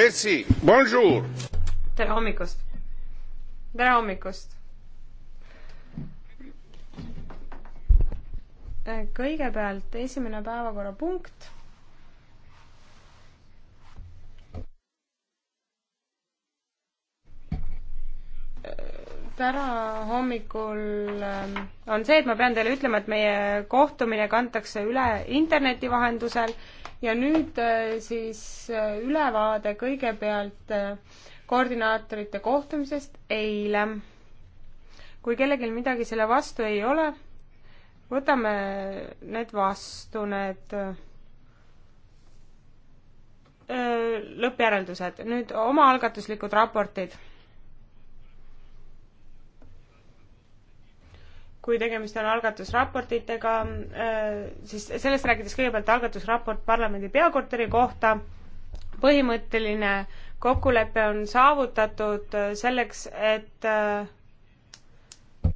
Merci, bonjour! tere hommikust! tere hommikust! kõigepealt esimene päevakorrapunkt täna hommikul ähm, on see, et ma pean teile ütlema, et meie kohtumine kantakse üle interneti vahendusel ja nüüd äh, siis äh, ülevaade kõigepealt äh, koordinaatorite kohtumisest eile. kui kellelgi midagi selle vastu ei ole, võtame need vastu, need lõppjäreldused. nüüd omaalgatuslikud raportid kui tegemist on algatusraportitega, äh, siis sellest rääkides kõigepealt algatusraport parlamendi peakorteri kohta, põhimõtteline kokkulepe on saavutatud äh, selleks, et äh,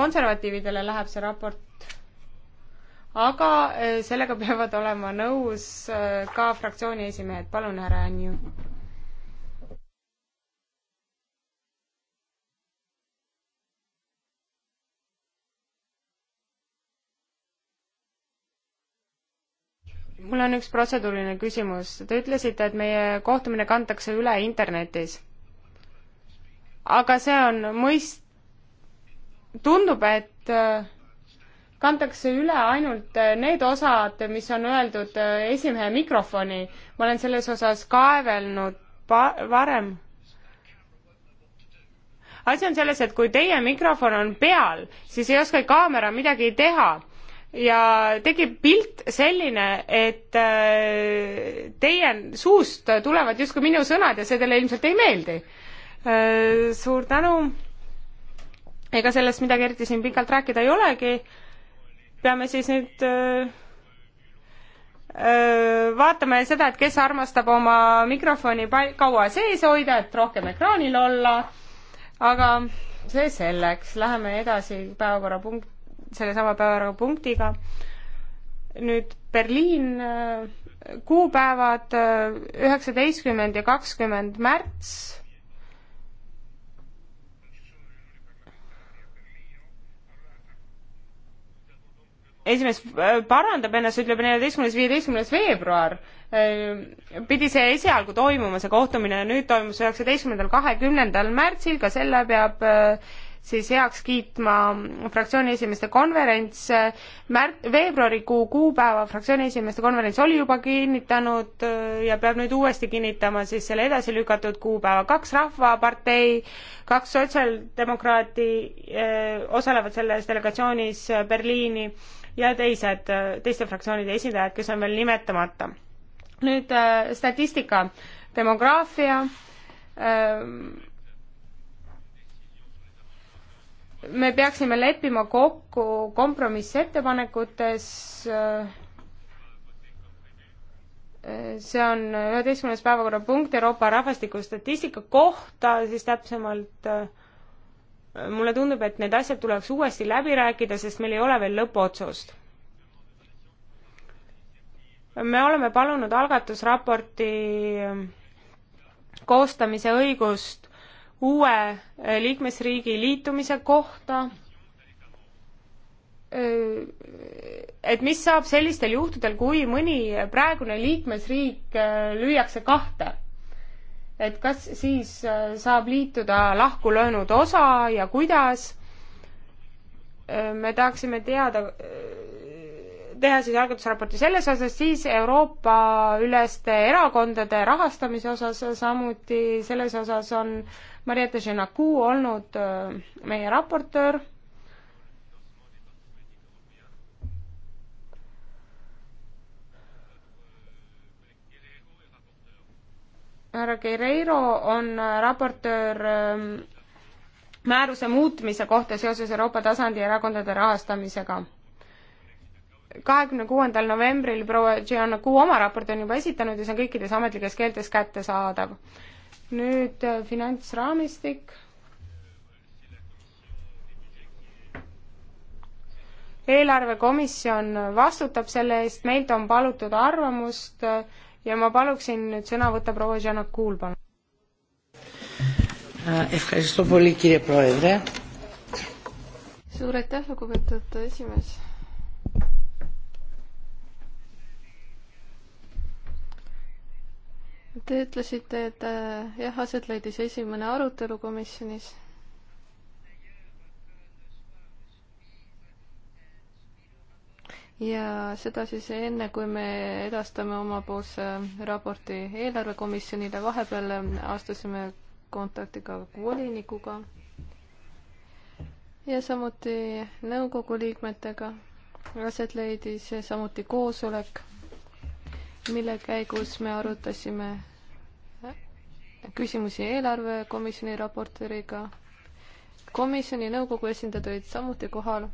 konservatiividele läheb see raport, aga sellega peavad olema nõus ka fraktsiooni esimehed, palun, härra Anju mul on üks protseduuriline küsimus. Te ütlesite, et meie kohtumine kantakse üle internetis. aga see on mõist-, tundub, et äh, kantakse üle ainult äh, need osad, mis on öeldud äh, esimehe mikrofoni. ma olen selles osas kaevelnud pa-, varem. asi on selles, et kui teie mikrofon on peal, siis ei oska kaamera midagi teha ja tekib pilt selline, et äh, teie suust tulevad justkui minu sõnad ja see teile ilmselt ei meeldi. Äh, suur tänu. ega sellest midagi eriti siin pikalt rääkida ei olegi. peame siis nüüd äh, vaatame seda, et kes armastab oma mikrofoni kaua sees hoida, et rohkem ekraanil olla. aga see selleks, läheme edasi päevakorrapunkt sellesama päevakorrapunktiga. nüüd Berliin, äh, kuupäevad äh, üheksateistkümnend ja kakskümmend märts esimees äh, parandab ennast, ütleb neljateistkümnes, viieteistkümnes veebruar pidi see esialgu toimuma, see kohtumine, nüüd toimus üheksateistkümnendal, kahekümnendal märtsil, ka selle peab siis heaks kiitma fraktsiooni esimeeste konverents. märk-, veebruarikuu kuupäeva fraktsiooni esimeeste konverents oli juba kinnitanud äh, ja peab nüüd uuesti kinnitama siis selle edasi lükatud kuupäeva. kaks Rahvapartei, kaks sotsiaaldemokraati äh, osalevad selles delegatsioonis Berliini ja teised, teiste fraktsioonide esindajad, kes on veel nimetamata. nüüd äh, statistika, demograafia ähm, me peaksime leppima kokku kompromissettepanekutes, see on üheteistkümnes päevakorrapunkt Euroopa rahvastikustatistika kohta, siis täpsemalt mulle tundub, et need asjad tuleks uuesti läbi rääkida, sest meil ei ole veel lõppotsust. me oleme palunud algatusraporti koostamise õigust uue äh, liikmesriigi liitumise kohta. Äh, et mis saab sellistel juhtudel, kui mõni praegune liikmesriik äh, lüüakse kahte? et kas siis saab liituda lahkulöönud osa ja kuidas? me tahaksime teada teha siis algatusraporti selles osas, siis Euroopa-üleste erakondade rahastamise osas samuti, selles osas on Mariette Genacu olnud äh, meie raportöör. härra Guerreiro on äh, raportöör ähm, määruse muutmise kohta seoses Euroopa tasandi erakondade rahastamisega kahekümne kuuendal novembril proua Giannaku oma raporti on juba esitanud ja see on kõikides ametlikes keeltes kättesaadav. nüüd äh, finantsraamistik. eelarvekomisjon vastutab selle eest, meilt on palutud arvamust äh, ja ma paluksin nüüd sõna võtta proua Giannakul, palun. Äh, suur aitäh, lugupeetud esimees Te ütlesite, et äh, jah, aset leidis esimene arutelu komisjonis. ja seda siis enne, kui me edastame omapoolse raporti eelarvekomisjonile, vahepeal äh, astusime kontakti ka volinikuga ja samuti nõukogu liikmetega. aset leidis samuti koosolek mille käigus me arutasime küsimusi eelarvekomisjoni raportööriga. komisjoni nõukogu esindajad olid samuti kohal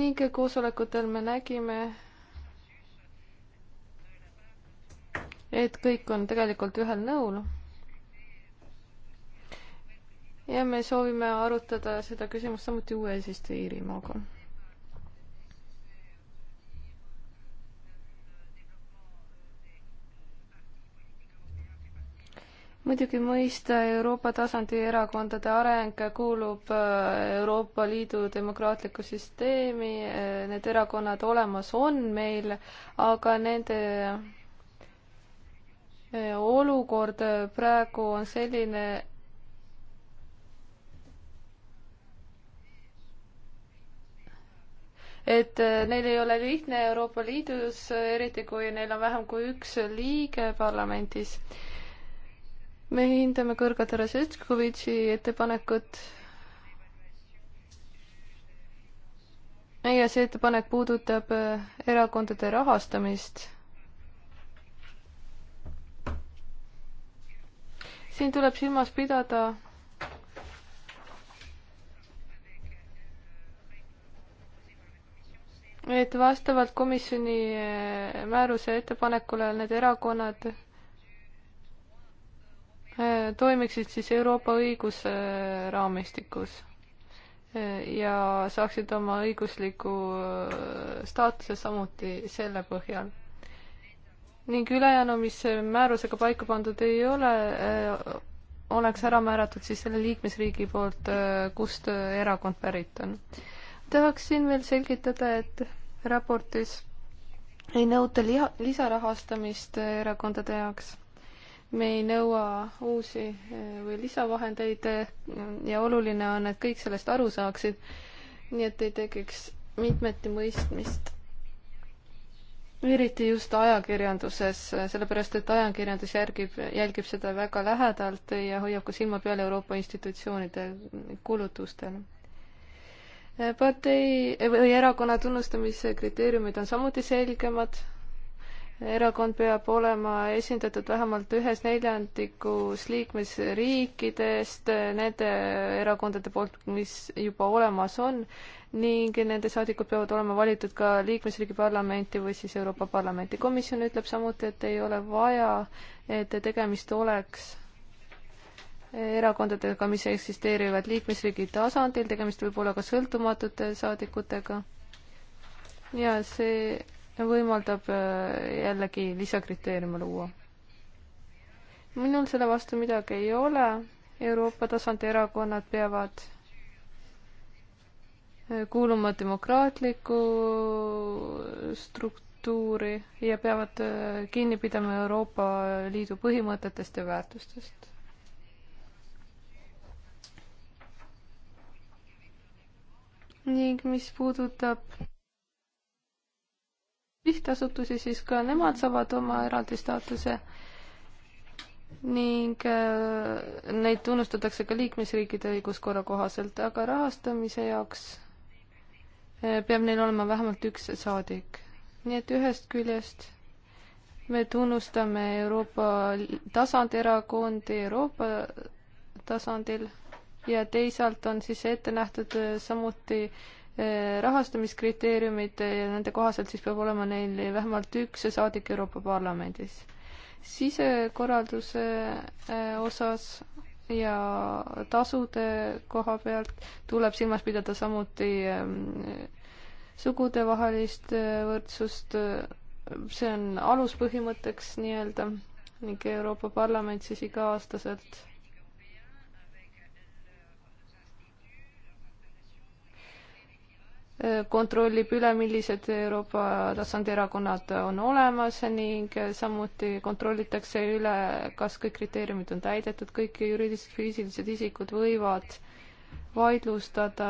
ning koosolekutel me nägime, et kõik on tegelikult ühel nõul. ja me soovime arutada seda küsimust samuti uue eesistuja Iirimaaga muidugi mõista Euroopa tasandi erakondade areng kuulub äh, Euroopa Liidu demokraatlikku süsteemi, äh, need erakonnad olemas on meil, aga nende äh, olukord praegu on selline, et neil ei ole lihtne Euroopa Liidus, eriti kui neil on vähem kui üks liige parlamendis me hindame kõrgelt härra Šetškovitši ettepanekut. ja see ettepanek puudutab äh, erakondade rahastamist. siin tuleb silmas pidada et vastavalt komisjoni äh, määruse ettepanekule need erakonnad Äh, toimiksid siis Euroopa õigusraamistikus äh, ja saaksid oma õigusliku äh, staatuse samuti selle põhjal. ning ülejäänu, mis määrusega paika pandud ei ole, oleks ära määratud siis selle liikmesriigi poolt, kust erakond pärit on. tahaksin veel selgitada, et raportis ei nõuta liha, lisarahastamist erakondade jaoks me ei nõua uusi eh, või lisavahendeid eh, ja oluline on, et kõik sellest aru saaksid, nii et ei tekiks mitmeti mõistmist. eriti just ajakirjanduses, eh, sellepärast et ajakirjandus järgib, jälgib seda väga lähedalt ja hoiab ka silma peal Euroopa institutsioonide kulutustel partei või erakonna tunnustamise kriteeriumid on samuti selgemad erakond peab olema esindatud vähemalt ühes neljandikus liikmesriikidest nende erakondade poolt, mis juba olemas on ning nende saadikud peavad olema valitud ka liikmesriigi parlamenti või siis Euroopa Parlamenti. komisjon ütleb samuti, et ei ole vaja, et tegemist oleks erakondadega, mis eksisteerivad liikmesriigi tasandil, tegemist võib olla ka sõltumatute saadikutega. ja see võimaldab äh, jällegi lisakriteeriume luua. minul selle vastu midagi ei ole, Euroopa tasandi erakonnad peavad äh, kuuluma demokraatlikku struktuuri ja peavad äh, kinni pidama Euroopa Liidu põhimõtetest ja väärtustest ning mis puudutab sihtasutusi, siis ka nemad saavad oma eraldi staatuse ning äh, neid tunnustatakse ka liikmesriikide õiguskorra kohaselt, aga rahastamise jaoks äh, peab neil olema vähemalt üks saadik. nii et ühest küljest me tunnustame Euroopa tasanderakondi Euroopa tasandil ja teisalt on siis ette nähtud äh, samuti äh, Äh, rahastamiskriteeriumid äh, ja nende kohaselt siis peab olema neil vähemalt üks saadik Euroopa Parlamendis. sisekorralduse äh, osas ja tasude koha pealt tuleb silmas pidada samuti sugudevahelist võrdsust, see on aluspõhimõtteks nii-öelda ning Euroopa Parlament siis iga-aastaselt kontrollib üle, millised Euroopa tasandi erakonnad on olemas ning samuti kontrollitakse üle, kas kõik kriteeriumid on täidetud, kõik juriidilised füüsilised isikud võivad vaidlustada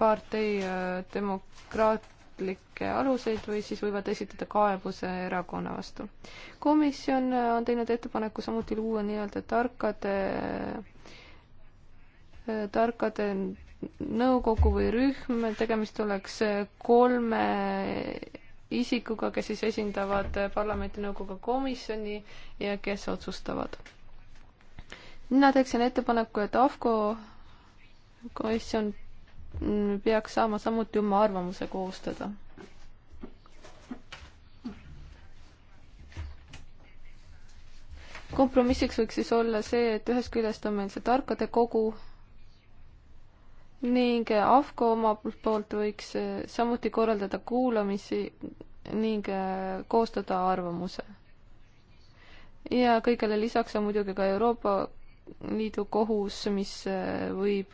partei äh, demokraatlikke aluseid või siis võivad esitada kaebuse erakonna vastu. komisjon äh, on teinud ettepaneku samuti luua nii-öelda tarkade, äh, tarkade nõukogu või rühm, tegemist oleks kolme isikuga, kes siis esindavad parlamendi nõukogu komisjoni ja kes otsustavad. mina teeksin ettepaneku, et AFCO komisjon peaks saama samuti oma arvamuse koostada. kompromissiks võiks siis olla see, et ühest küljest on meil see tarkade kogu, ning AFCO omalt poolt võiks eh, samuti korraldada kuulamisi ning eh, koostada arvamuse. ja kõigele lisaks on muidugi ka Euroopa Liidu kohus, mis eh, võib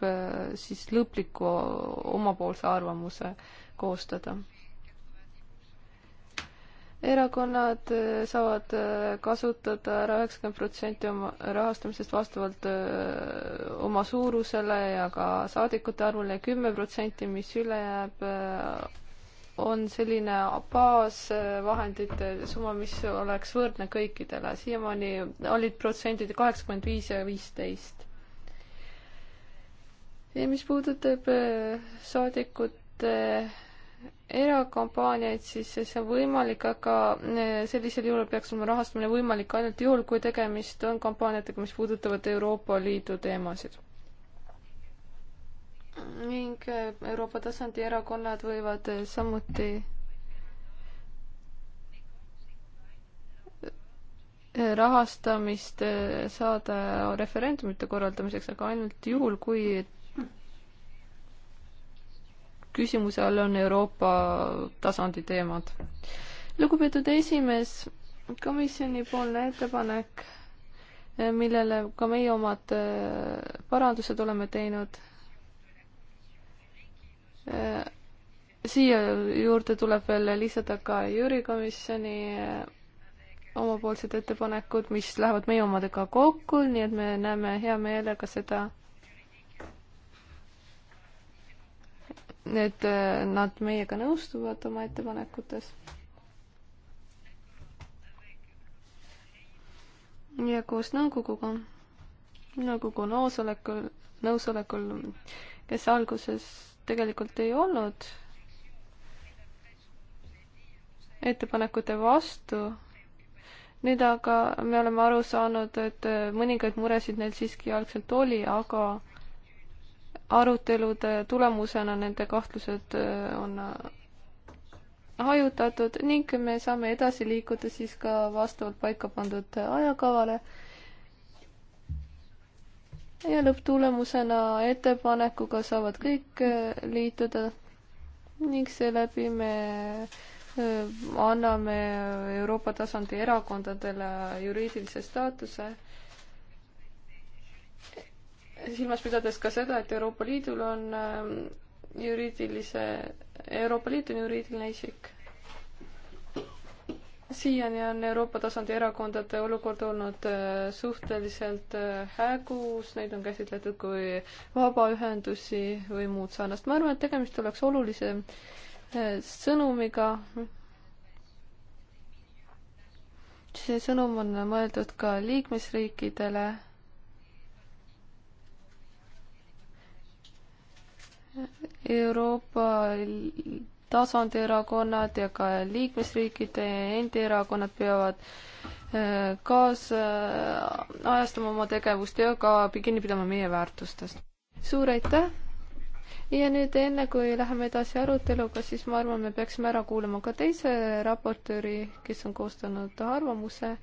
siis lõpliku omapoolse arvamuse koostada erakonnad äh, saavad äh, kasutada ära üheksakümmend protsenti oma rahastamisest vastavalt äh, oma suurusele ja ka saadikute arvule ja kümme protsenti, mis üle jääb, on selline baasvahendite summa, mis oleks võrdne kõikidele. siiamaani olid protsendid kaheksakümmend viis ja viisteist. ja mis puudutab saadikute erakampaaniaid, siis see on võimalik, aga eh, sellisel juhul peaks olema rahastamine võimalik ainult juhul, kui tegemist on kampaaniatega, mis puudutavad Euroopa Liidu teemasid. ning eh, Euroopa tasandi erakonnad võivad eh, samuti rahastamist saada referendumite korraldamiseks, aga ainult juhul, kui küsimuse all on Euroopa tasandi teemad. lugupeetud esimees, komisjonipoolne ettepanek, eh, millele ka meie omad eh, parandused oleme teinud, eh, siia juurde tuleb veel lisada ka Jüri komisjoni omapoolsed ettepanekud, mis lähevad meie omadega kokku, nii et me näeme hea meelega seda, et äh, nad meiega nõustuvad oma ettepanekutes. ja koos nõukoguga, nõukogu nõusolekul, nõusolekul, kes alguses tegelikult ei olnud ettepanekute vastu, nüüd aga me oleme aru saanud, et äh, mõningaid muresid neil siiski algselt oli, aga arutelude äh, tulemusena nende kahtlused äh, on äh, hajutatud ning me saame edasi liikuda siis ka vastavalt paika pandud ajakavale. ja lõpptulemusena ettepanekuga saavad kõik liituda ning seeläbi me anname Euroopa tasandi erakondadele juriidilise staatuse silmas pidades ka seda, et Euroopa Liidul on ähm, juriidilise, Euroopa Liit on juriidiline isik. siiani on Euroopa tasandi erakondade olukord olnud äh, suhteliselt äh, hägus, neid on käsitletud kui vabaühendusi või muud sarnast. ma arvan, et tegemist oleks olulise äh, sõnumiga. see sõnum on mõeldud ka liikmesriikidele Euroopa tasandi erakonnad ja ka liikmesriikide endi erakonnad peavad äh, kaasajastama äh, oma tegevust ja ka kinni pidama meie väärtustest. suur aitäh! ja nüüd enne, kui läheme edasi aruteluga, siis ma arvan, me peaksime ära kuulama ka teise raportööri, kes on koostanud arvamuse äh,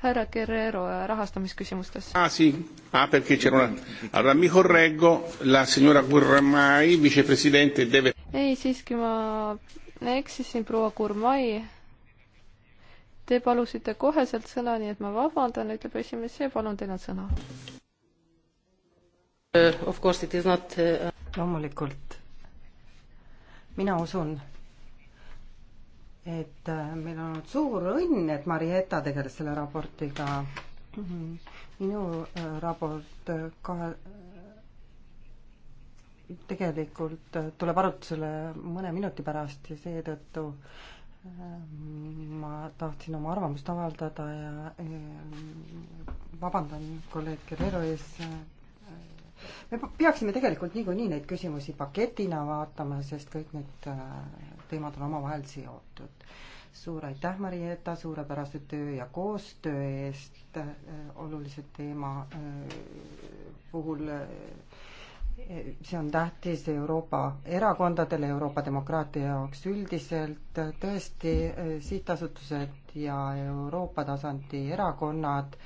härra Guerrero äh, rahastamisküsimustes. Ah, sì. ah, perché c'era una... Allora mi correggo, la signora Gurmai, vicepresidente deve... ei, siiski ma eksisin, proua Gurmai. Te palusite koheselt sõna, nii et ma vabandan, ütleb esimees ja palun, teil on sõna uh,. Of course it is not uh... loomulikult. mina usun et äh, meil on olnud suur õnn, et Marietta tegeles selle raportiga. minu äh, raport äh, kahe, tegelikult tuleb arutusele mõne minuti pärast ja seetõttu ma tahtsin oma arvamust avaldada ja vabandan kolleeg Guerrero ees me peaksime tegelikult niikuinii neid küsimusi paketina vaatama, sest kõik need äh, teemad on omavahel seotud. suur aitäh, Marietta, suurepärase töö ja koostöö eest äh, olulise teema äh, puhul see on tähtis Euroopa erakondadele, Euroopa demokraatia jaoks üldiselt, tõesti sihtasutused ja Euroopa tasandi erakonnad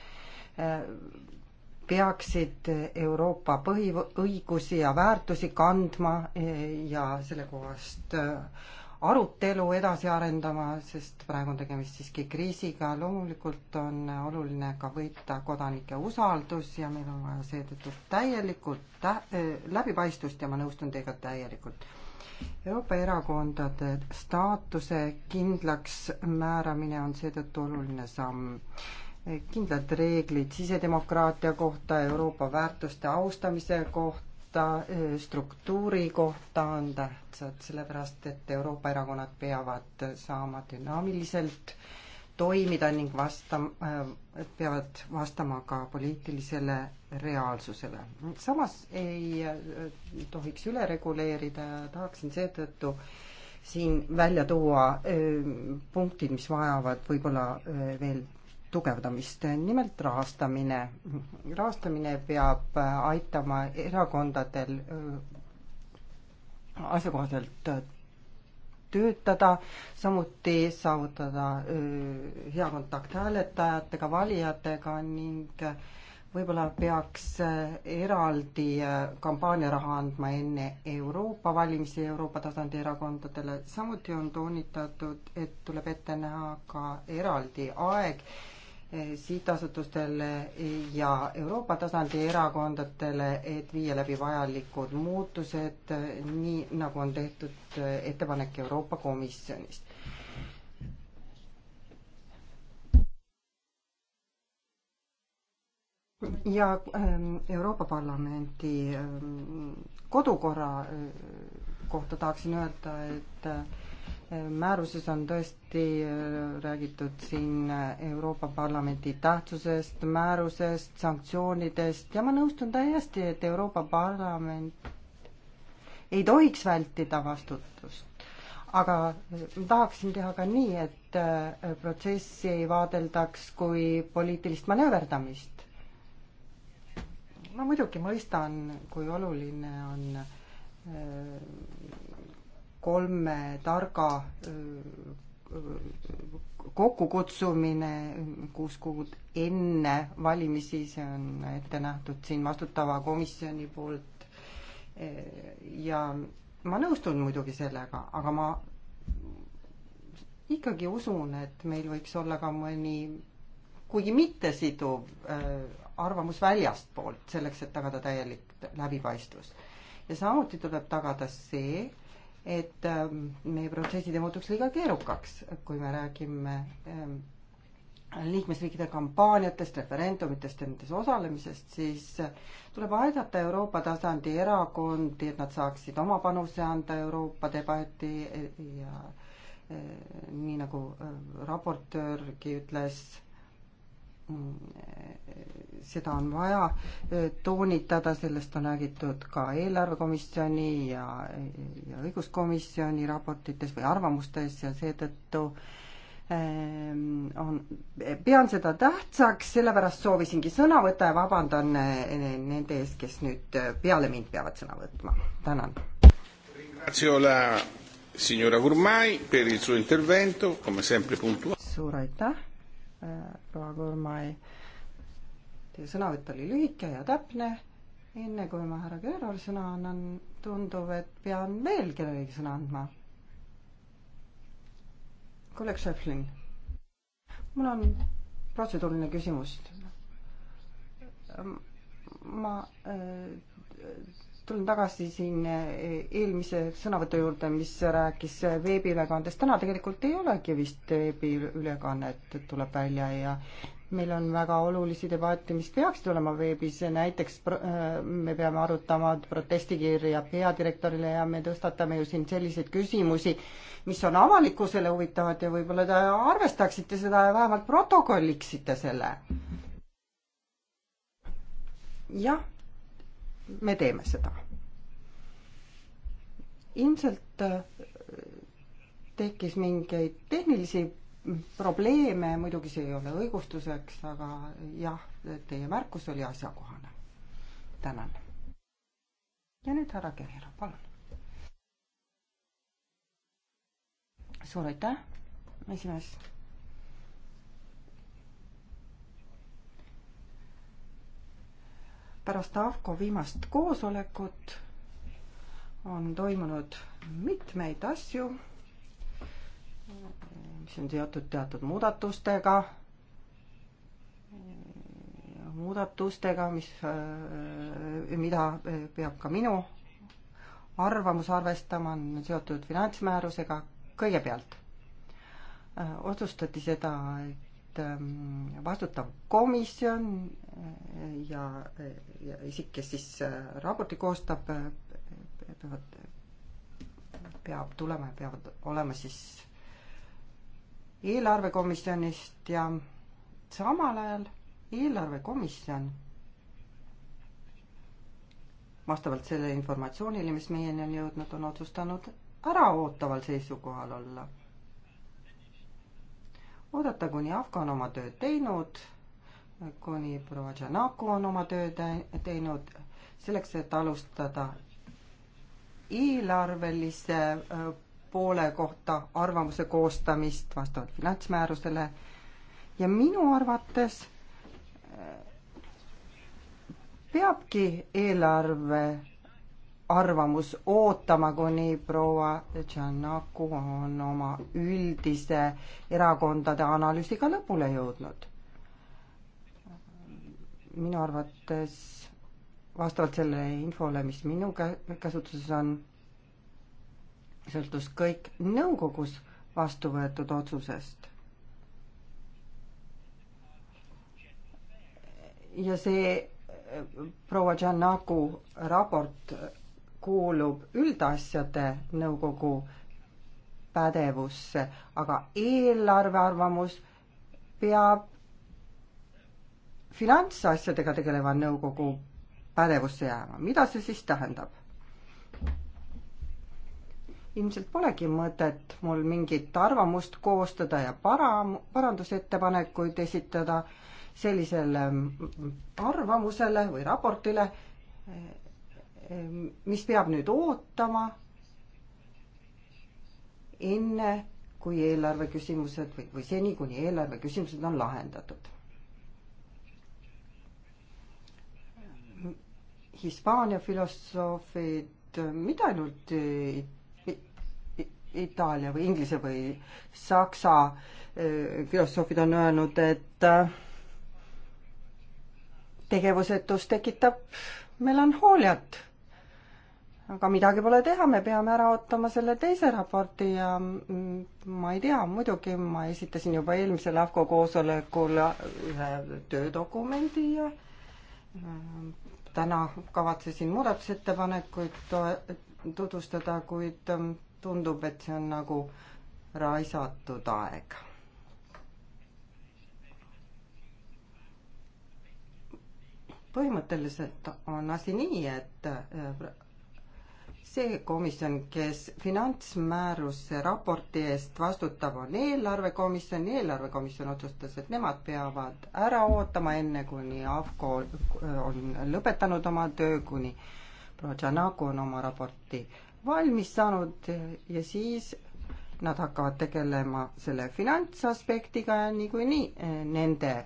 peaksid Euroopa põhiõigusi ja väärtusi kandma eh, ja sellekohast eh, arutelu edasi arendama, sest praegu on tegemist siiski kriisiga. loomulikult on oluline ka võita kodanike usaldus ja meil on vaja seetõttu täielikult tä- äh,, läbipaistvust ja ma nõustun teiega täielikult. Euroopa erakondade staatuse kindlaks määramine on seetõttu oluline samm kindlad reeglid sisedemokraatia kohta, Euroopa väärtuste austamise kohta, struktuuri kohta on tähtsad, sellepärast et Euroopa erakonnad peavad saama dünaamiliselt toimida ning vasta, äh, peavad vastama ka poliitilisele reaalsusele. samas ei äh, tohiks üle reguleerida ja tahaksin seetõttu siin välja tuua äh, punktid, mis vajavad võib-olla veel tugevdamist, nimelt rahastamine. rahastamine peab aitama erakondadel äh, asjakohaselt äh, töötada, samuti saavutada äh, hea kontakt hääletajatega, valijatega ning võib-olla peaks eraldi kampaaniaraha andma enne Euroopa valimisi Euroopa tasandi erakondadele, samuti on toonitatud, et tuleb ette näha ka eraldi aeg sihtasutustele ja Euroopa tasandi erakondadele, et viia läbi vajalikud muutused, nii nagu on tehtud äh, ettepanek Euroopa Komisjonist. ja ähm, Euroopa Parlamendi ähm, kodukorra äh, kohta tahaksin öelda, et äh, määruses on tõesti äh, räägitud siin äh, Euroopa Parlamendi tähtsusest, määrusest, sanktsioonidest ja ma nõustun täiesti, et Euroopa Parlament ei tohiks vältida vastutust. aga äh, tahaksin teha ka nii, et protsessi ei vaadeldaks kui poliitilist manööverdamist. ma muidugi mõistan, kui oluline on kolme targa kokkukutsumine kuus kuud enne valimisi, see on ette nähtud siin vastutava komisjoni poolt. ja ma nõustun muidugi sellega, aga ma ikkagi usun, et meil võiks olla ka mõni kuigi mittesiduv arvamus väljastpoolt, selleks et tagada täielik läbipaistvus. ja samuti tuleb tagada see, et ähm, meie protsessid ei muutuks liiga keerukaks, kui me räägime ähm, liikmesriikide kampaaniatest, referendumitest ja nendes osalemisest, siis äh, tuleb aidata Euroopa tasandi erakondi, et nad saaksid oma panuse anda Euroopa debati ja äh, nii nagu äh, raportöörgi ütles seda on vaja toonitada, sellest on räägitud ka eelarvekomisjoni ja, ja õiguskomisjoni raportites või arvamustes ja seetõttu ehm, on, pean seda tähtsaks, sellepärast soovisingi sõna võtta ja vabandan e, nende ees, kes nüüd peale mind peavad sõna võtma. tänan. suur aitäh proua Kurmai. Teie sõnavõtt oli lühike ja täpne. enne kui ma härra Gerol sõna annan, tundub, et pean veel kellelegi sõna andma. kolleeg Šeflin, mul on protseduuriline küsimus. ma äh, tulen tagasi siin eh, eelmise sõnavõtu juurde, mis rääkis veebiülekandest. täna tegelikult ei olegi vist veebiülekannet, tuleb välja ja meil on väga olulisi debatte, mis peaksid olema veebis, näiteks eh, me peame arutama protestikirja peadirektorile ja me tõstatame ju siin selliseid küsimusi, mis on avalikkusele huvitavad ja võib-olla te arvestaksite seda ja vähemalt protokolliksite selle jah, me teeme seda. ilmselt äh, tekkis mingeid tehnilisi probleeme, muidugi see ei ole õigustuseks, aga jah, teie märkus oli asjakohane. tänan. ja nüüd härra Kerero, palun. suur aitäh, esimees pärast AFCO viimast koosolekut on toimunud mitmeid asju, mis on seotud teatud muudatustega, muudatustega, mis, mida peab ka minu arvamus arvestama, on seotud finantsmäärusega. kõigepealt otsustati seda, et Ähm, vastutav komisjon äh, ja, ja isik, kes siis äh, raporti koostab, äh, peavad, peab tulema ja peavad olema siis eelarvekomisjonist ja samal ajal eelarvekomisjon vastavalt sellele informatsioonile, mis meieni on jõudnud, on otsustanud äraootaval seisukohal olla oodata, kuni Afga on oma tööd teinud, kuni proua Tšanaku on oma töö teinud, selleks, et alustada eelarvelise äh, poole kohta arvamuse koostamist vastavalt finantsmäärusele ja minu arvates äh, peabki eelarve arvamus ootama, kuni proua Tšernaku on oma üldise erakondade analüüsiga lõpule jõudnud. minu arvates vastavalt sellele infole, mis minu käsutuses on, sõltus kõik nõukogus vastu võetud otsusest. ja see eh, proua Tšernaku raport kuulub üldasjade nõukogu pädevusse, aga eelarve arvamus peab finantsasjadega tegeleva nõukogu pädevusse jääma. mida see siis tähendab? ilmselt polegi mõtet mul mingit arvamust koostada ja para-, parandusettepanekuid esitada sellisele arvamusele või raportile, mis peab nüüd ootama enne, kui eelarve küsimused või, või seni, kuni eelarve küsimused on lahendatud. Hispaania filosoofid, mitte ainult Itaalia või Inglise või Saksa eh, filosoofid on öelnud, et eh, tegevusetus tekitab melanhooliat aga midagi pole teha, me peame ära ootama selle teise raporti ja mm, ma ei tea, muidugi ma esitasin juba eelmisel AFCO koosolekul ühe töödokumendi ja mm, täna kavatsesin muudatusettepanekuid tutvustada, kuid mm, tundub, et see on nagu raisatud aeg. põhimõtteliselt on asi nii, et äh, see komisjon, kes finantsmääruse raporti eest vastutab, on eelarvekomisjon, eelarvekomisjon otsustas, et nemad peavad ära ootama, enne kuni AFCO äh, on lõpetanud oma töö, kuni Prožanaku on oma raporti valmis saanud ja siis nad hakkavad tegelema selle finantsaspektiga ja niikuinii äh, nende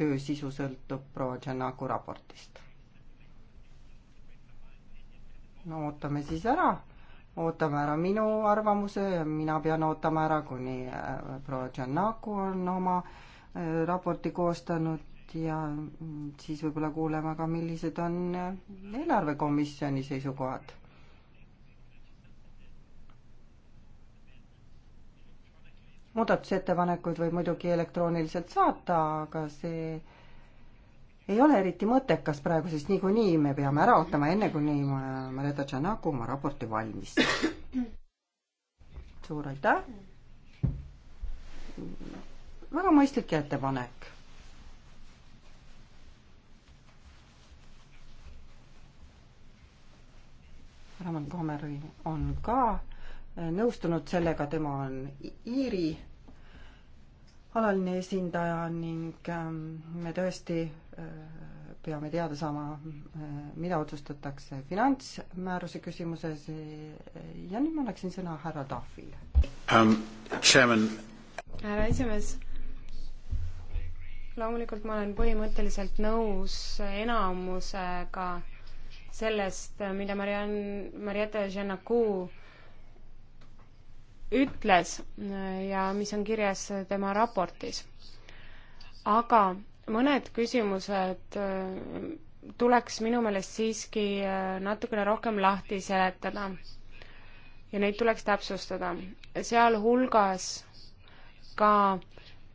töö sisu sõltub Prožanaku raportist no ootame siis ära, ootame ära minu arvamuse, mina pean ootama ära, kuni äh, proua Tšernaku on oma äh, raporti koostanud ja mm, siis võib-olla kuuleme ka, millised on äh, eelarvekomisjoni seisukohad. muudatusettepanekuid võib muidugi elektrooniliselt saata, aga see ei ole eriti mõttekas praegu, sest niikuinii me peame ära ootama, enne kuni Mareta Tšanaku oma raporti valmis. suur aitäh! väga mõistlik ettepanek. Raman Kameri on ka nõustunud sellega, tema on Iiri alaline esindaja ning ähm, me tõesti äh, peame teada saama, äh, mida otsustatakse finantsmääruse küsimuses ja nüüd ma annaksin sõna härra Tahvile um,. härra esimees, loomulikult ma olen põhimõtteliselt nõus enamusega sellest, mida Marianne, Mariette Janaku ütles äh, ja mis on kirjas tema raportis. aga mõned küsimused äh, tuleks minu meelest siiski äh, natukene rohkem lahti seletada ja neid tuleks täpsustada, sealhulgas ka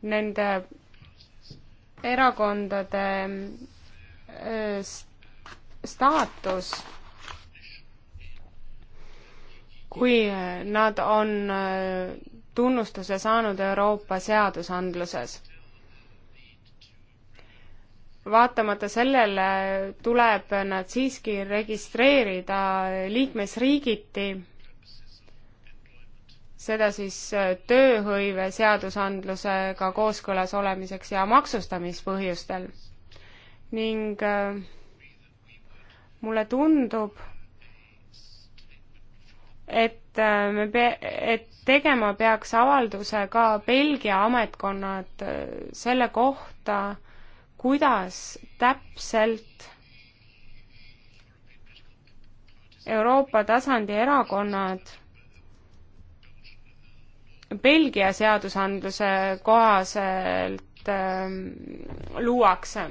nende erakondade staatus kui äh, nad on äh, tunnustuse saanud Euroopa seadusandluses. vaatamata sellele tuleb nad siiski registreerida liikmesriigiti, seda siis äh, tööhõive seadusandlusega kooskõlas olemiseks ja maksustamispõhjustel. ning mulle tundub, et äh, me pea-, et tegema peaks avalduse ka Belgia ametkonnad äh, selle kohta, kuidas täpselt Euroopa tasandi erakonnad Belgia seadusandluse kohaselt ähm, luuakse.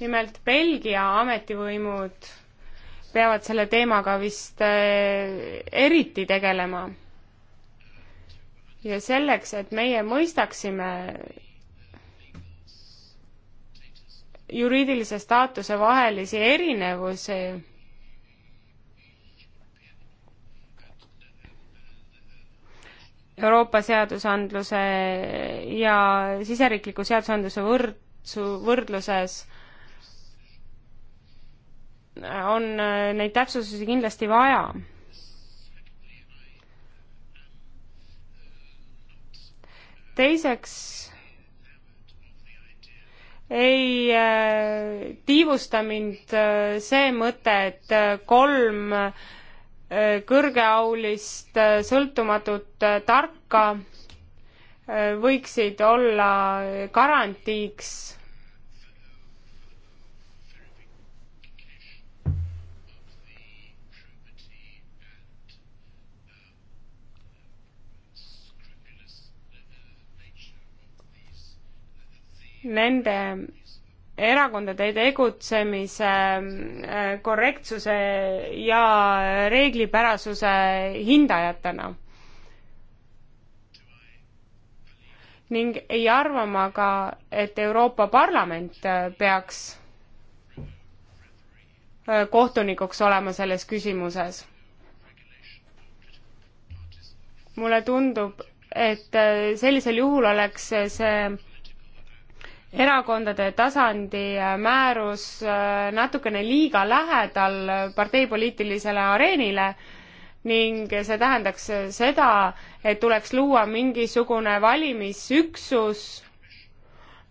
nimelt Belgia ametivõimud peavad selle teemaga vist eh, eriti tegelema. ja selleks, et meie mõistaksime juriidilise staatuse vahelisi erinevusi, Euroopa seadusandluse ja siseriikliku seadusandluse võrdsu, võrdluses äh, on äh, neid täpsustusi kindlasti vaja. teiseks ei äh, tiivusta mind äh, see mõte, et äh, kolm äh, kõrgeaulist äh, sõltumatut tarka võiksid olla garantiiks nende erakondade tegutsemise äh, korrektsuse ja reeglipärasuse hindajatena. ning ei arva ma ka, et Euroopa Parlament äh, peaks äh, kohtunikuks olema selles küsimuses. mulle tundub, et sellisel juhul oleks see erakondade tasandi äh, määrus äh, natukene liiga lähedal parteipoliitilisele areenile ning see tähendaks seda, et tuleks luua mingisugune valimisüksus,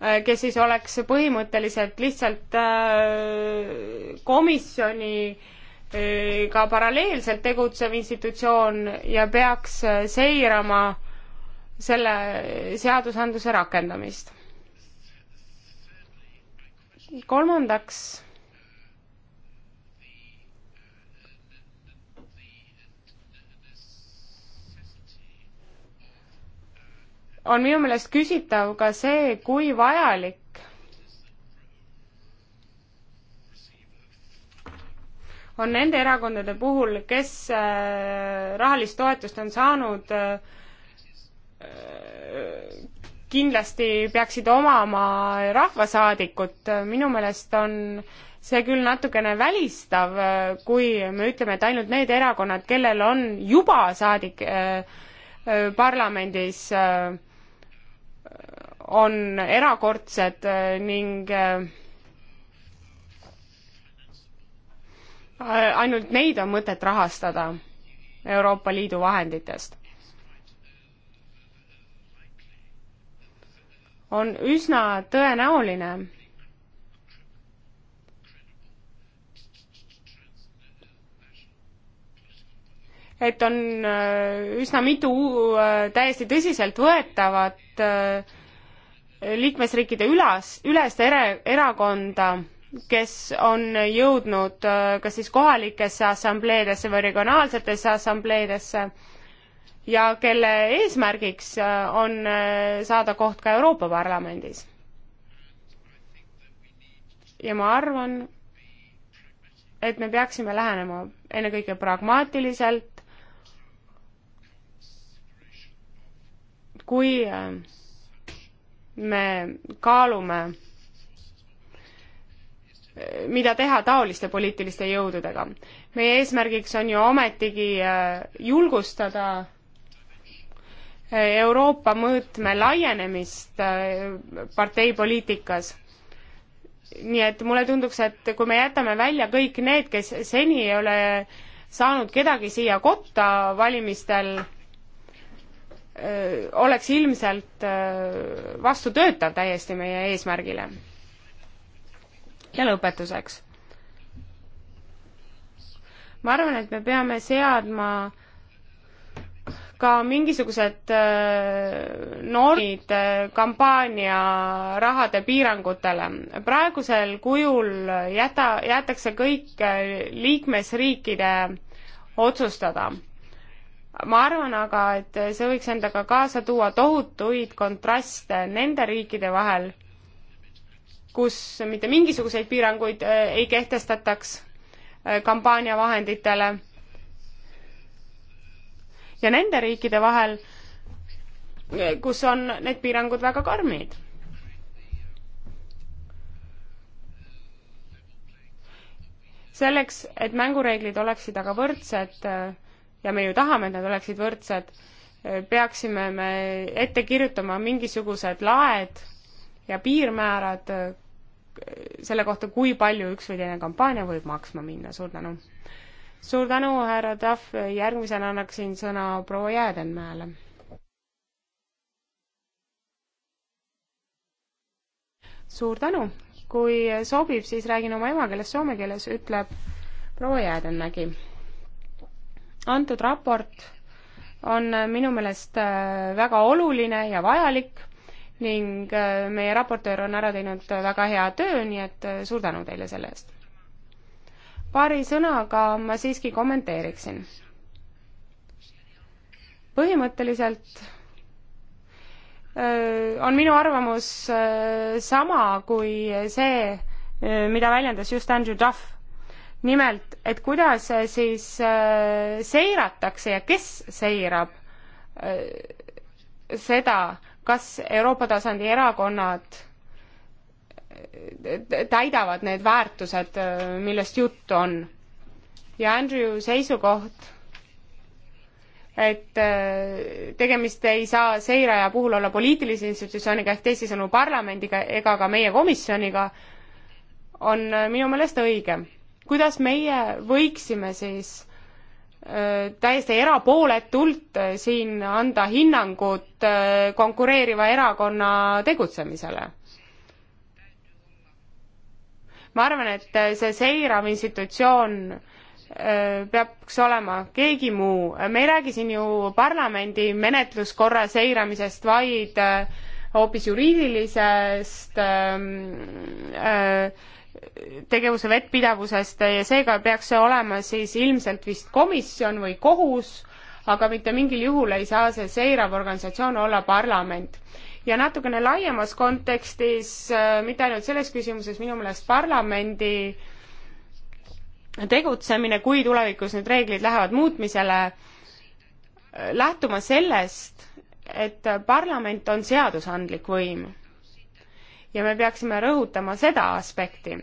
äh, kes siis oleks põhimõtteliselt lihtsalt komisjoni ka paralleelselt tegutsev institutsioon ja peaks seirama selle seadusandluse rakendamist kolmandaks, on minu meelest küsitav ka see, kui vajalik on nende erakondade puhul, kes äh, rahalist toetust on saanud, äh, kindlasti peaksid omama rahvasaadikut, minu meelest on see küll natukene välistav, kui me ütleme, et ainult need erakonnad, kellel on juba saadik äh, äh, parlamendis äh,, on erakordsed äh, ning äh, ainult neid on mõtet rahastada Euroopa Liidu vahenditest on üsna tõenäoline, et on äh, üsna mitu äh, täiesti tõsiseltvõetavat äh, liikmesriikide ülas, ülest ere, erakonda, kes on jõudnud kas siis kohalikesse assambleedesse või regionaalsetesse assambleedesse ja kelle eesmärgiks äh, on äh, saada koht ka Euroopa Parlamendis. ja ma arvan, et me peaksime lähenema ennekõike pragmaatiliselt, kui äh, me kaalume, mida teha taoliste poliitiliste jõududega. meie eesmärgiks on ju ometigi julgustada Euroopa mõõtme laienemist äh, parteipoliitikas. nii et mulle tunduks, et kui me jätame välja kõik need, kes seni ei ole saanud kedagi siia kotta valimistel, äh, oleks ilmselt äh, vastutöötav täiesti meie eesmärgile. ja lõpetuseks. ma arvan, et me peame seadma äh, ka mingisugused äh, normid äh, kampaania rahade piirangutele. praegusel kujul jäta, jäetakse kõik äh, liikmesriikide otsustada. ma arvan aga, et see võiks endaga kaasa tuua tohutuid kontraste nende riikide vahel, kus mitte mingisuguseid piiranguid ei kehtestataks kampaaniavahenditele ja nende riikide vahel, kus on need piirangud väga karmid. selleks, et mängureeglid oleksid aga võrdsed ja me ju tahame, et nad oleksid võrdsed, peaksime me ette kirjutama mingisugused laed ja piirmäärad selle kohta, kui palju üks või teine kampaania võib maksma minna. suur tänu! suur tänu, härra Tahv, järgmisena annaksin sõna proua Jäädenmäele. suur tänu, kui sobib, siis räägin oma emakeeles, soome keeles, ütleb proua Jäädenmägi. antud raport on minu meelest äh, väga oluline ja vajalik ning äh, meie raportöör on ära teinud väga hea töö, nii et äh, suur tänu teile selle eest paari sõnaga ma siiski kommenteeriksin. põhimõtteliselt on minu arvamus sama kui see, mida väljendas just Andrew Duff. nimelt, et kuidas siis seiratakse ja kes seirab seda, kas Euroopa tasandi erakonnad täidavad need väärtused, millest juttu on. ja Andrew seisukoht, et äh, tegemist ei saa seiraja puhul olla poliitilise institutsiooniga ehk teisisõnu parlamendiga ega ka meie komisjoniga, on äh, minu meelest õige. kuidas meie võiksime siis äh, täiesti erapooletult siin anda hinnangut konkureeriva erakonna tegutsemisele? ma arvan, et äh, see seirav institutsioon äh, peaks olema keegi muu. me ei räägi siin ju parlamendi menetluskorra seiramisest, vaid äh, hoopis juriidilisest ähm, tegevuse vettpidavusest ja seega peaks see olema siis ilmselt vist komisjon või kohus, aga mitte mingil juhul ei saa see seirav organisatsioon olla parlament ja natukene laiemas kontekstis, äh, mitte ainult selles küsimuses, minu meelest parlamendi tegutsemine, kui tulevikus need reeglid lähevad muutmisele, äh, lähtuma sellest, et parlament on seadusandlik võim. ja me peaksime rõhutama seda aspekti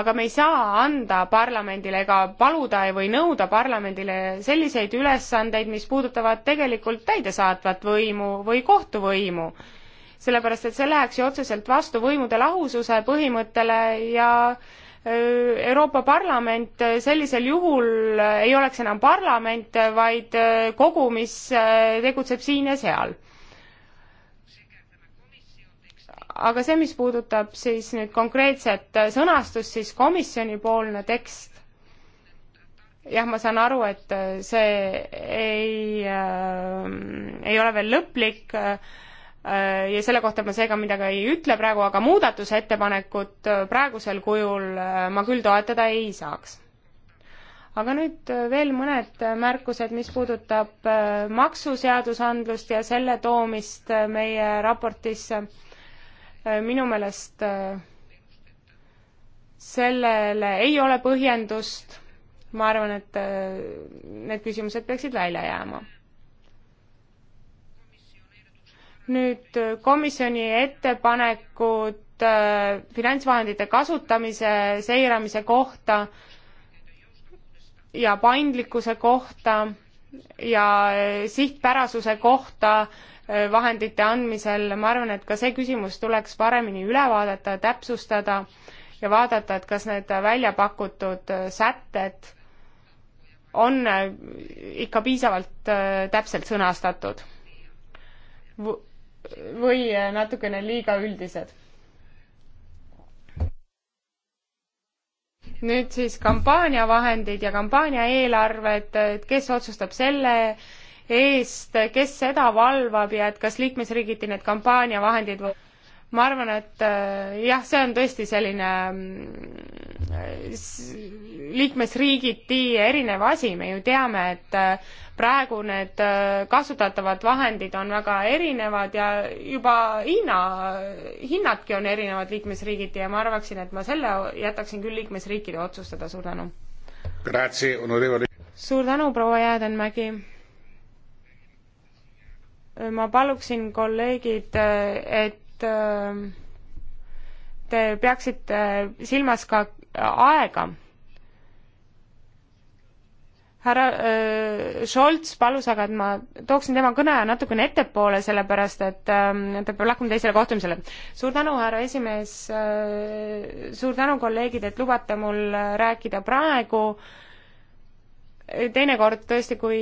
aga me ei saa anda parlamendile ega paluda või nõuda parlamendile selliseid ülesandeid, mis puudutavad tegelikult täidesaatvat võimu või kohtuvõimu sellepärast et see läheks ju otseselt vastu võimude lahususe põhimõttele ja Euroopa Parlament sellisel juhul ei oleks enam parlament, vaid kogu, mis tegutseb siin ja seal. aga see, mis puudutab siis nüüd konkreetset sõnastust, siis komisjonipoolne tekst, jah, ma saan aru, et see ei äh,, ei ole veel lõplik äh, Äh, ja selle kohta ma seega midagi ei ütle praegu, aga muudatusettepanekut äh, praegusel kujul äh, ma küll toetada ei saaks. aga nüüd veel mõned märkused, mis puudutab maksuseadusandlust ja selle toomist meie raportisse. minu meelest sellele ei ole põhjendust. ma arvan, et need küsimused peaksid välja jääma nüüd äh, komisjoni ettepanekud äh, finantsvahendite kasutamise seiramise kohta ja paindlikkuse kohta ja äh, sihtpärasuse kohta äh, vahendite andmisel, ma arvan, et ka see küsimus tuleks paremini üle vaadata, täpsustada ja vaadata, et kas need välja pakutud äh, sätted on ikka piisavalt äh, täpselt sõnastatud v või natukene liiga üldised. nüüd siis kampaaniavahendid ja kampaaniaeelarved, kes otsustab selle eest, kes seda valvab ja et kas liikmesriigiti need kampaaniavahendid või ma arvan, et äh, jah, see on tõesti selline mm, liikmesriigiti erinev asi, me ju teame, et äh, praegu need äh, kasutatavad vahendid on väga erinevad ja juba hinna, hinnadki on erinevad liikmesriigiti ja ma arvaksin, et ma selle jätaksin küll liikmesriikide otsustada, suur tänu. suur tänu, proua Jäädenmägi ma paluksin kolleegid, et et ähm, te peaksite silmas ka aega. härra äh, Scholz palus aga, et ma tooksin tema kõne natukene ettepoole, sellepärast et ähm, ta peab lahkuma teisele kohtumisele. suur tänu, härra esimees, äh, suur tänu, kolleegid, et lubate mul rääkida praegu äh, teinekord tõesti, kui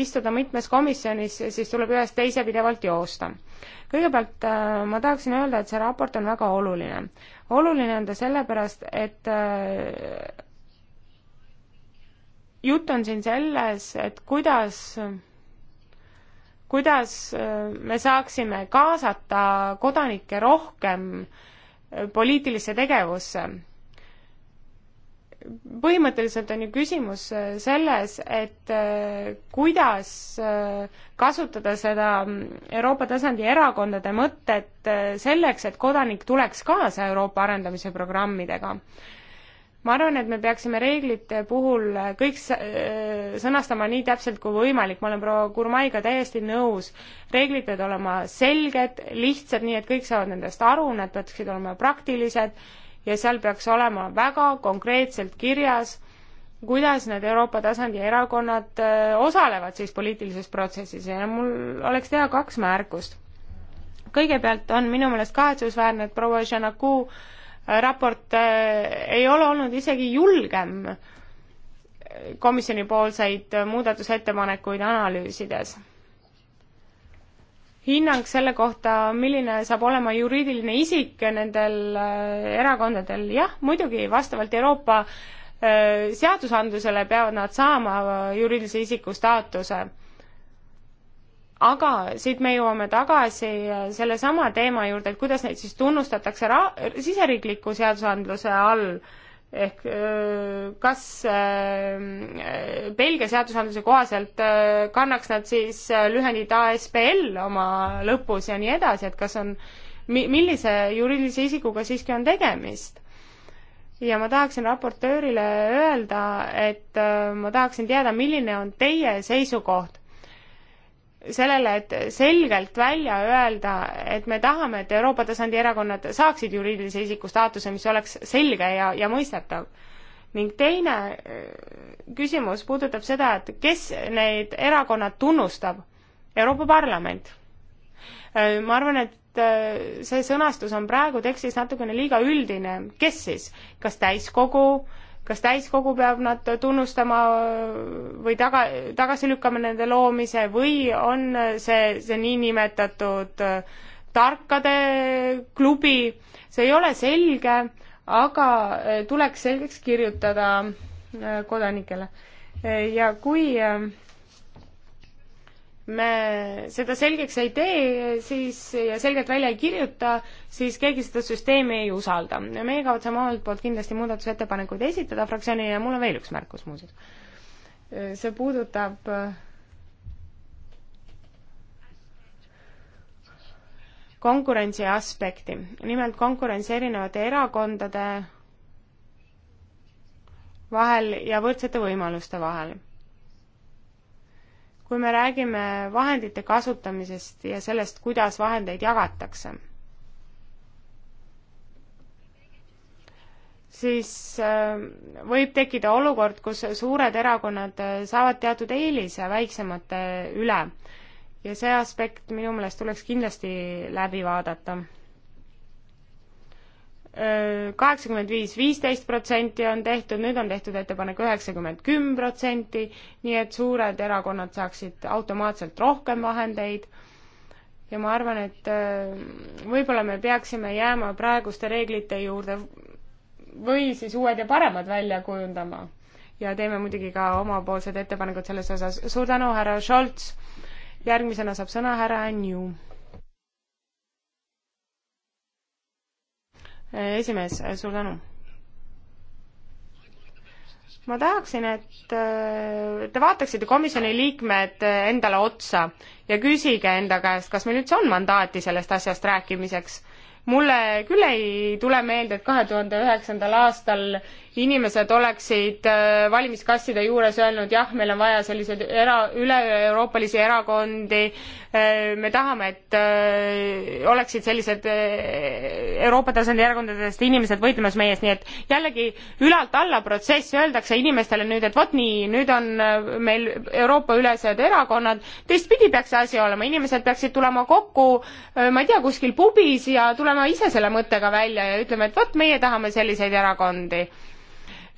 istuda mitmes komisjonis, siis tuleb ühest teise pidevalt joosta. kõigepealt äh, ma tahaksin öelda, et see raport on väga oluline. oluline on ta sellepärast, et äh, jutt on siin selles, et kuidas kuidas äh, me saaksime kaasata kodanikke rohkem poliitilisse tegevusse põhimõtteliselt on ju küsimus äh, selles, et äh, kuidas äh, kasutada seda mm, Euroopa tasandi erakondade mõtet selleks, et kodanik tuleks kaasa Euroopa arendamise programmidega. ma arvan, et me peaksime reeglite puhul kõik sõnastama nii täpselt kui võimalik, ma olen proua Gurmaiga täiesti nõus. reeglid peavad olema selged, lihtsad, nii et kõik saavad nendest aru, nad peaksid olema praktilised ja seal peaks olema väga konkreetselt kirjas, kuidas need Euroopa tasandi erakonnad äh, osalevad siis poliitilises protsessis ja mul oleks teha kaks märkust. kõigepealt on minu meelest kahetsusväärne, et proua Janaku äh, raport äh, ei ole olnud isegi julgem komisjonipoolseid muudatusettepanekuid analüüsides hinnang selle kohta, milline saab olema juriidiline isik nendel äh, erakondadel, jah, muidugi, vastavalt Euroopa äh, seadusandlusele peavad nad saama äh, juriidilise isiku staatuse. aga siit me jõuame tagasi sellesama teema juurde, et kuidas neid siis tunnustatakse ra-, siseriikliku seadusandluse all ehk kas Belgia seadusandluse kohaselt kannaks nad siis lühendit ASBL oma lõpus ja nii edasi, et kas on, millise juriidilise isikuga siiski on tegemist? ja ma tahaksin raportöörile öelda, et ma tahaksin teada, milline on teie seisukoht sellele, et selgelt välja öelda, et me tahame, et Euroopa tasandi erakonnad saaksid juriidilise isiku staatuse, mis oleks selge ja, ja mõistetav. ning teine äh, küsimus puudutab seda, et kes neid erakonnad tunnustab. Euroopa Parlament. Äh, ma arvan, et äh, see sõnastus on praegu tekstis natukene liiga üldine, kes siis, kas täiskogu äh,, kas täiskogu peab nad tunnustama või taga, tagasi lükkama nende loomise või on see, see niinimetatud tarkade klubi, see ei ole selge, aga eh, tuleks selgeks kirjutada eh, kodanikele. Eh, ja kui me seda selgeks ei tee, siis ja selgelt välja ei kirjuta, siis keegi seda süsteemi ei usalda. meie kavatseme omalt poolt kindlasti muudatusettepanekuid esitada fraktsioonile ja mul on veel üks märkus muuseas. see puudutab konkurentsi aspekti, nimelt konkurents erinevate erakondade vahel ja võrdsete võimaluste vahel kui me räägime vahendite kasutamisest ja sellest, kuidas vahendeid jagatakse, siis äh, võib tekkida olukord, kus suured erakonnad äh, saavad teatud eelise väiksemate üle ja see aspekt minu meelest tuleks kindlasti läbi vaadata kaheksakümmend viis, viisteist protsenti on tehtud, nüüd on tehtud ettepanek üheksakümmend kümme protsenti, nii et suured erakonnad saaksid automaatselt rohkem vahendeid. ja ma arvan, et äh, võib-olla me peaksime jääma praeguste reeglite juurde või siis uued ja paremad välja kujundama. ja teeme muidugi ka omapoolsed ettepanekud selles osas. suur tänu, härra Scholz. järgmisena saab sõna härra Anju esimees, suur tänu! ma tahaksin, et äh, te vaataksite, komisjoni liikmed, äh, endale otsa ja küsige enda käest, kas meil üldse on mandaati sellest asjast rääkimiseks. mulle küll ei tule meelde, et kahe tuhande üheksandal aastal inimesed oleksid äh, valimiskastide juures öelnud jah, meil on vaja selliseid era, üle-euroopalisi erakondi, äh, me tahame, et äh, oleksid sellised Euroopa tasandi erakondadest inimesed võitlemas meie eest, nii et jällegi ülalt alla protsess, öeldakse inimestele nüüd, et vot nii, nüüd on meil Euroopa-ülesed erakonnad, teistpidi peaks see asi olema, inimesed peaksid tulema kokku, ma ei tea, kuskil pubis ja tulema ise selle mõttega välja ja ütlema, et vot meie tahame selliseid erakondi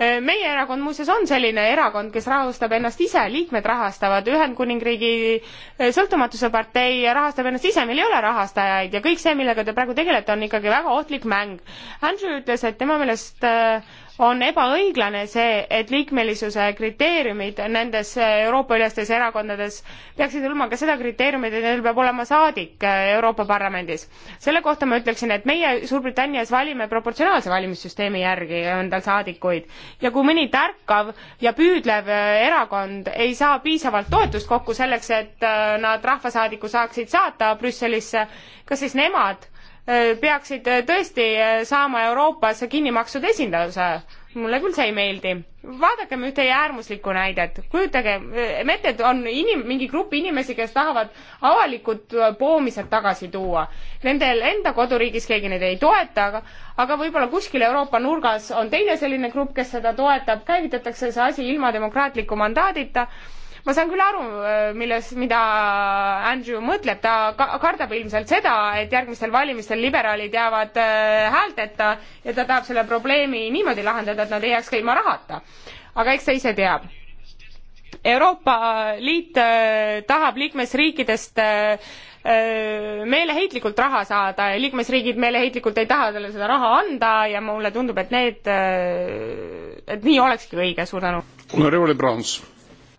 Äh, meie erakond muuseas on selline erakond, kes rahastab ennast ise, liikmed rahastavad, Ühendkuningriigi äh, sõltumatuse partei rahastab ennast ise, meil ei ole rahastajaid ja kõik see, millega te praegu tegelete, on ikkagi väga ohtlik mäng. Andrew ütles, et tema meelest äh, on ebaõiglane see, et liikmelisuse kriteeriumid nendes Euroopa-ülestes erakondades peaksid hõlma ka seda kriteeriumit, et neil peab olema saadik äh, Euroopa Parlamendis. selle kohta ma ütleksin, et meie Suurbritannias valime proportsionaalse valimissüsteemi järgi endal saadikuid ja kui mõni tärkav ja püüdlev äh, erakond ei saa piisavalt toetust kokku selleks, et äh, nad rahvasaadiku saaksid saata Brüsselisse, kas siis nemad Äh, peaksid äh, tõesti äh, saama Euroopas kinnimaksud esinduse. mulle küll see ei meeldi. vaadakem ühte äärmuslikku näidet, kujutage, ette, et on inim-, mingi grupp inimesi, kes tahavad avalikud poomised tagasi tuua. Nendel enda koduriigis keegi neid ei toeta, aga, aga võib-olla kuskil Euroopa nurgas on teine selline grupp, kes seda toetab, käivitatakse see asi ilma demokraatliku mandaadita ma saan küll aru, äh, milles, mida Andrew mõtleb, ta ka-, kardab ilmselt seda, et järgmistel valimistel liberaalid jäävad äh, häälteta ja ta tahab selle probleemi niimoodi lahendada, et nad ei jääks ka ilma rahata. aga eks ta ise teab Euroopa Liit äh, tahab liikmesriikidest meeleheitlikult raha saada ja liikmesriigid meeleheitlikult ei taha talle seda raha anda ja mulle tundub, et need, et nii olekski õige, suur tänu. Honorable Browns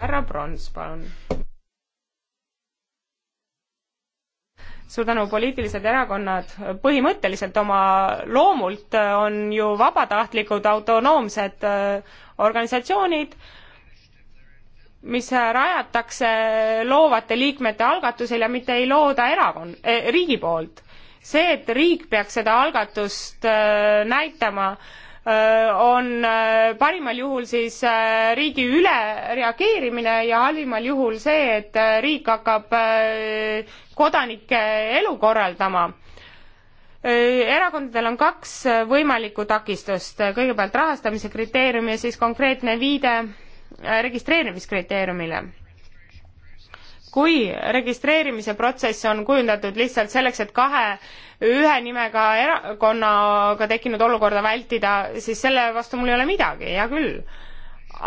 härra Brons, palun. suur tänu, poliitilised erakonnad põhimõtteliselt oma loomult äh, on ju vabatahtlikud autonoomsed äh, organisatsioonid, mis rajatakse loovate liikmete algatusel ja mitte ei looda erakond eh,, äh, riigi poolt. see, et riik peaks seda algatust näitama eh, Äh, on äh, parimal juhul siis äh, riigi üle reageerimine ja halvimal juhul see, et riik hakkab kodanike elu korraldama. Erakondadel on kaks võimalikku takistust, kõigepealt rahastamise kriteerium ja siis konkreetne viide registreerimiskriteeriumile kui registreerimise protsess on kujundatud lihtsalt selleks, et kahe ühe nimega erakonnaga tekkinud olukorda vältida, siis selle vastu mul ei ole midagi, hea küll.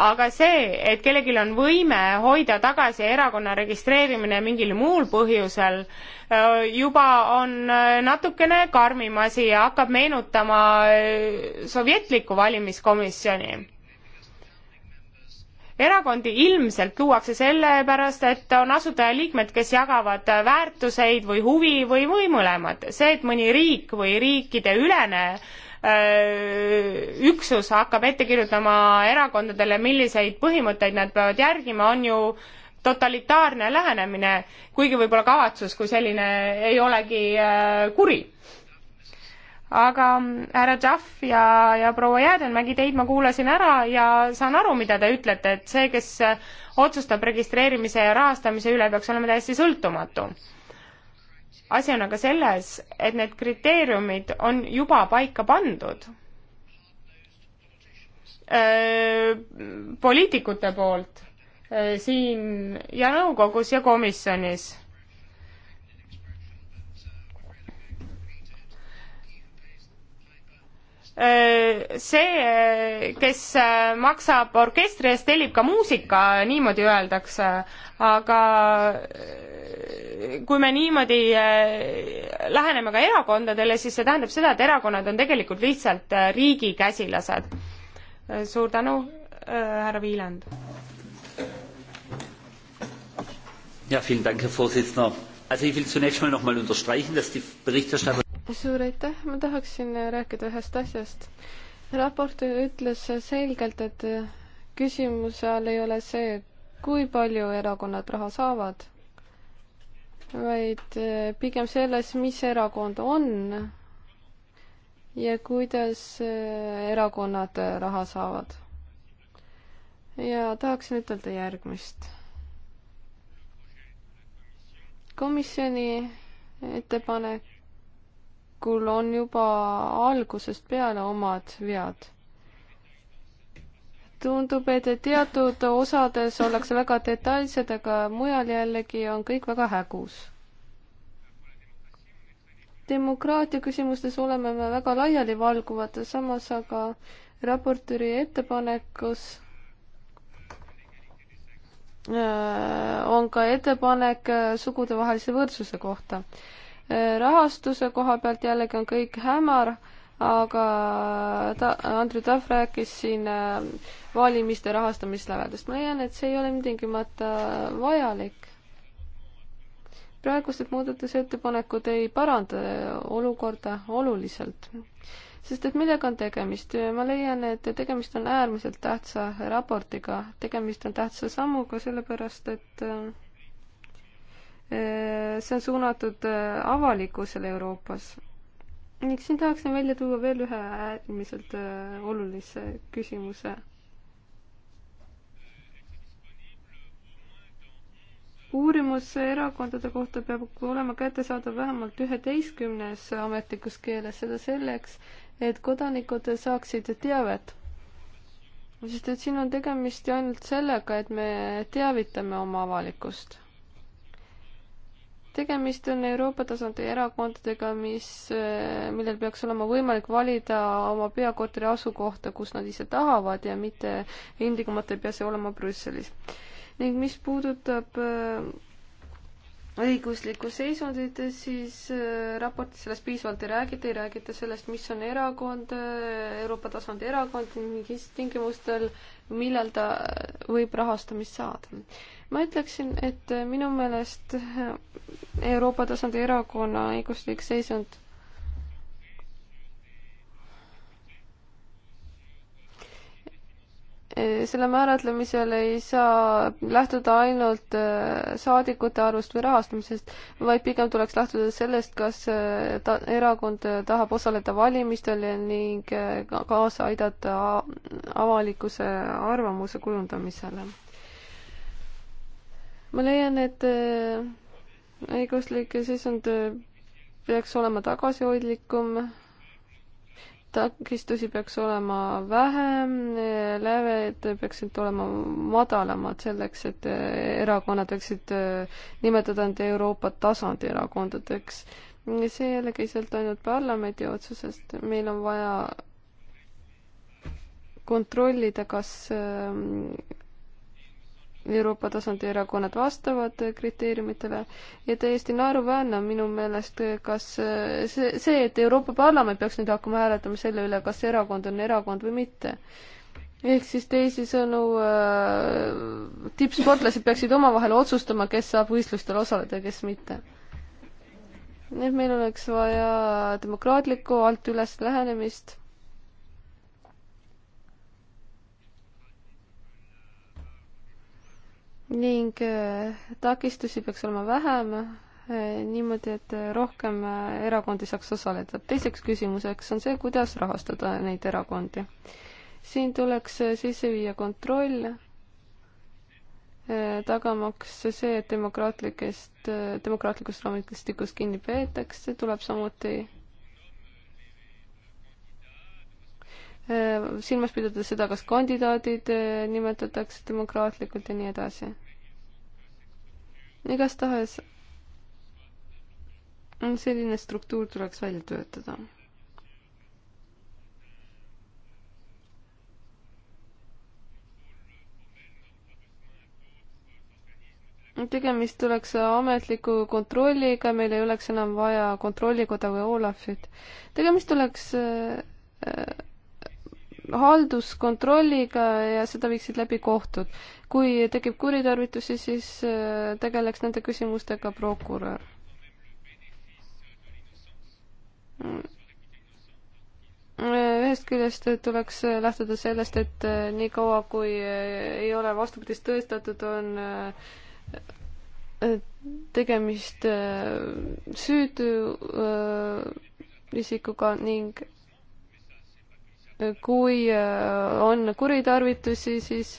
aga see, et kellelgi on võime hoida tagasi erakonna registreerimine mingil muul põhjusel, äh, juba on äh, natukene karmim asi ja hakkab meenutama äh, sovjetlikku valimiskomisjoni erakondi ilmselt luuakse sellepärast, et on asutajaliikmed, kes jagavad väärtuseid või huvi või, või mõlemad. see, et mõni riik või riikide ülene üksus hakkab ette kirjutama erakondadele, milliseid põhimõtteid nad peavad järgima, on ju totalitaarne lähenemine, kuigi võib-olla kavatsus kui selline ei olegi kuri aga mm, härra Jaff ja, ja proua Jäädenmägi, teid ma kuulasin ära ja saan aru, mida te ütlete, et see, kes äh, otsustab registreerimise ja rahastamise üle, peaks olema täiesti sõltumatu. asi on aga selles, et need kriteeriumid on juba paika pandud äh, poliitikute poolt äh, siin ja nõukogus ja komisjonis Äh, see, kes äh, maksab orkestri eest, tellib ka muusika, niimoodi öeldakse, aga äh, kui me niimoodi läheneme ka erakondadele, siis see tähendab seda, et erakonnad on tegelikult lihtsalt riigi käsilased. suur tänu, härra Viiland. ja, vielen Dank, Herr Vorsitzender. Also ich will zunächst mal nochmal unterstreichen, dass die Berichterstatter suur aitäh, ma tahaksin rääkida ühest asjast. raport ütles selgelt, et küsimuse all ei ole see, kui palju erakonnad raha saavad, vaid pigem selles, mis erakond on ja kuidas erakonnad raha saavad. ja tahaksin ütelda järgmist. komisjoni ettepanek tulevikul on juba algusest peale omad vead. tundub, et teatud osades ollakse väga detailsed, aga mujal jällegi on kõik väga hägus. demokraatia küsimustes oleme me väga laialivalguvad, samas aga raportööri ettepanekus äh, on ka ettepanek äh, sugudevahelise võrdsuse kohta rahastuse koha pealt jällegi on kõik hämar, aga ta, Andrew Duff rääkis siin äh, valimiste rahastamislävedest. ma leian, et see ei ole tingimata vajalik. praegused muudatusettepanekud ei paranda olukorda oluliselt sest et millega on tegemist? ma leian, et tegemist on äärmiselt tähtsa raportiga, tegemist on tähtsa sammuga, sellepärast et äh, Äh, see on suunatud äh, avalikkusele Euroopas. ning siin tahaksin välja tuua veel ühe äärmiselt äh, olulise küsimuse. uurimus erakondade kohta peab olema kättesaadav vähemalt üheteistkümnes ametlikus keeles, seda selleks, et kodanikud saaksid teavet. sest et siin on tegemist ju ainult sellega, et me teavitame oma avalikkust tegemist on Euroopa tasandi erakondadega, mis, eh, millel peaks olema võimalik valida oma peakorteri asukohta, kus nad ise tahavad ja mitte ilmtingimata ei pea see olema Brüsselis. ning mis puudutab eh, õiguslikku seisundit, siis eh, raportis sellest piisavalt ei räägita, ei räägita sellest, mis on erakond, Euroopa tasandi erakond ning mis tingimustel, millal ta võib rahastamist saada ma ütleksin, et minu meelest Euroopa tasandi erakonna õiguslik seisund selle määratlemisel ei saa lähtuda ainult äh, saadikute arvust või rahastamisest, vaid pigem tuleks lähtuda sellest, kas äh, ta, erakond tahab osaleda valimistel ning äh, kaasa aidata avalikkuse arvamuse kujundamisele ma leian, et äh, õiguslik seisund äh, peaks olema tagasihoidlikum, takistusi peaks olema vähem, äh, läved peaksid olema madalamad selleks, et erakonnad võiksid nimetada end Euroopa tasandi erakondadeks. see jällegi ei sõltu ainult parlamendi otsusest, meil on vaja kontrollida, kas Euroopa tasandi erakonnad vastavad kriteeriumitele ja täiesti naeruväärne on minu meelest kas see, see, et Euroopa Parlament peaks nüüd hakkama hääletama selle üle, kas erakond on erakond või mitte. ehk siis teisisõnu äh,, tippsportlased peaksid omavahel otsustama, kes saab võistlustel osaleda ja kes mitte. nii et meil oleks vaja demokraatlikku alt üles lähenemist ning äh, takistusi peaks olema vähem, äh, niimoodi, et äh, rohkem erakondi saaks osaleda. teiseks küsimuseks on see, kuidas rahastada neid erakondi. siin tuleks sisse viia kontroll, tagamaks see, et demokraatlikest, demokraatlikust raamistikust kinni peetakse, tuleb samuti silmas pidada seda, kas kandidaadid nimetatakse demokraatlikult ja nii edasi igastahes selline struktuur tuleks välja töötada. tegemist tuleks ametliku kontrolliga, meil ei oleks enam vaja kontrollikoda või Olafit. tegemist oleks äh, halduskontrolliga ja seda viiksid läbi kohtud. kui tekib kuritarvitusi, siis äh, tegeleks nende küsimustega prokurör. ühest küljest tuleks lähtuda sellest, et äh, niikaua, kui äh, ei ole vastupidist tõestatud, on tegemist süütu isikuga ning kui äh, on kuritarvitusi, siis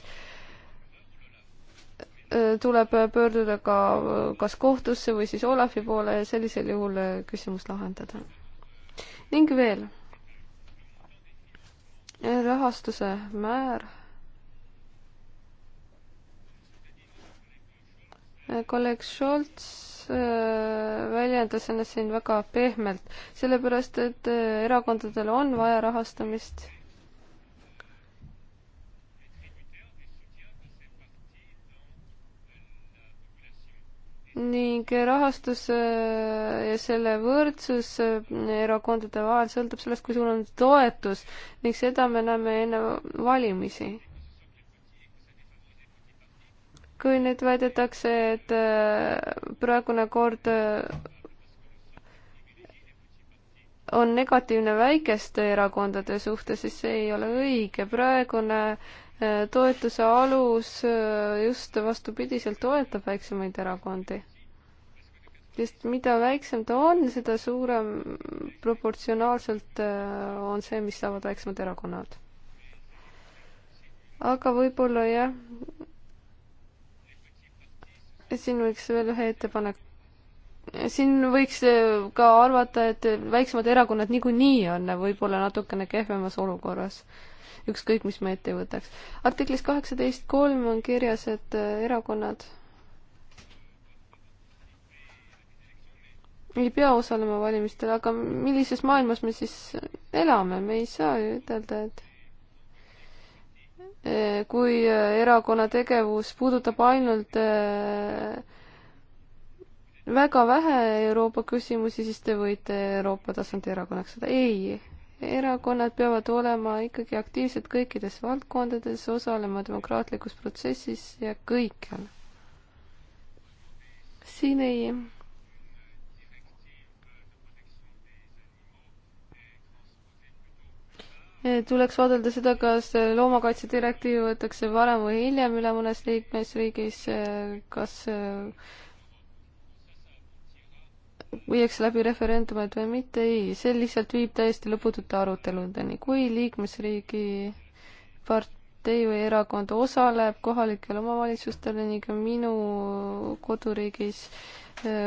äh, tuleb pöörduda ka kas kohtusse või siis Olavi poole ja sellisel juhul äh, küsimus lahendada. ning veel. rahastuse määr. kolleeg Scholz Äh, väljendas ennast siin väga pehmelt, sellepärast et äh, erakondadel on vaja rahastamist. ning rahastus äh, ja selle võrdsus erakondade vahel sõltub sellest, kui suur on toetus ning seda me näeme enne valimisi kui nüüd väidetakse, et äh, praegune kord äh, on negatiivne väikeste erakondade suhtes, siis see ei ole õige. praegune äh, toetuse alus just vastupidiselt toetab väiksemaid erakondi. sest mida väiksem ta on, seda suurem proportsionaalselt on see, mis saavad väiksemad erakonnad. aga võib-olla jah, siin võiks veel ühe ettepaneku siin võiks äh, ka arvata, et väiksemad erakonnad niikuinii on võib-olla natukene kehvemas olukorras, ükskõik mis me ette võtaks. artiklis kaheksateist kolm on kirjas, et äh, erakonnad ei pea osalema valimistel, aga millises maailmas me siis elame, me ei saa ju ütelda, et kui äh, erakonna tegevus puudutab ainult äh, väga vähe Euroopa küsimusi, siis te võite Euroopa tasandi erakonnaks seda. ei, erakonnad peavad olema ikkagi aktiivsed kõikides valdkondades, osalema demokraatlikus protsessis ja kõikjal. siin ei Eh, tuleks vaadelda seda, kas eh, loomakaitse direktiiv võetakse varem või hiljem üle mõnes liikmesriigis, eh, kas viiakse läbi referendumeid või mitte, ei, see lihtsalt viib täiesti lõputute aruteludeni. kui liikmesriigi partei või erakond osaleb kohalikel omavalitsustel ning minu koduriigis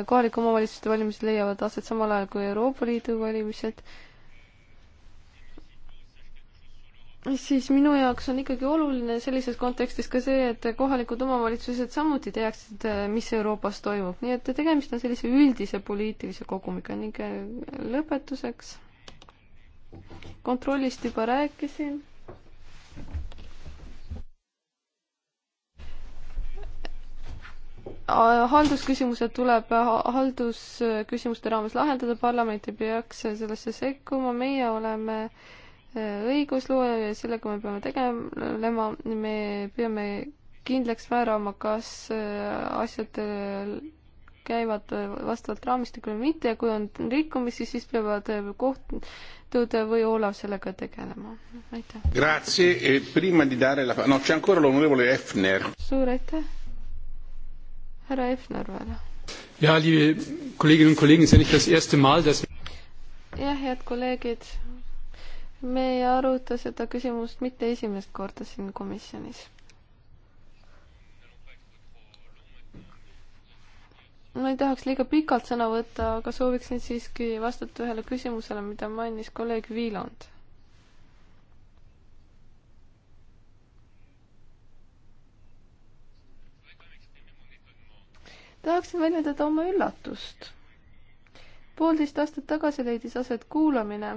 kohalike omavalitsuste valimised leiavad aset samal ajal kui Euroopa Liidu valimised, siis minu jaoks on ikkagi oluline sellises kontekstis ka see, et kohalikud omavalitsused samuti teaksid, mis Euroopas toimub, nii et tegemist on sellise üldise poliitilise kogumiga ning äh, lõpetuseks kontrollist juba rääkisin. haldusküsimused tuleb haldusküsimuste raames lahendada, parlament ei peaks sellesse sekkuma, meie oleme äh, õigusloe ja sellega me peame tegelema, me peame kindlaks määrama, kas äh, asjad äh, käivad äh, vastavalt raamistikule või mitte ja kui on rikkumisi, siis peavad kohtud või Olav sellega tegelema. aitäh. Grazie, e prima di dare la no c'è ancora l'onorevole Efner. suur aitäh. härra Efner veel. ja, liebe kolleegid ja kolleegid, see on ikka esimene kord, et jah, head kolleegid, me ei aruta seda küsimust mitte esimest korda siin komisjonis. ma ei tahaks liiga pikalt sõna võtta, aga sooviksin siiski vastata ühele küsimusele, mida mainis kolleeg Viiland tahaksin väljendada oma üllatust. poolteist aastat tagasi leidis aset kuulamine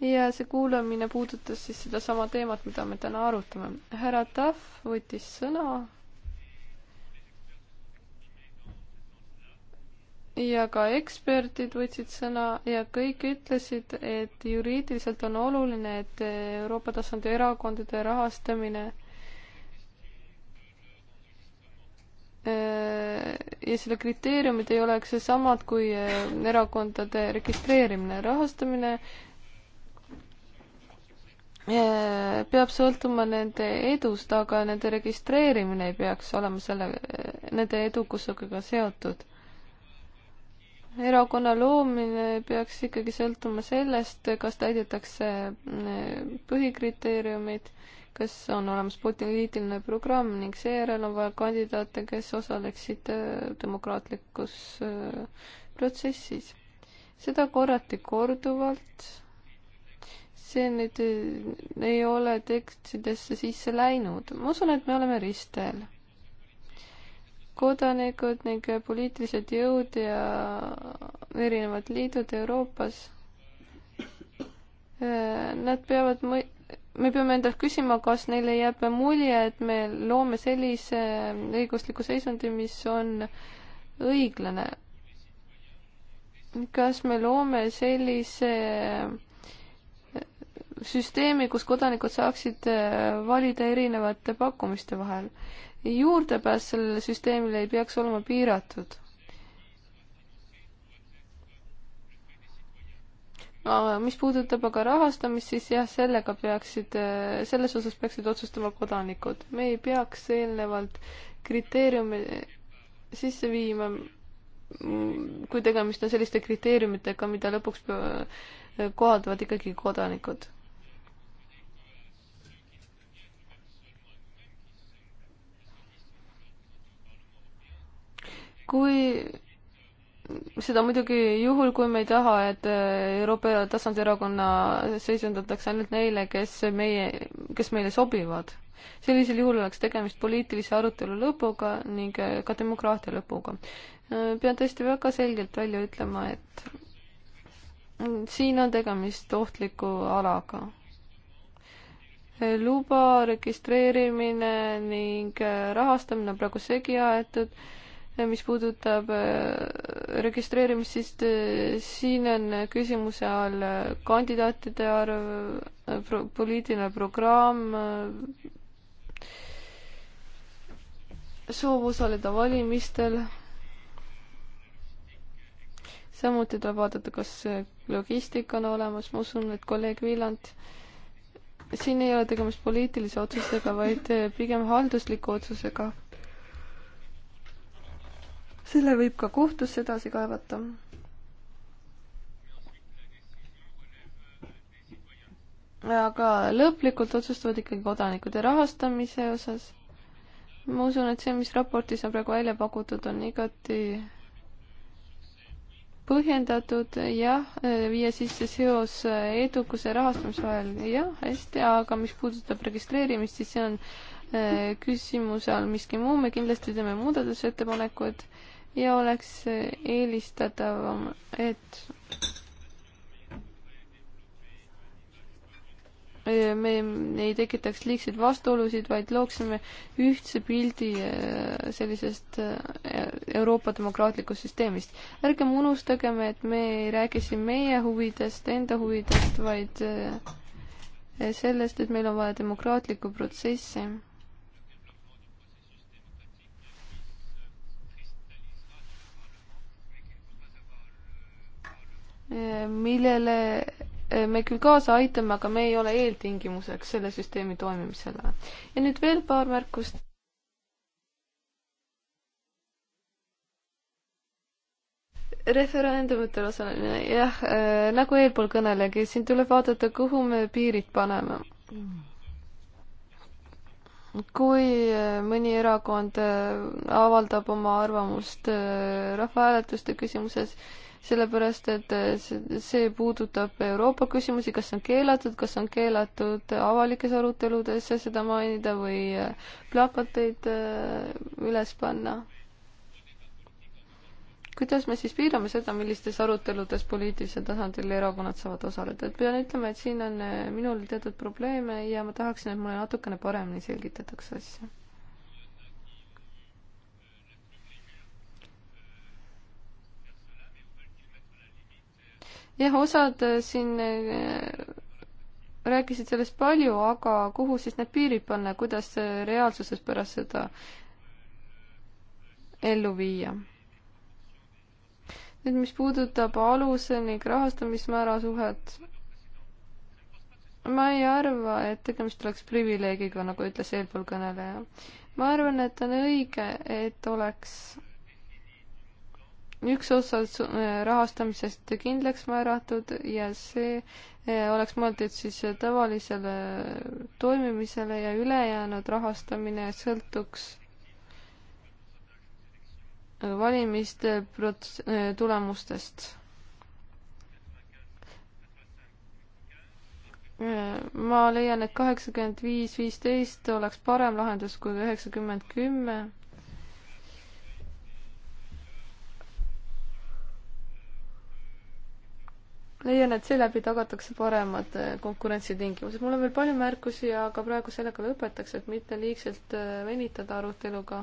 ja see kuulamine puudutas siis sedasama teemat, mida me täna arutame. härra Tahv võttis sõna. ja ka eksperdid võtsid sõna ja kõik ütlesid, et juriidiliselt on oluline, et Euroopa tasandi erakondade rahastamine äh, ja selle kriteeriumid ei oleks samad kui äh, erakondade registreerimine. rahastamine Äh, peab sõltuma nende edust, aga nende registreerimine ei peaks olema selle, nende edukusega ka seotud. erakonna loomine peaks ikkagi sõltuma sellest, kas täidetakse äh, põhikriteeriumid, kas on olemas poliitiline programm ning seejärel on vaja kandidaate, kes osaleksid äh, demokraatlikus protsessis. seda korrati korduvalt see nüüd äh, ei ole tekstidesse sisse läinud. ma usun, et me oleme ristel. kodanikud ning poliitilised jõud ja erinevad liidud Euroopas, äh, nad peavad mõ-, me peame endalt küsima, kas neile jääb mulje, et me loome sellise äh, õigusliku seisundi, mis on õiglane. kas me loome sellise süsteemi, kus kodanikud saaksid äh, valida erinevate pakkumiste vahel. juurdepääs sellele süsteemile ei peaks olema piiratud. mis puudutab aga rahastamist, siis jah, sellega peaksid, äh, selles osas peaksid otsustama kodanikud. me ei peaks eelnevalt kriteeriume sisse viima, kui tegemist on selliste kriteeriumitega, mida lõpuks äh, kohaldavad ikkagi kodanikud. kui seda muidugi juhul, kui me ei taha, et äh, Euroopa tasandi erakonna seisundatakse ainult neile, kes meie, kes meile sobivad. sellisel juhul oleks tegemist poliitilise arutelu lõpuga ning äh, ka demokraatia lõpuga. Äh, pean tõesti väga selgelt välja ütlema, et mm, siin on tegemist ohtliku alaga luba, registreerimine ning rahastamine on praegu segi aetud mis puudutab äh, registreerimist, siis äh, siin on küsimuse all äh, kandidaatide arv pro,, poliitiline programm, soov osaleda valimistel. samuti tuleb vaadata, kas logistika on olemas, ma usun, et kolleeg Viljand siin ei ole tegemist poliitilise otsusega, vaid pigem haldusliku otsusega selle võib ka kohtusse edasi kaevata. aga lõplikult otsustavad ikkagi kodanikud ja rahastamise osas ma usun, et see, mis raportis on praegu välja pakutud, on igati põhjendatud, jah, viia sisse seos edukuse rahastamise vahel, jah, hästi, aga mis puudutab registreerimist, siis see on eh, küsimuse all miski muu, me kindlasti teeme muudatusettepanekuid et ja oleks eelistatavam, et me ei tekitaks liigseid vastuolusid, vaid looksime ühtse pildi äh, sellisest äh, Euroopa demokraatlikust süsteemist. ärgem unustagem, et me ei räägi siin meie huvidest, enda huvidest, vaid äh, sellest, et meil on vaja demokraatlikku protsessi millele eh, me küll kaasa aitame, aga me ei ole eeltingimuseks selle süsteemi toimimisele. ja nüüd veel paar märkust. referendumitel osalemine, jah äh,, nagu eelpool kõnelegi, siin tuleb vaadata, kuhu me piirid paneme. kui eh, mõni erakond avaldab oma arvamust rahvahääletuste küsimuses äh,, sellepärast et äh, see puudutab Euroopa küsimusi, kas on keelatud, kas on keelatud avalikes aruteludes seda mainida või äh, plakateid äh, üles panna. kuidas me siis piirame seda, millistes aruteludes poliitilisel tasandil erakonnad saavad osaleda, et pean ütlema, et siin on minul teatud probleeme ja ma tahaksin, et mulle natukene paremini selgitatakse asja jah, osad äh, siin äh, rääkisid sellest palju, aga kuhu siis need piirid panna, kuidas äh, reaalsuses pärast seda ellu viia? nüüd, mis puudutab aluse ning rahastamismäära suhet, ma ei arva, et tegemist oleks privileegiga, nagu ütles eelpool kõneleja. ma arvan, et on õige, et oleks üks osa äh, rahastamisest kindlaks määratud ja see äh, oleks mõeldud siis tavalisele toimimisele ja ülejäänud rahastamine sõltuks äh, valimiste prots-, tulemustest. ma leian, et kaheksakümmend viis, viisteist oleks parem lahendus kui üheksakümmend, kümme leian, et seeläbi tagatakse paremad äh, konkurentsitingimused. mul on veel palju märkusi, aga praegu sellega lõpetaks, et mitte liigselt äh, venitada aruteluga.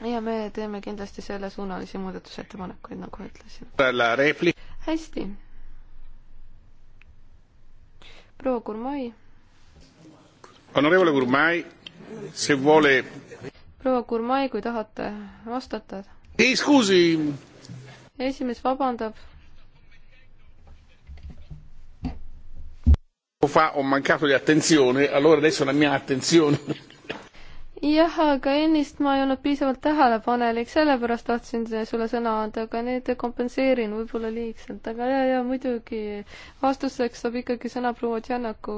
ja me teeme kindlasti sellesuunalisi muudatusettepanekuid, nagu ütlesin. hästi. proua Gurmai. Honorevole Gurmai, see vuole. proua Gurmai, kui tahate vastata. ei, scusi. esimees vabandab fa ho mancato di attenzione, allora adesso la mia attenzione. jah, aga ennist ma ei olnud piisavalt tähelepanelik, sellepärast tahtsin sulle sõna anda, aga nüüd kompenseerin võib-olla liigselt, aga ja, ja muidugi vastuseks saab ikkagi sõna proua Tšennaku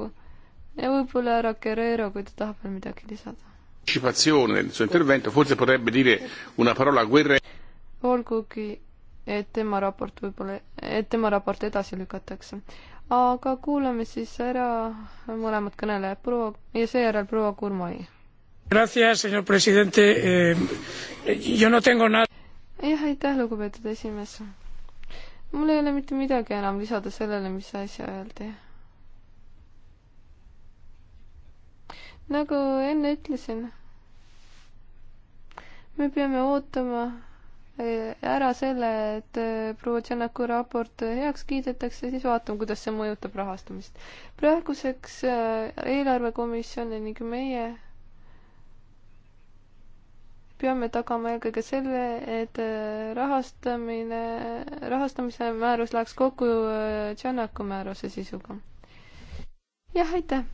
ja võib-olla härra Guerrero, kui ta tahab veel midagi lisada. olgugi, et tema raport võib-olla, et tema raport edasi lükatakse aga kuulame siis ära mõlemad kõnelejad, proua ja seejärel proua Kurmai. Eh, jah, aitäh, lugupeetud esimees. mul ei ole mitte midagi enam lisada sellele, mis äsja öeldi. nagu enne ütlesin, me peame ootama Eh, ära selle, et eh, proua Tšernaku raport heaks kiidetakse, siis vaatame, kuidas see mõjutab rahastamist. praeguseks eh, eelarvekomisjon ning meie peame tagama eelkõige selle, et rahastamine, rahastamise määrus läheks kokku Tšernaku määruse sisuga. jah, aitäh.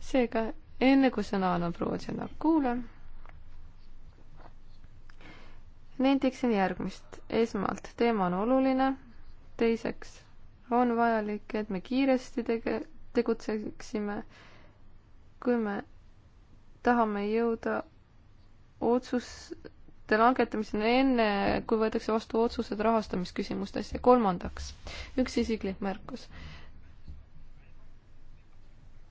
seega, enne kui sõna annan proua Tšernakule nendiksin järgmist. esmalt, teema on oluline, teiseks, on vajalik, et me kiiresti tege-, tegutseksime, kui me tahame jõuda otsuste langetamiseni enne, kui võetakse vastu otsused rahastamisküsimustes ja kolmandaks, üks isiklik märkus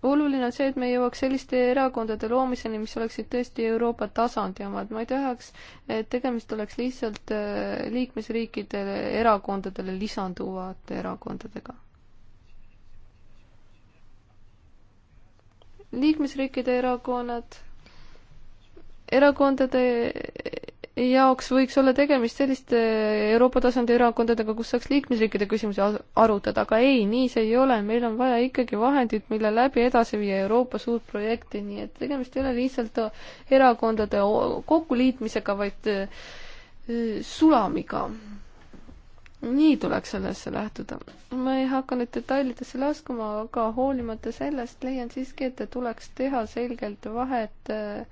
oluline on see, et me jõuaks selliste erakondade loomiseni, mis oleksid tõesti Euroopa tasandi omad, ma ei tahaks, et tegemist oleks lihtsalt äh, liikmesriikidele, erakondadele lisanduvate erakondadega. liikmesriikide erakonnad, erakondade jaoks võiks olla tegemist selliste Euroopa tasandi erakondadega, kus saaks liikmesriikide küsimusi arutada, aga ei, nii see ei ole, meil on vaja ikkagi vahendid, mille läbi edasi viia Euroopa suurt projekti, nii et tegemist ei ole lihtsalt erakondade kokkuliitmisega, vaid äh, sulamiga. nii tuleks sellesse lähtuda. ma ei hakka nüüd detailidesse laskuma, aga hoolimata sellest leian siiski, et tuleks teha selgelt vahet äh,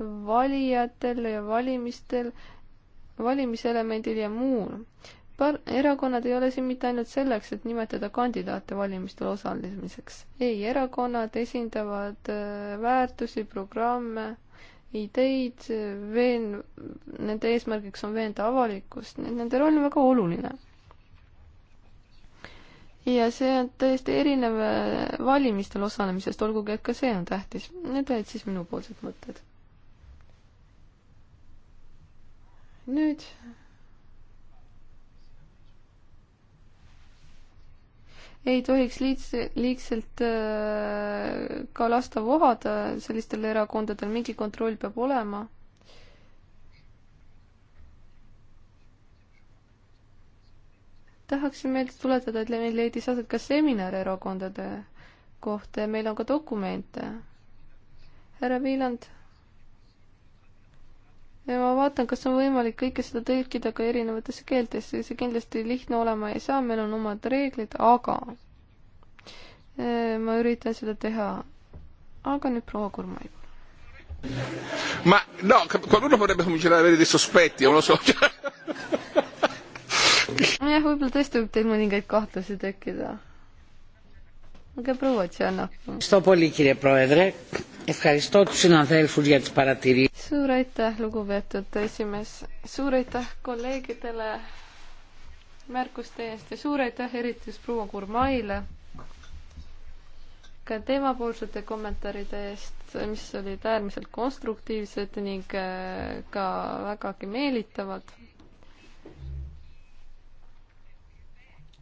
valijatel ja valimistel, valimiselemendil ja muul. Par-, erakonnad ei ole siin mitte ainult selleks, et nimetada kandidaate valimistel osalemiseks. ei, erakonnad esindavad äh, väärtusi, programme, ideid, veen-, nende eesmärgiks on veenda avalikkust, nii et nende roll on väga oluline. ja see on täiesti erinev äh, valimistel osalemisest, olgugi et ka see on tähtis. Need olid siis minupoolsed mõtted nüüd ei tohiks liigs-, liigselt äh, ka lasta vohada äh, sellistel erakondadel, mingi kontroll peab olema. tahaksin meelde tuletada, et meil leidis aset ka seminar erakondade kohta ja meil on ka dokumente. härra Viiland ja ma vaatan, kas on võimalik kõike seda tõlkida ka erinevatesse keeltesse, see kindlasti lihtne olema ei saa, meil on omad reeglid, aga äh, ma üritan seda teha. aga nüüd proua Kurmai. ma, no qualcuno potrebbe cominciare avere dei sospetti, non lo so jah, võib-olla tõesti võib teil mõningaid kahtlusi tekkida και proua Tšenno. Ευχαριστώ πολύ κύριε Πρόεδρε. Ευχαριστώ τους συναδέλφους για τις παρατηρήσεις. Suur aitäh, lugupeetud esimees. Suur aitäh kolleegidele märkuste eest ja suur aitäh eriti just proua Kurmaile ka teemapoolsete kommentaaride eest, mis olid äärmiselt konstruktiivsed ning äh, ka vägagi meelitavad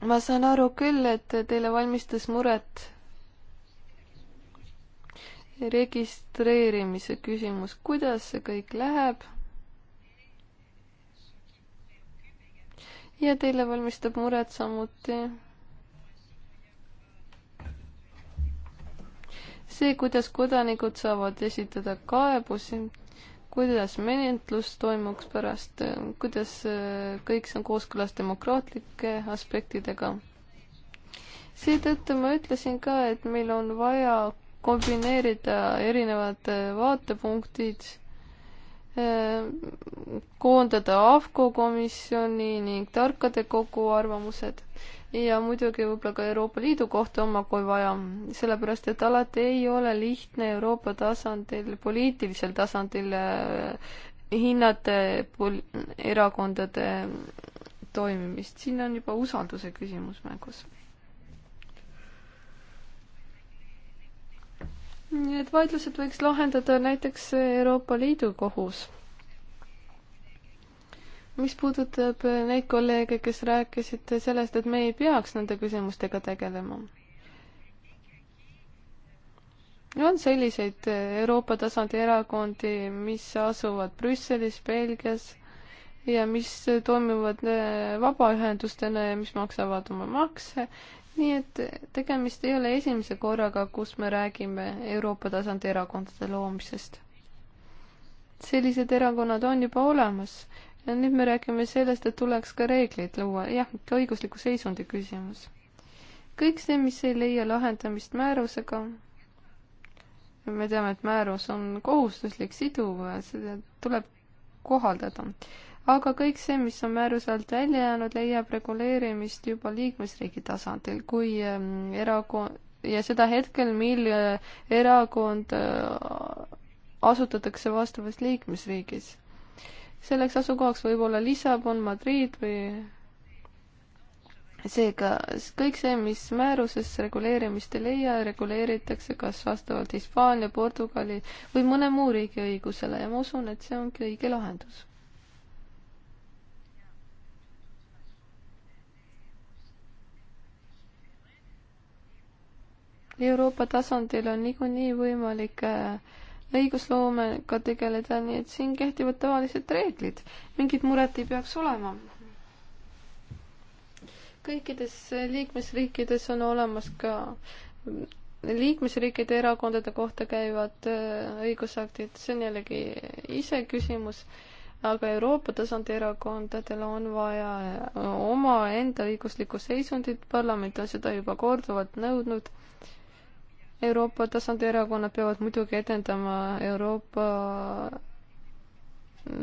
ma saan aru küll, et teile valmistas muret registreerimise küsimus, kuidas see kõik läheb? ja teile valmistab muret samuti see, kuidas kodanikud saavad esitada kaebusi, kuidas menetlus toimuks pärast, kuidas äh, kõik see on kooskõlas demokraatlike aspektidega. seetõttu ma ütlesin ka, et meil on vaja kombineerida erinevad äh, vaatepunktid, äh, koondada AFCO komisjoni ning tarkade kogu arvamused ja muidugi võib-olla ka Euroopa Liidu kohta oma, kui vaja, sellepärast et alati ei ole lihtne Euroopa tasandil, poliitilisel tasandil äh, hinnata pol-, erakondade toimimist, siin on juba usalduse küsimus mängus. nii et vaidlused võiks lahendada näiteks Euroopa Liidu kohus mis puudutab neid kolleege, kes rääkisid sellest, et me ei peaks nende küsimustega tegelema. on selliseid Euroopa tasandi erakondi, mis asuvad Brüsselis, Belgias ja mis toimivad äh, vabaühendustena ja mis maksavad oma makse. nii et tegemist ei ole esimese korraga, kus me räägime Euroopa tasandi erakondade loomisest. sellised erakonnad on juba olemas nüüd me räägime sellest, et tuleks ka reegleid luua, jah, ka õigusliku seisundi küsimus. kõik see, mis ei leia lahendamist määrusega, me teame, et määrus on kohustuslik siduv, seda tuleb kohaldada. aga kõik see, mis on määruse alt välja jäänud, leiab reguleerimist juba liikmesriigi tasandil, kui ähm, erakond ja seda hetkel, mil äh, erakond äh, asutatakse vastavas liikmesriigis selleks asukohaks võib olla Lissabon, Madrid või seega kõik see, mis määruses reguleerimist ei leia, reguleeritakse kas vastavalt Hispaania, Portugali või mõne muu riigi õigusele ja ma usun, et see ongi õige lahendus. Euroopa tasandil on niikuinii võimalik äh, õigusloomega tegeleda, nii et siin kehtivad tavalised reeglid. mingit muret ei peaks olema. kõikides liikmesriikides on olemas ka liikmesriikide erakondade kohta käivad äh, õigusaktid, see on jällegi iseküsimus, aga Euroopa tasandi erakondadel on vaja äh, omaenda õiguslikku seisundit, parlament on seda juba korduvalt nõudnud Euroopa tasandi erakonnad peavad muidugi edendama Euroopa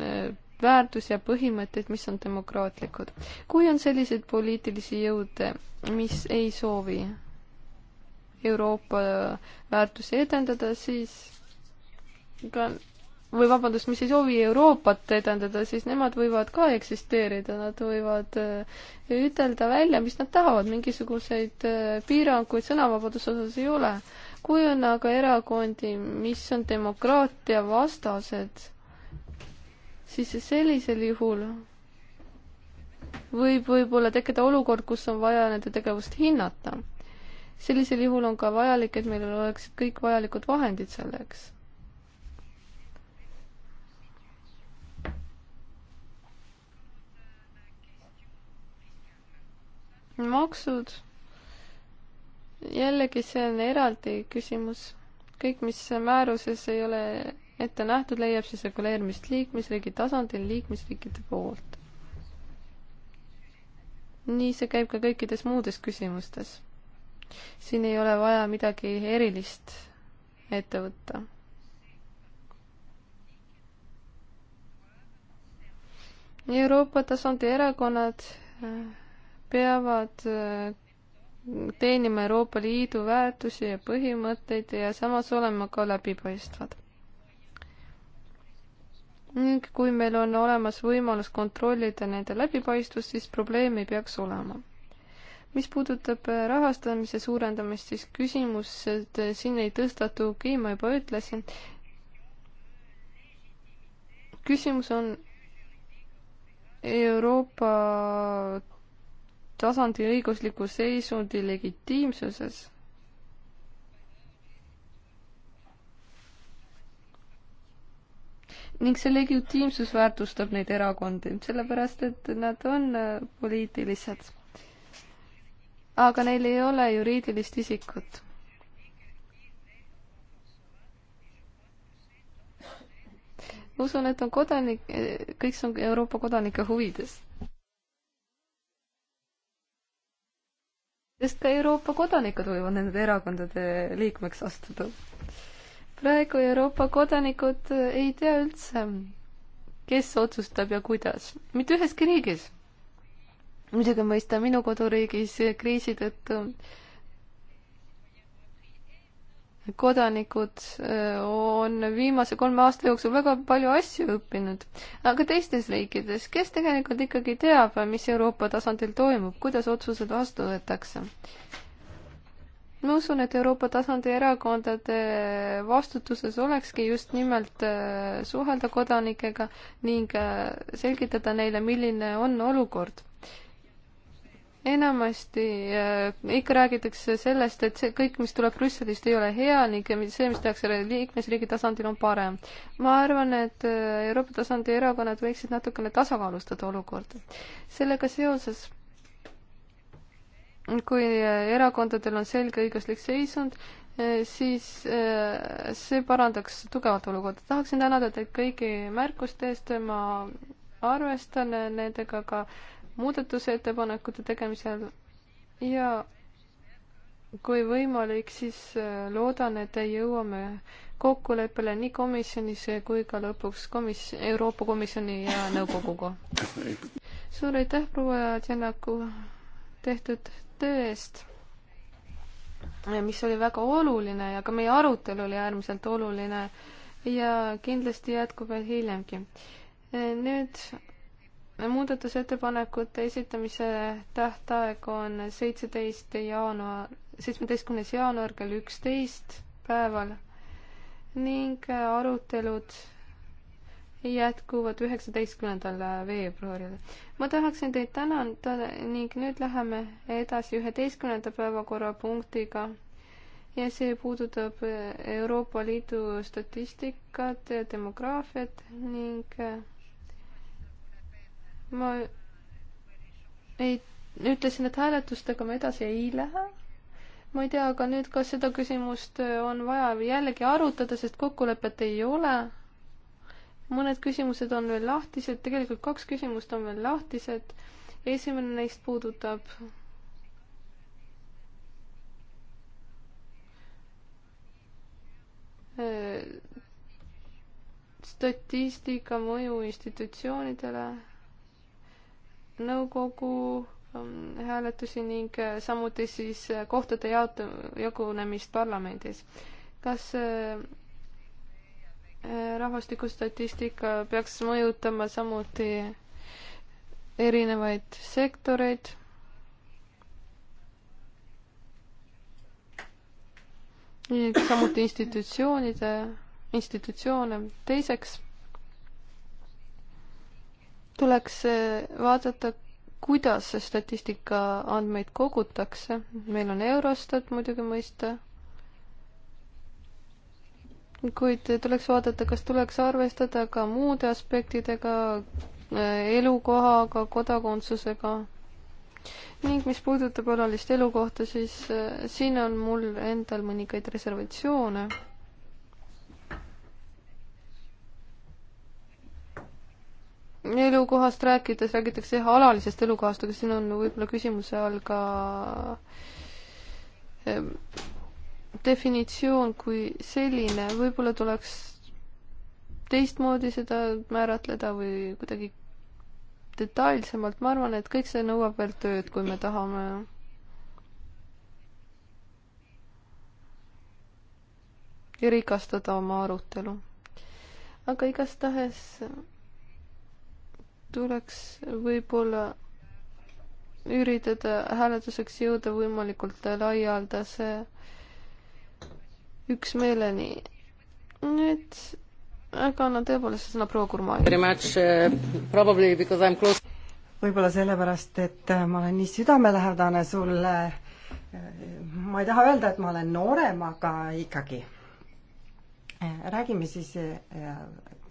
eh, väärtusi ja põhimõtteid, mis on demokraatlikud. kui on selliseid poliitilisi jõude, mis ei soovi Euroopa väärtusi edendada, siis ka või vabandust, mis ei soovi Euroopat edendada, siis nemad võivad ka eksisteerida, nad võivad eh, ütelda välja, mis nad tahavad, mingisuguseid eh, piiranguid sõnavabaduse osas ei ole kui on aga erakondi, mis on demokraatia vastased, siis sellisel juhul võib võib-olla tekkida olukord, kus on vaja nende tegevust hinnata. sellisel juhul on ka vajalik, et meil oleksid kõik vajalikud vahendid selleks. maksud jällegi, see on eraldi küsimus. kõik, mis määruses ei ole ette nähtud, leiab siis reguleerimist liikmesriigi tasandil liikmesriikide poolt. nii see käib ka kõikides muudes küsimustes. siin ei ole vaja midagi erilist ette võtta. Euroopa tasandi erakonnad äh, peavad äh, teenima Euroopa Liidu väärtusi ja põhimõtteid ja samas olema ka läbipaistvad. ning kui meil on olemas võimalus kontrollida nende läbipaistvust, siis probleemi ei peaks olema. mis puudutab rahastamise suurendamist, siis küsimused siin ei tõstatugi, ma juba ütlesin. küsimus on Euroopa tasandi õigusliku seisundi legitiimsuses ning see legitiimsus väärtustab neid erakondi, sellepärast et nad on äh, poliitilised. aga neil ei ole juriidilist isikut. usun, et on kodanik, kõik see on Euroopa kodanike huvides. sest ka Euroopa kodanikud võivad nende erakondade liikmeks astuda. praegu Euroopa kodanikud ei tea üldse, kes otsustab ja kuidas, mitte üheski riigis. muidugi mõista minu koduriigis kriisi tõttu äh, kodanikud on viimase kolme aasta jooksul väga palju asju õppinud, aga teistes riikides, kes tegelikult ikkagi teab, mis Euroopa tasandil toimub, kuidas otsused vastu võetakse? ma usun, et Euroopa tasandi erakondade vastutuses olekski just nimelt suhelda kodanikega ning selgitada neile, milline on olukord enamasti äh, ikka räägitakse sellest, et see kõik, mis tuleb Brüsselist, ei ole hea ning see, mis tehakse liikmesriigi tasandil, on parem. ma arvan, et äh, Euroopa tasandi erakonnad võiksid natukene tasakaalustada olukorda. sellega seoses, kui äh, erakondadel on selge õiguslik seisund äh,, siis äh, see parandaks tugevalt olukorda. tahaksin tänada teid kõigi märkuste eest, ma arvestan nendega ka äh, muudatusettepanekute tegemisel ja kui võimalik, siis äh, loodan, et jõuame kokkuleppele nii komisjonis kui ka lõpuks komis-, Euroopa Komisjoni ja nõukoguga. suur aitäh, proua Tšennaku, tehtud töö eest, mis oli väga oluline ja ka meie arutelu oli äärmiselt oluline ja kindlasti jätkub veel hiljemgi. Äh, nüüd muudatusettepanekute esitamise tähtaeg on seitseteist jaanuar, seitsmeteistkümnes jaanuar kell üksteist päeval ning arutelud jätkuvad üheksateistkümnendal veebruaril. ma tahaksin teid tänada ning nüüd läheme edasi üheteistkümnenda päevakorrapunktiga ja see puudutab Euroopa Liidu statistikat ja demograafiat ning ma ei, ütlesin, et hääletustega ma edasi ei lähe. ma ei tea ka nüüd, kas seda küsimust on vaja jällegi arutada, sest kokkulepet ei ole. mõned küsimused on veel lahtised, tegelikult kaks küsimust on veel lahtised. esimene neist puudutab äh, statistika mõju institutsioonidele nõukogu ähm, hääletusi ning äh, samuti siis äh, kohtade jaot-, jagunemist parlamendis. kas äh, rahvastikustatistika peaks mõjutama samuti erinevaid sektoreid? samuti institutsioonide, institutsioone, teiseks tuleks eh, vaadata, kuidas statistika andmeid kogutakse. meil on Eurostat muidugi mõista. kuid tuleks vaadata, kas tuleks arvestada ka muude aspektidega, eh, elukohaga, kodakondsusega. ning mis puudutab alalist elukohta, siis eh, siin on mul endal mõningaid reservatsioone elukohast rääkides räägitakse jah alalisest elukohast, aga siin on võib-olla küsimuse all ka ehm, definitsioon kui selline, võib-olla tuleks teistmoodi seda määratleda või kuidagi detailsemalt, ma arvan, et kõik see nõuab veel tööd, kui me tahame ja rikastada oma arutelu. aga igastahes tuleks võib-olla üritada hääletuseks jõuda võimalikult laialdase üksmeeleni. nüüd aga annan tõepoolest sõna proua Kurmale. Uh, võib-olla sellepärast, et äh, ma olen nii südamelähedane sulle. Äh, ma ei taha öelda, et ma olen noorem, aga ikkagi. Äh, räägime siis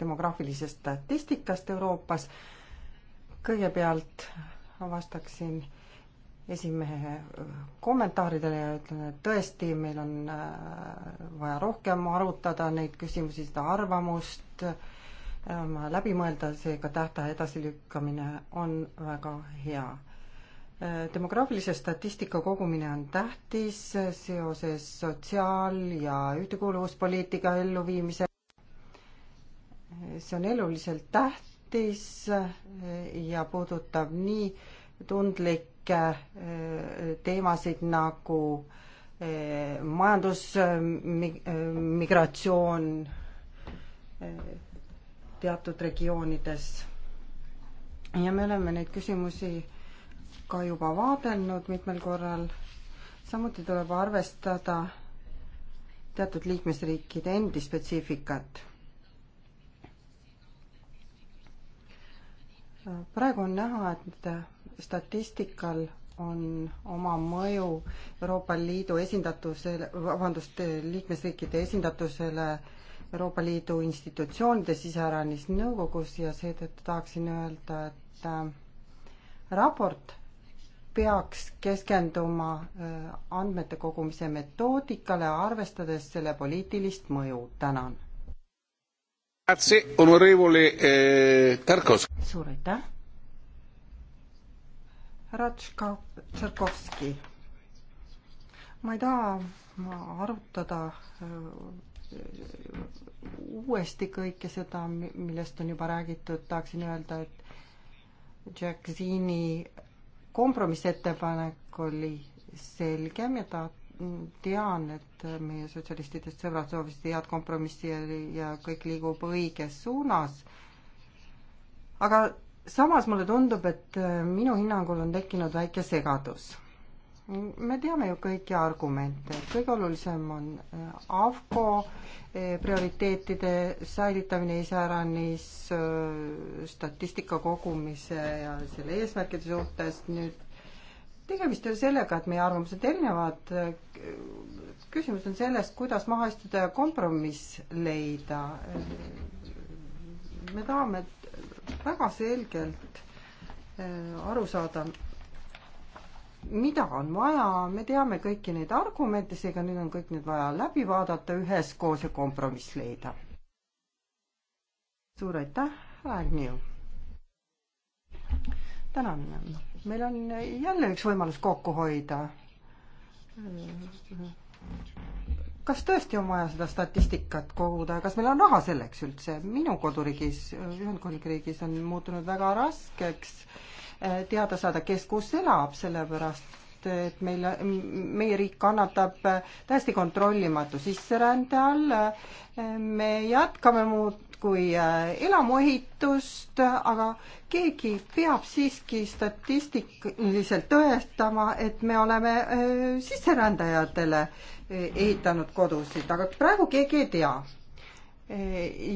demograafilisest statistikast Euroopas kõigepealt ma vastaksin esimehe äh, kommentaaridele ja ütlen, et tõesti, meil on äh, vaja rohkem arutada neid küsimusi, seda arvamust, äh, läbi mõelda, seega tähtaja edasilükkamine on väga hea. demograafilise statistika kogumine on tähtis seoses sotsiaal- ja ühtekuuluvuspoliitika elluviimisega. see on eluliselt tähtis tähtis eh, ja puudutab nii tundlikke eh, teemasid nagu eh, majandusmigratsioon teatud regioonides. ja me oleme neid küsimusi ka juba vaadelnud mitmel korral. samuti tuleb arvestada teatud liikmesriikide endi spetsiifikat praegu on näha, et statistikal on oma mõju Euroopa Liidu esindatusele, vabandust, liikmesriikide esindatusele Euroopa Liidu institutsioonide siseäranis nõukogus ja seetõttu tahaksin öelda, et raport peaks keskenduma äh, andmete kogumise metoodikale, arvestades selle poliitilist mõju. tänan Eh, suur aitäh. härra Tšarkovski, ma ei taha ma arutada eh, uuesti kõike seda, millest on juba räägitud, tahaksin öelda, et Jack Zini kompromissettepanek oli selgem ja ta tean, et meie sotsialistidest sõbrad soovisid head kompromissi ja, ja kõik liigub õiges suunas. aga samas mulle tundub, et äh, minu hinnangul on tekkinud väike segadus. me teame ju kõiki argumente, kõige olulisem on äh, AFCO äh, prioriteetide säilitamine iseäranis statistika kogumise ja selle eesmärkide suhtes, nüüd tegemist ei ole sellega, et meie arvamused erinevad. küsimus on selles, kuidas maha istuda ja kompromiss leida. me tahame väga selgelt äh, aru saada, mida on vaja, me teame kõiki neid argumente, seega nüüd on kõik need vaja läbi vaadata üheskoos ja kompromiss leida. suur aitäh, Agnew! tänan meil on jälle üks võimalus kokku hoida. kas tõesti on vaja seda statistikat koguda ja kas meil on raha selleks üldse? minu koduriigis, Ühendkuningriigis on muutunud väga raskeks eh, teada saada, kes kus elab, sellepärast et meil, meie riik kannatab eh, täiesti kontrollimatu sisserände all. Eh, me jätkame muud kui äh, elamuehitust, aga keegi peab siiski statistiliselt tõestama, et me oleme äh, sisserändajatele äh, ehitanud kodusid, aga praegu keegi ei tea.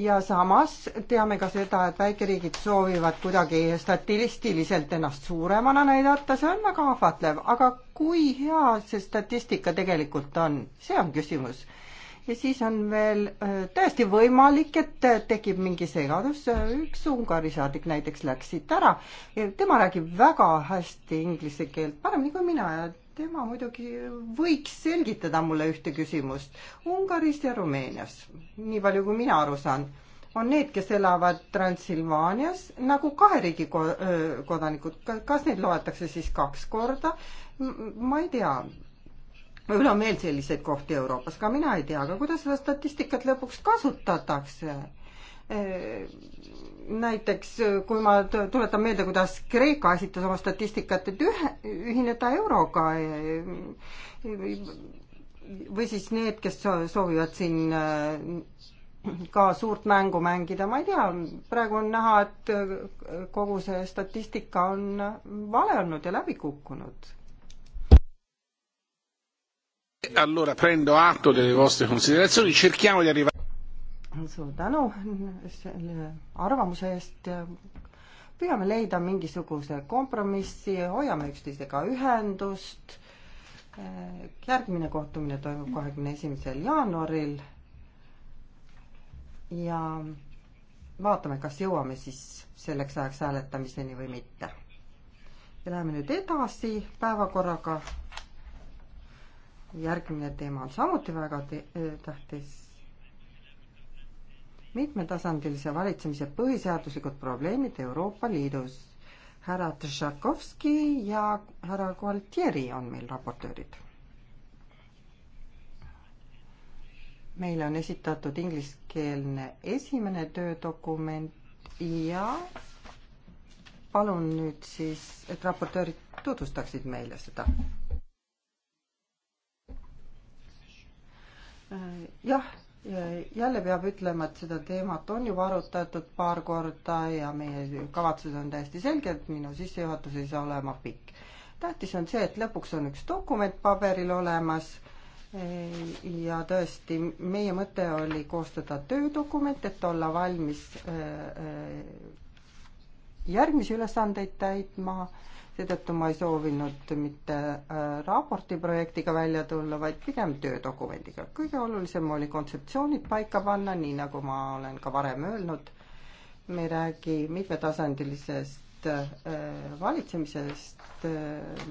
ja samas teame ka seda, et väikeriigid soovivad kuidagi statistiliselt ennast suuremana näidata, see on väga ahvatlev, aga kui hea see statistika tegelikult on, see on küsimus ja siis on veel äh, täiesti võimalik, et äh, tekib mingi segadus, äh, üks Ungari saadik näiteks läks siit ära, tema räägib väga hästi inglise keelt, paremini kui mina ja tema muidugi võiks selgitada mulle ühte küsimust Ungaris ja Rumeenias, nii palju kui mina aru saan on need, kes elavad Transilvaanias nagu kahe riigi kodanikud, kas neid loetakse siis kaks korda? ma ei tea, mul on veel selliseid kohti Euroopas, ka mina ei tea, aga kuidas seda statistikat lõpuks kasutatakse? näiteks kui ma tuletan meelde, kuidas Kreeka esitas oma statistikat, et ühe, ühineda euroga või siis need, kes soovivad siin ka suurt mängu mängida, ma ei tea, praegu on näha, et kogu see statistika on vale olnud ja läbi kukkunud Allora prendo atto delle vostre considerazioni, cerchiamo di arrivare. suur tänu selle arvamuse eest. püüame leida mingisuguse kompromissi, hoiame üksteisega ühendust. järgmine kohtumine toimub kahekümne esimesel jaanuaril. ja vaatame, kas jõuame siis selleks ajaks hääletamiseni või mitte. ja läheme nüüd edasi päevakorraga järgmine teema on samuti väga te eh, tähtis. mitmetasandilise valitsemise põhiseaduslikud probleemid Euroopa Liidus. härra Tšakovski ja härra Gualtieri on meil raportöörid. meile on esitatud ingliskeelne esimene töödokument ja palun nüüd siis, et raportöörid tutvustaksid meile seda jah, jälle peab ütlema, et seda teemat on juba arutatud paar korda ja meie kavatsused on täiesti selged, minu sissejuhatus ei saa olema pikk. tähtis on see, et lõpuks on üks dokument paberil olemas e, ja tõesti, meie mõte oli koostada töödokument, et olla valmis e, e, järgmisi ülesandeid täitma seetõttu ma ei soovinud mitte äh, raporti projektiga välja tulla, vaid pigem töödokumendiga. kõige olulisem oli kontseptsioonid paika panna, nii nagu ma olen ka varem öelnud, me ei räägi mitmetasandilisest äh, valitsemisest, äh,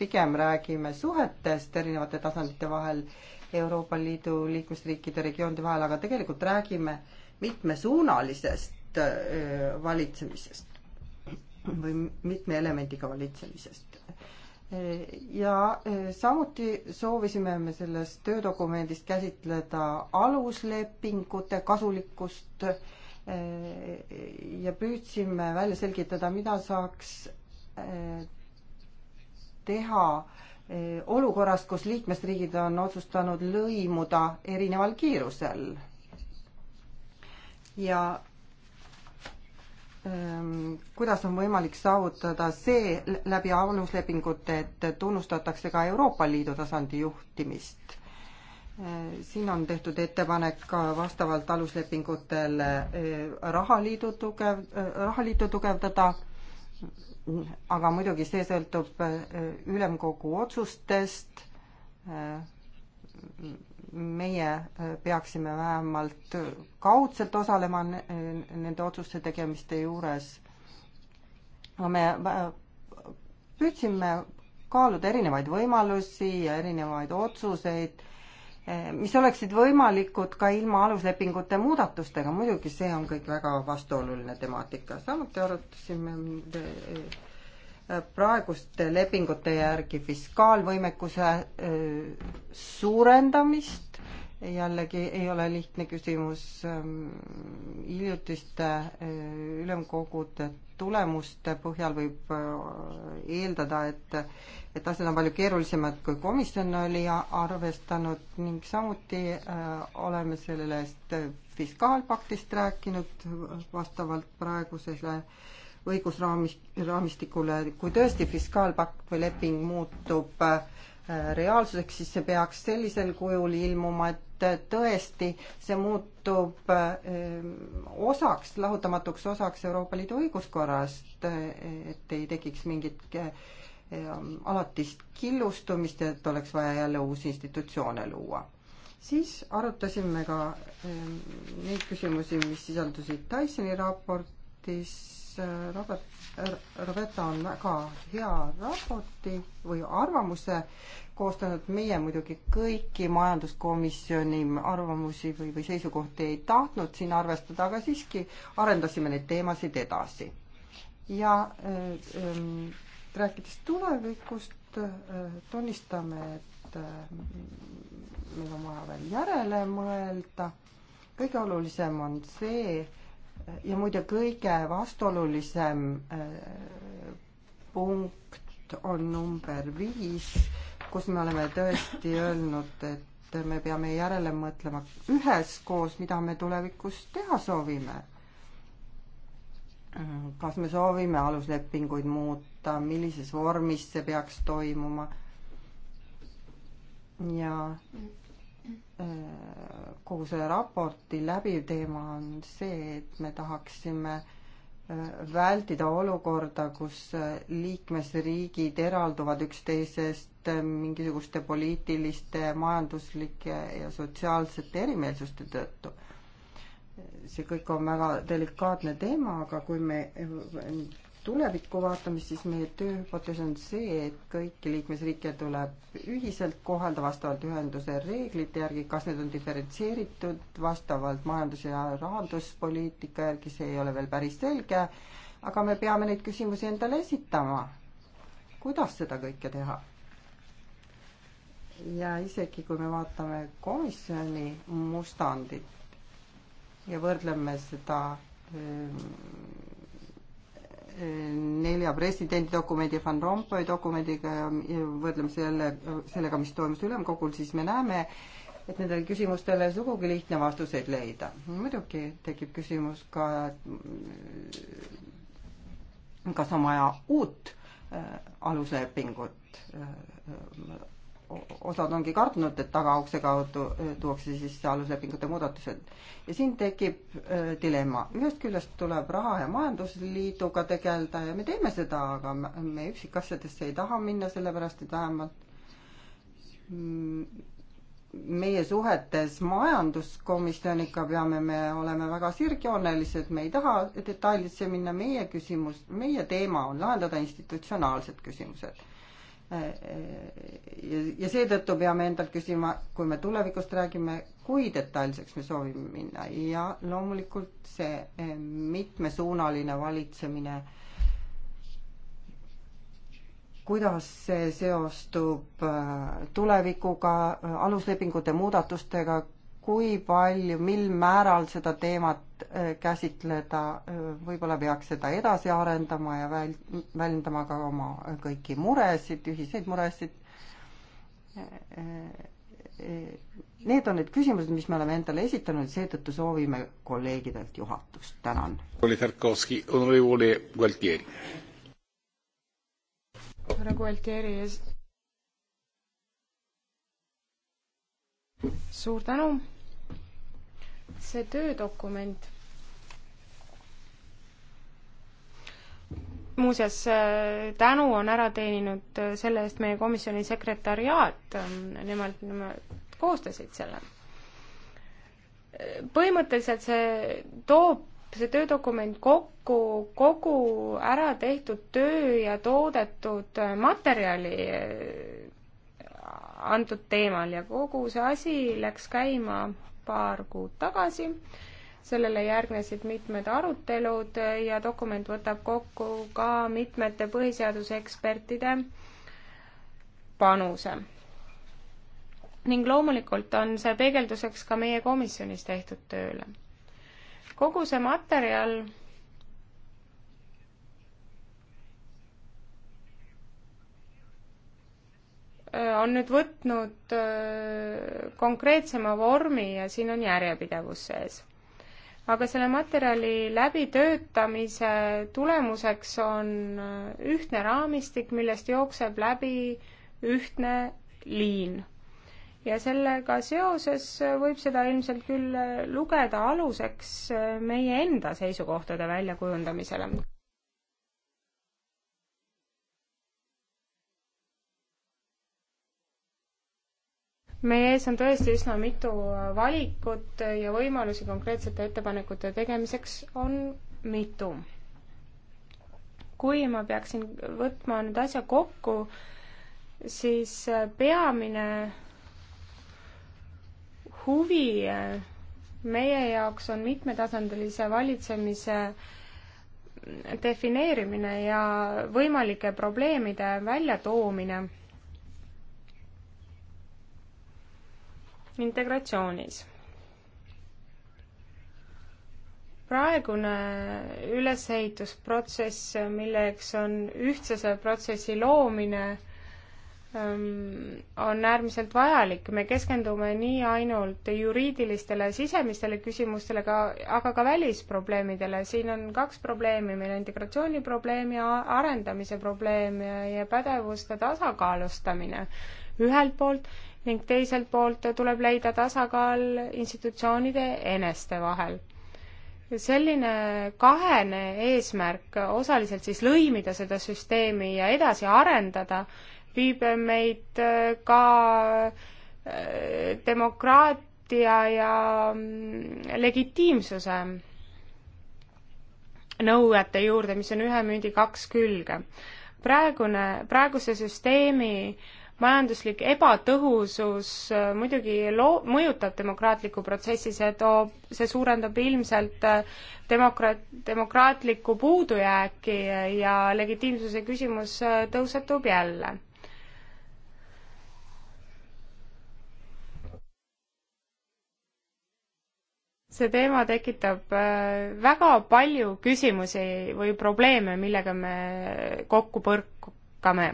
pigem räägime suhetest erinevate tasandite vahel, Euroopa Liidu liikmesriikide regioonide vahel, aga tegelikult räägime mitmesuunalisest valitsemisest või mitme elemendiga valitsemisest. ja e, samuti soovisime me selles töödokumendis käsitleda aluslepingute kasulikkust e, ja püüdsime välja selgitada, mida saaks e, teha olukorras, kus liikmesriigid on otsustanud lõimuda erineval kiirusel. ja Ehm, kuidas on võimalik saavutada see läbi aluslepingute, et tunnustatakse ka Euroopa Liidu tasandi juhtimist? Ehm, siin on tehtud ettepanek ka vastavalt aluslepingutele ehm, rahaliidu tugev, rahaliitu tugevdada, aga muidugi see sõltub ülemkogu otsustest meie äh, peaksime vähemalt kaudselt osalema nende otsuste tegemiste juures. me äh, püüdsime kaaluda erinevaid võimalusi ja erinevaid otsuseid, äh, mis oleksid võimalikud ka ilma aluslepingute muudatustega, muidugi see on kõik väga vastuoluline temaatika. samuti arutasime praeguste lepingute järgi fiskaalvõimekuse suurendamist, jällegi ei ole lihtne küsimus, hiljutiste ülemkogude tulemuste põhjal võib eeldada, et et asjad on palju keerulisemad, kui komisjon oli arvestanud ning samuti oleme sellest fiskaalpaktist rääkinud vastavalt praegusele äh, õigusraamis, raamistikule, kui tõesti fiskaalpakt või leping muutub äh, reaalsuseks, siis see peaks sellisel kujul ilmuma, et tõesti see muutub äh, osaks, lahutamatuks osaks Euroopa Liidu õiguskorrast, äh, et ei tekiks mingit alatist killustumist ja et oleks vaja jälle uusi institutsioone luua. siis arutasime ka neid küsimusi, mis sisaldusid Dysoni raportis Äh, Robert, äh, Roberta on väga hea raporti või arvamuse koostanud, meie muidugi kõiki majanduskomisjoni arvamusi või, või seisukohti ei tahtnud siin arvestada, aga siiski arendasime neid teemasid edasi. ja äh, ähm, rääkides tulevikust äh,, tunnistame, et äh, meil on vaja veel järele mõelda, kõige olulisem on see, ja muide, kõige vastuolulisem äh, punkt on number viis, kus me oleme tõesti öelnud, et me peame järele mõtlema üheskoos, mida me tulevikus teha soovime. Äh, kas me soovime aluslepinguid muuta, millises vormis see peaks toimuma? ja Äh, kogu selle raporti läbiv teema on see, et me tahaksime äh, vältida olukorda, kus äh, liikmesriigid eralduvad üksteisest mingisuguste poliitiliste, majanduslike ja sotsiaalsete erimeelsuste tõttu. see kõik on väga delikaatne teema, aga kui me tulevikku vaatame, siis meie tööhüpotees on see, et kõiki liikmesriike tuleb ühiselt kohalda vastavalt ühenduse reeglite järgi, kas need on diferentseeritud vastavalt majandus- ja rahanduspoliitika järgi, see ei ole veel päris selge, aga me peame neid küsimusi endale esitama. kuidas seda kõike teha? ja isegi, kui me vaatame komisjoni mustandit ja võrdleme seda öö, ehm, nelja presidendi dokumendi, Van Rompuy dokumendiga ja võrdleme selle, sellega, mis toimus ülemkogul, siis me näeme, et nendele küsimustele sugugi lihtne vastuseid leida. muidugi tekib küsimus ka, kas on vaja uut äh, aluslepingut äh, osad ongi kartnud, et tagaukse kaudu e, tuuakse sisse aluslepingute muudatused. ja siin tekib e, dilemma, ühest küljest tuleb raha ja majandusliiduga tegeleda ja me teeme seda, aga me üksikasjadesse ei taha minna, sellepärast et vähemalt mm, meie suhetes majanduskomisjoniga peame me olema väga sirgjoonelised, me ei taha detailidesse minna, meie küsimus, meie teema on lahendada institutsionaalsed küsimused ja seetõttu peame endalt küsima, kui me tulevikust räägime, kui detailseks me soovime minna ja loomulikult see eh, mitmesuunaline valitsemine, kuidas see seostub eh, tulevikuga, aluslepingute muudatustega, kui palju, mil määral seda teemat äh, käsitleda, äh, võib-olla peaks seda edasi arendama ja väl-, väljendama ka oma kõiki muresid, ühiseid muresid. Need on need küsimused, mis me oleme endale esitanud, seetõttu soovime kolleegidelt juhatust, tänan. härra Gualtieri suur tänu see töödokument muuseas, tänu on ära teeninud selle eest meie komisjoni sekretariaat, nemad, nemad koostasid selle. põhimõtteliselt see toob see töödokument kokku kogu ära tehtud töö ja toodetud materjali eh, antud teemal ja kogu see asi läks käima paar kuud tagasi. sellele järgnesid mitmed arutelud ja dokument võtab kokku ka mitmete põhiseaduse ekspertide panuse. ning loomulikult on see peegelduseks ka meie komisjonis tehtud tööle. kogu see materjal Äh, on nüüd võtnud äh, konkreetsema vormi ja siin on järjepidevus sees. aga selle materjali läbitöötamise tulemuseks on äh, ühtne raamistik, millest jookseb läbi ühtne liin. ja sellega seoses võib seda ilmselt küll lugeda aluseks meie enda seisukohtade väljakujundamisele meie ees on tõesti üsna mitu äh, valikut ja võimalusi konkreetsete ettepanekute tegemiseks on mitu. kui ma peaksin võtma nüüd asja kokku, siis äh, peamine huvi äh, meie jaoks on mitmetasandilise valitsemise mm, defineerimine ja võimalike probleemide väljatoomine integratsioonis. praegune ülesehitusprotsess, milleks on ühtsese protsessi loomine, ähm, on äärmiselt vajalik, me keskendume nii ainult juriidilistele sisemistele küsimustele, ka, aga ka välisprobleemidele, siin on kaks probleemi, meil on integratsiooniprobleem ja arendamise probleem ja, ja pädevuste tasakaalustamine ühelt poolt ning teiselt poolt tuleb leida tasakaal institutsioonide eneste vahel. selline kahene eesmärk, osaliselt siis lõimida seda süsteemi ja edasi arendada, viib meid äh, ka äh, demokraatia ja mm, legitiimsuse nõuete juurde, mis on ühe mündi kaks külge. praegune, praeguse süsteemi äh, majanduslik ebatõhusus äh, muidugi loo-, mõjutab demokraatlikku protsessi, see toob, see suurendab ilmselt äh, demokraat-, demokraatlikku puudujääki äh, ja legitiimsuse küsimus tõusetub jälle. see teema tekitab väga palju küsimusi või probleeme, millega me kokku põrkame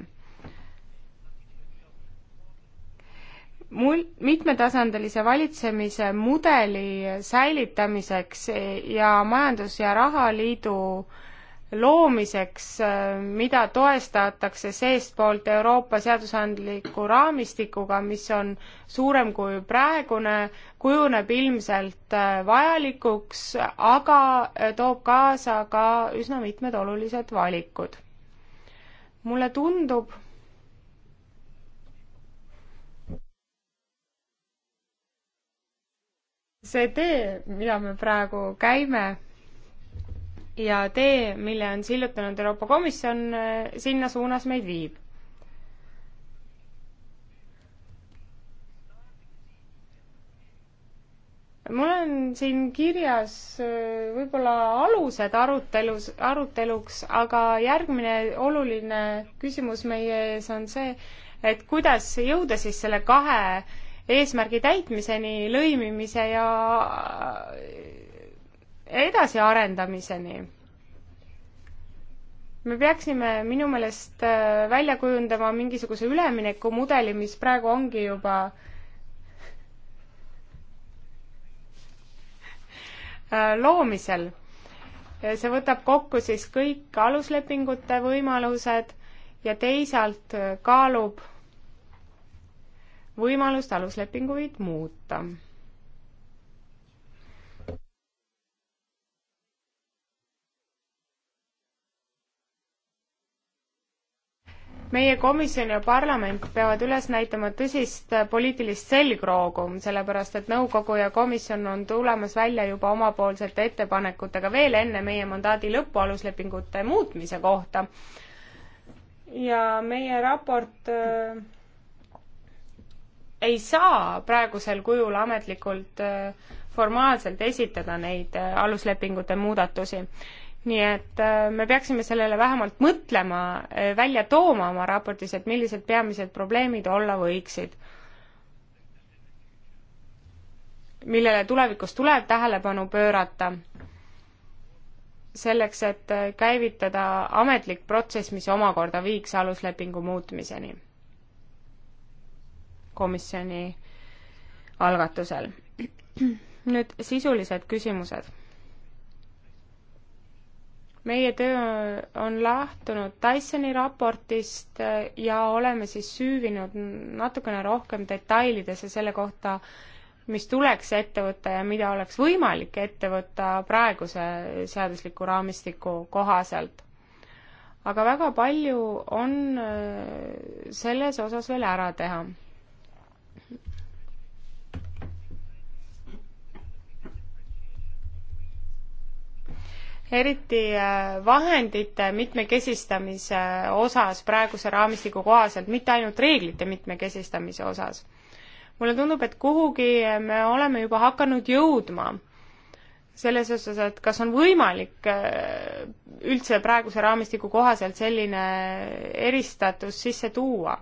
mul-, mitmetasandilise valitsemise mudeli säilitamiseks ja Majandus- ja Rahaliidu loomiseks, mida toestatakse seestpoolt Euroopa seadusandliku raamistikuga, mis on suurem kui praegune, kujuneb ilmselt vajalikuks, aga toob kaasa ka üsna mitmed olulised valikud. mulle tundub see tee, mida me praegu käime ja tee, mille on sillutanud Euroopa Komisjon, eh, sinna suunas meid viib. mul on siin kirjas eh, võib-olla alused arutelus, aruteluks, aga järgmine oluline küsimus meie ees on see, et kuidas jõuda siis selle kahe eesmärgi täitmiseni, lõimimise ja edasiarendamiseni. me peaksime minu meelest äh, välja kujundama mingisuguse üleminekumudeli, mis praegu ongi juba äh, loomisel. see võtab kokku siis kõik aluslepingute võimalused ja teisalt äh, kaalub võimalust aluslepinguid muuta. meie komisjon ja parlament peavad üles näitama tõsist poliitilist selgroogu, sellepärast et nõukogu ja komisjon on tulemas välja juba omapoolsete ettepanekutega veel enne meie mandaadi lõppu aluslepingute muutmise kohta. ja meie raport äh, ei saa praegusel kujul ametlikult äh, formaalselt esitada neid äh, aluslepingute muudatusi. nii et äh, me peaksime sellele vähemalt mõtlema, välja tooma oma raportis, et millised peamised probleemid olla võiksid. millele tulevikus tuleb tähelepanu pöörata, selleks et käivitada ametlik protsess, mis omakorda viiks aluslepingu muutmiseni komisjoni algatusel. nüüd sisulised küsimused. meie töö on lähtunud Dysoni raportist ja oleme siis süüvinud natukene rohkem detailidesse selle kohta, mis tuleks ette võtta ja mida oleks võimalik ette võtta praeguse seadusliku raamistiku kohaselt. aga väga palju on äh, selles osas veel ära teha eriti äh, vahendite mitmekesistamise osas praeguse raamistiku kohaselt, mitte ainult reeglite mitmekesistamise osas. mulle tundub, et kuhugi me oleme juba hakanud jõudma selles osas, et kas on võimalik äh, üldse praeguse raamistiku kohaselt selline eristatus sisse tuua.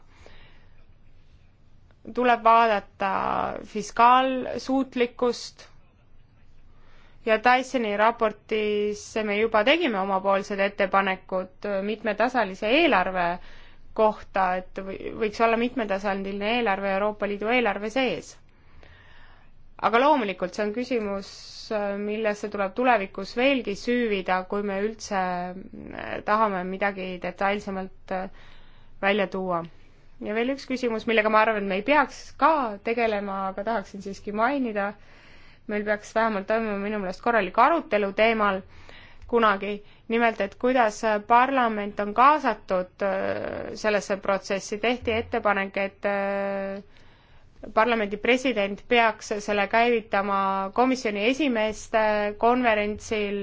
tuleb vaadata fiskaalsuutlikkust ja Dysoni raportis me juba tegime omapoolsed ettepanekud äh, mitmetasalise eelarve kohta, et võiks olla mitmetasandiline eelarve Euroopa Liidu eelarve sees. aga loomulikult see on küsimus, äh, millesse tuleb tulevikus veelgi süüvida, kui me üldse äh, tahame midagi detailsemalt välja tuua. ja veel üks küsimus, millega ma arvan, me ei peaks ka tegelema, aga tahaksin siiski mainida meil peaks vähemalt toimuma minu meelest korralik arutelu teemal kunagi, nimelt et kuidas parlament on kaasatud äh, sellesse protsessi, tehti ettepanek, et äh, parlamendi president peaks selle käivitama komisjoni esimeeste äh, konverentsil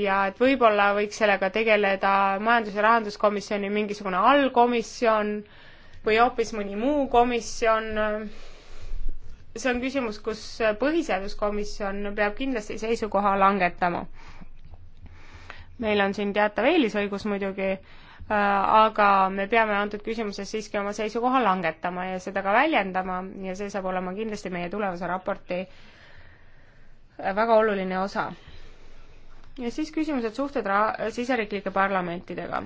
ja et võib-olla võiks sellega tegeleda majandus- ja rahanduskomisjoni mingisugune allkomisjon või hoopis mõni muu komisjon see on küsimus, kus põhiseaduskomisjon peab kindlasti seisukoha langetama. meil on siin teatav eelisõigus muidugi, äh, aga me peame antud küsimuses siiski oma seisukoha langetama ja seda ka väljendama ja see saab olema kindlasti meie tulevase raporti äh, väga oluline osa. ja siis küsimused suhted ra-, siseriiklike parlamentidega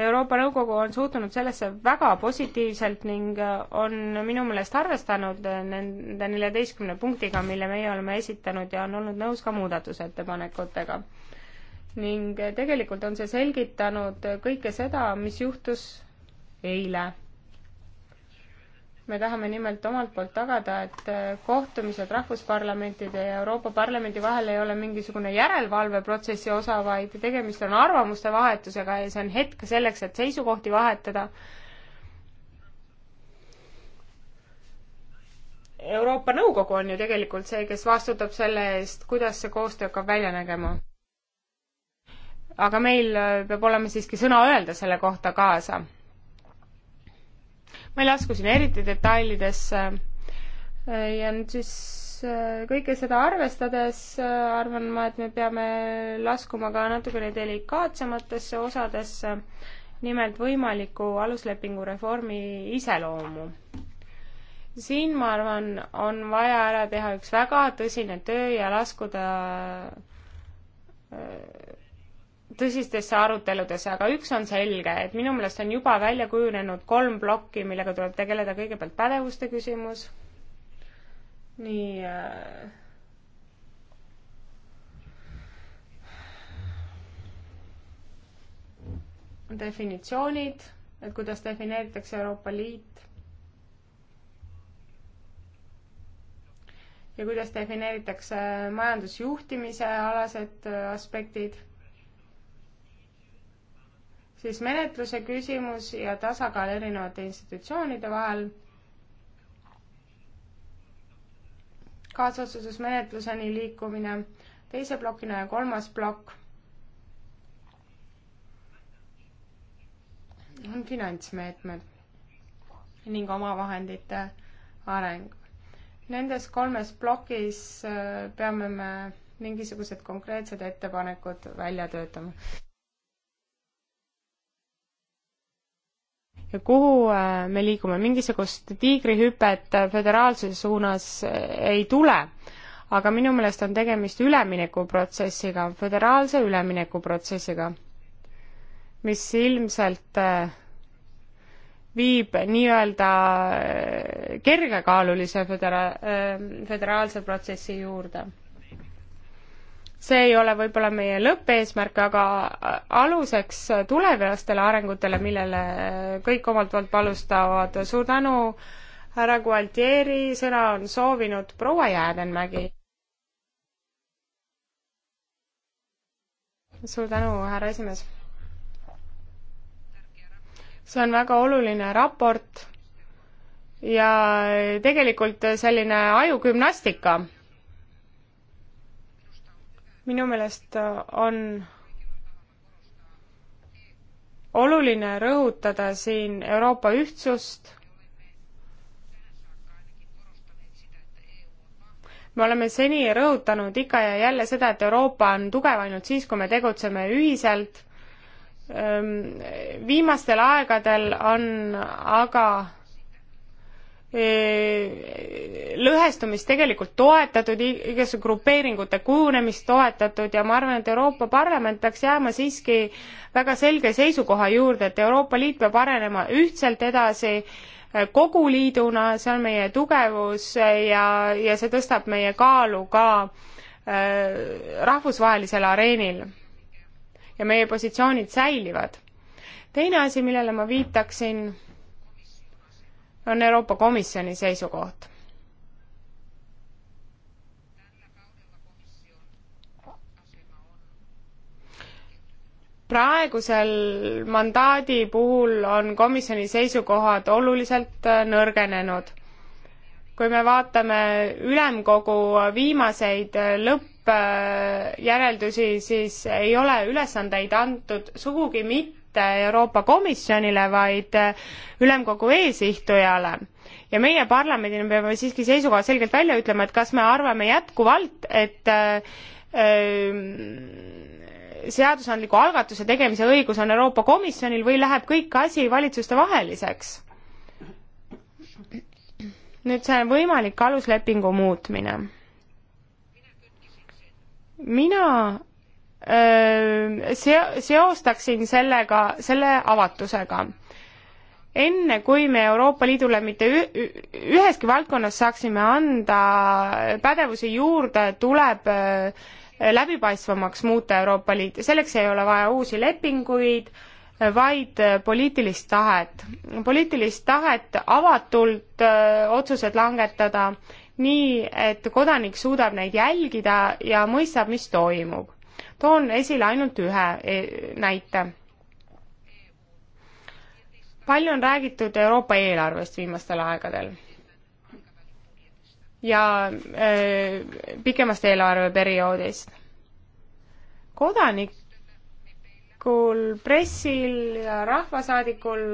Euroopa Nõukogu on suhtunud sellesse väga positiivselt ning äh, on minu meelest arvestanud äh, nende neljateistkümne punktiga, mille meie oleme esitanud ja on olnud nõus ka muudatusettepanekutega. ning äh, tegelikult on see selgitanud kõike seda, mis juhtus eile me tahame nimelt omalt poolt tagada, et äh, kohtumised rahvusparlamentide ja Euroopa Parlamendi vahel ei ole mingisugune järelevalveprotsessi osa, vaid tegemist on arvamuste vahetusega ja see on hetk selleks, et seisukohti vahetada. Euroopa Nõukogu on ju tegelikult see, kes vastutab selle eest, kuidas see koostöö hakkab välja nägema. aga meil äh, peab olema siiski sõna öelda selle kohta kaasa ma ei lasku siin eriti detailidesse ja nüüd siis äh, kõike seda arvestades äh, arvan ma, et me peame laskuma ka natukene delikaatsematesse osadesse, nimelt võimaliku aluslepingu reformi iseloomu. siin, ma arvan, on vaja ära teha üks väga tõsine töö ja laskuda äh, tõsistesse aruteludesse, aga üks on selge, et minu meelest on juba välja kujunenud kolm plokki, millega tuleb tegeleda, kõigepealt pädevuste küsimus, nii äh, definitsioonid, et kuidas defineeritakse Euroopa Liit ja kuidas defineeritakse majandusjuhtimise alased äh, aspektid siis menetluse küsimus ja tasakaal erinevate institutsioonide vahel. kaasotsustusmenetluseni liikumine teise plokina ja kolmas plokk on finantsmeetmed ning omavahendite areng. Nendes kolmes plokis äh, peame me mingisugused konkreetsed ettepanekud välja töötama ja kuhu äh, me liigume, mingisugust tiigrihüpet äh, föderaalsuse suunas äh, ei tule, aga minu meelest on tegemist üleminekuprotsessiga, föderaalse üleminekuprotsessiga, mis ilmselt viib nii-öelda kergekaalulise födera-, föderaalse protsessi juurde see ei ole võib-olla meie lõppeesmärk, aga aluseks tulevastele arengutele, millele kõik omalt poolt palustavad. suur tänu, härra Gualtieri, sõna on soovinud proua Jäädenmägi. suur tänu, härra esimees. see on väga oluline raport ja tegelikult selline ajugümnastika minu meelest on oluline rõhutada siin Euroopa ühtsust. me oleme seni rõhutanud ikka ja jälle seda, et Euroopa on tugev ainult siis, kui me tegutseme ühiselt. Ehm, viimastel aegadel on aga lõhestumist tegelikult toetatud, igasugu grupeeringute kujunemist toetatud ja ma arvan, et Euroopa Parlament peaks jääma siiski väga selge seisukoha juurde, et Euroopa Liit peab arenema ühtselt edasi äh, kogu liiduna, see on meie tugevus äh, ja, ja see tõstab meie kaalu ka äh, rahvusvahelisel areenil. ja meie positsioonid säilivad. teine asi, millele ma viitaksin on Euroopa Komisjoni seisukoht. praegusel mandaadi puhul on komisjoni seisukohad oluliselt äh, nõrgenenud. kui me vaatame ülemkogu viimaseid äh, lõppjäreldusi, siis ei ole ülesandeid antud sugugi mitte mitte Euroopa Komisjonile, vaid äh, ülemkogu eesistujale. ja meie parlamendina peame siiski seisukoha selgelt välja ütlema, et kas me arvame jätkuvalt, et äh, äh, seadusandliku algatuse tegemise õigus on Euroopa Komisjonil või läheb kõik asi valitsustevaheliseks? nüüd see võimalik aluslepingu muutmine. mina seo-, seostaksin sellega, selle avatusega. enne, kui me Euroopa Liidule mitte üheski valdkonnas saaksime anda pädevusi juurde, tuleb läbipaistvamaks muuta Euroopa Liit ja selleks ei ole vaja uusi lepinguid, vaid poliitilist tahet. poliitilist tahet avatult öö, otsused langetada, nii et kodanik suudab neid jälgida ja mõistab, mis toimub toon esile ainult ühe e, näite. palju on räägitud Euroopa eelarvest viimastel aegadel ja öö, e, pikemast eelarveperioodist. kodanikul, pressil ja rahvasaadikul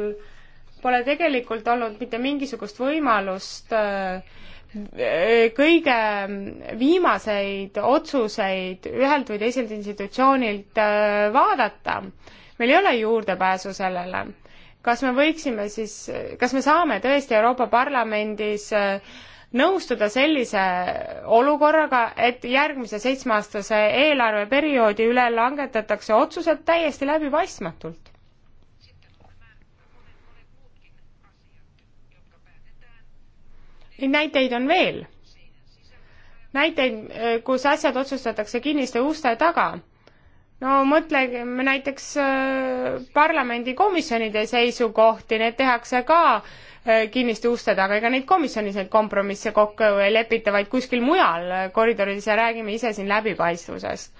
pole tegelikult olnud mitte mingisugust võimalust öö, e, kõige viimaseid otsuseid ühelt või teiselt institutsioonilt äh, vaadata. meil ei ole juurdepääsu sellele. kas me võiksime siis, kas me saame tõesti Euroopa Parlamendis äh, nõustuda sellise olukorraga, et järgmise seitsmeaastase eelarveperioodi üle langetatakse otsused täiesti läbipaistmatult? Neid näiteid on veel. näiteid, eh, kus asjad otsustatakse kinniste uste taga. no mõtleme näiteks eh, parlamendikomisjonide seisukohti, need tehakse ka eh, kinniste uste taga, ega neid komisjonis neid kompromisse kokku ei lepita, vaid kuskil mujal koridorides ja räägime ise siin läbipaistvusest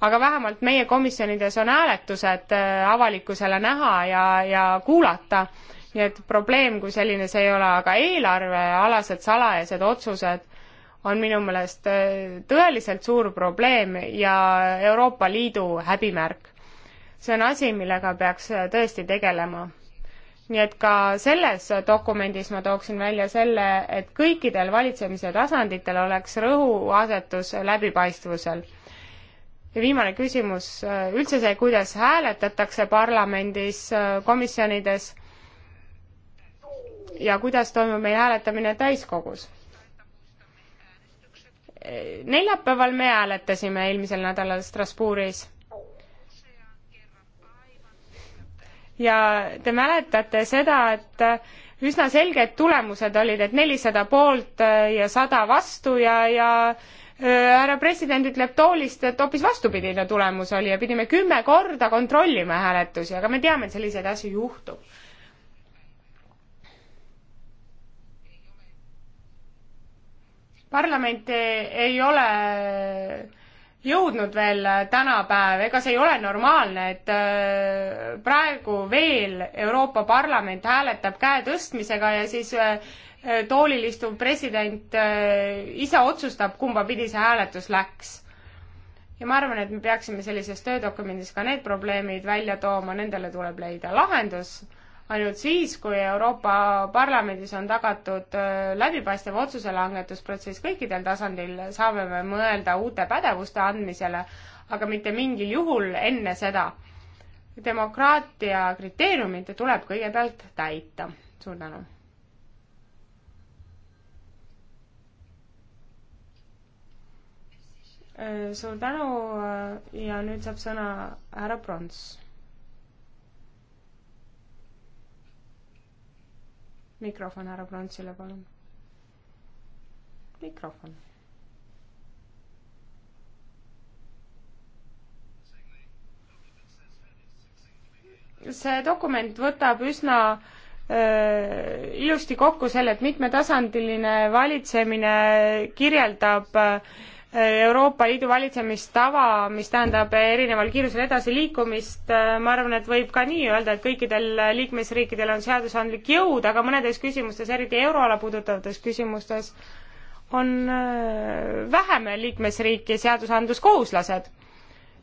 aga vähemalt meie komisjonides on hääletused avalikkusele näha ja, ja kuulata äh, nii et probleem kui selline see ei ole, aga eelarvealased salajased otsused on minu meelest äh, tõeliselt suur probleem ja Euroopa Liidu häbimärk. see on asi, millega peaks äh, tõesti tegelema. nii et ka selles dokumendis ma tooksin välja selle, et kõikidel valitsemise tasanditel oleks rõhuasetus läbipaistvusel ja viimane küsimus, äh, üldse see, kuidas hääletatakse parlamendis, komisjonides ja kuidas toimub meie hääletamine täiskogus. neljapäeval me hääletasime eelmisel nädalal Strasbourgis. ja te mäletate seda, et üsna selged tulemused olid, et nelisada poolt ja sada vastu ja, ja äh, härra president ütleb toolist, et hoopis vastupidine tulemus oli ja pidime kümme korda kontrollima hääletusi, aga me teame, et selliseid asju juhtub parlament ei ole jõudnud veel tänapäev, ega see ei ole normaalne, et äh, praegu veel Euroopa Parlament hääletab käe tõstmisega ja siis äh, äh, toolil istuv president ise otsustab, kumba pidi see hääletus läks. ja ma arvan, et me peaksime sellises töödokumendis ka need probleemid välja tooma, nendele tuleb leida lahendus ainult siis, kui Euroopa Parlamendis on tagatud äh, läbipaistev otsuselangetusprotsess kõikidel tasandil, saame me mõelda uute pädevuste andmisele, aga mitte mingil juhul enne seda. demokraatia kriteeriumid tuleb kõigepealt täita. suur tänu. Äh, suur tänu äh, ja nüüd saab sõna härra Prons mikrofon härra Prantsile, palun. mikrofon. see dokument võtab üsna öö, äh, ilusti kokku selle, et mitmetasandiline valitsemine kirjeldab öö, äh, Euroopa Liidu valitsemistava, mis tähendab erineval kiirusel edasiliikumist, äh, ma arvan, et võib ka nii öelda, et kõikidel liikmesriikidel on seadusandlik jõud, aga mõnedes küsimustes, eriti euroala puudutavates küsimustes, on äh, vähem liikmesriiki seadusandluskohuslased.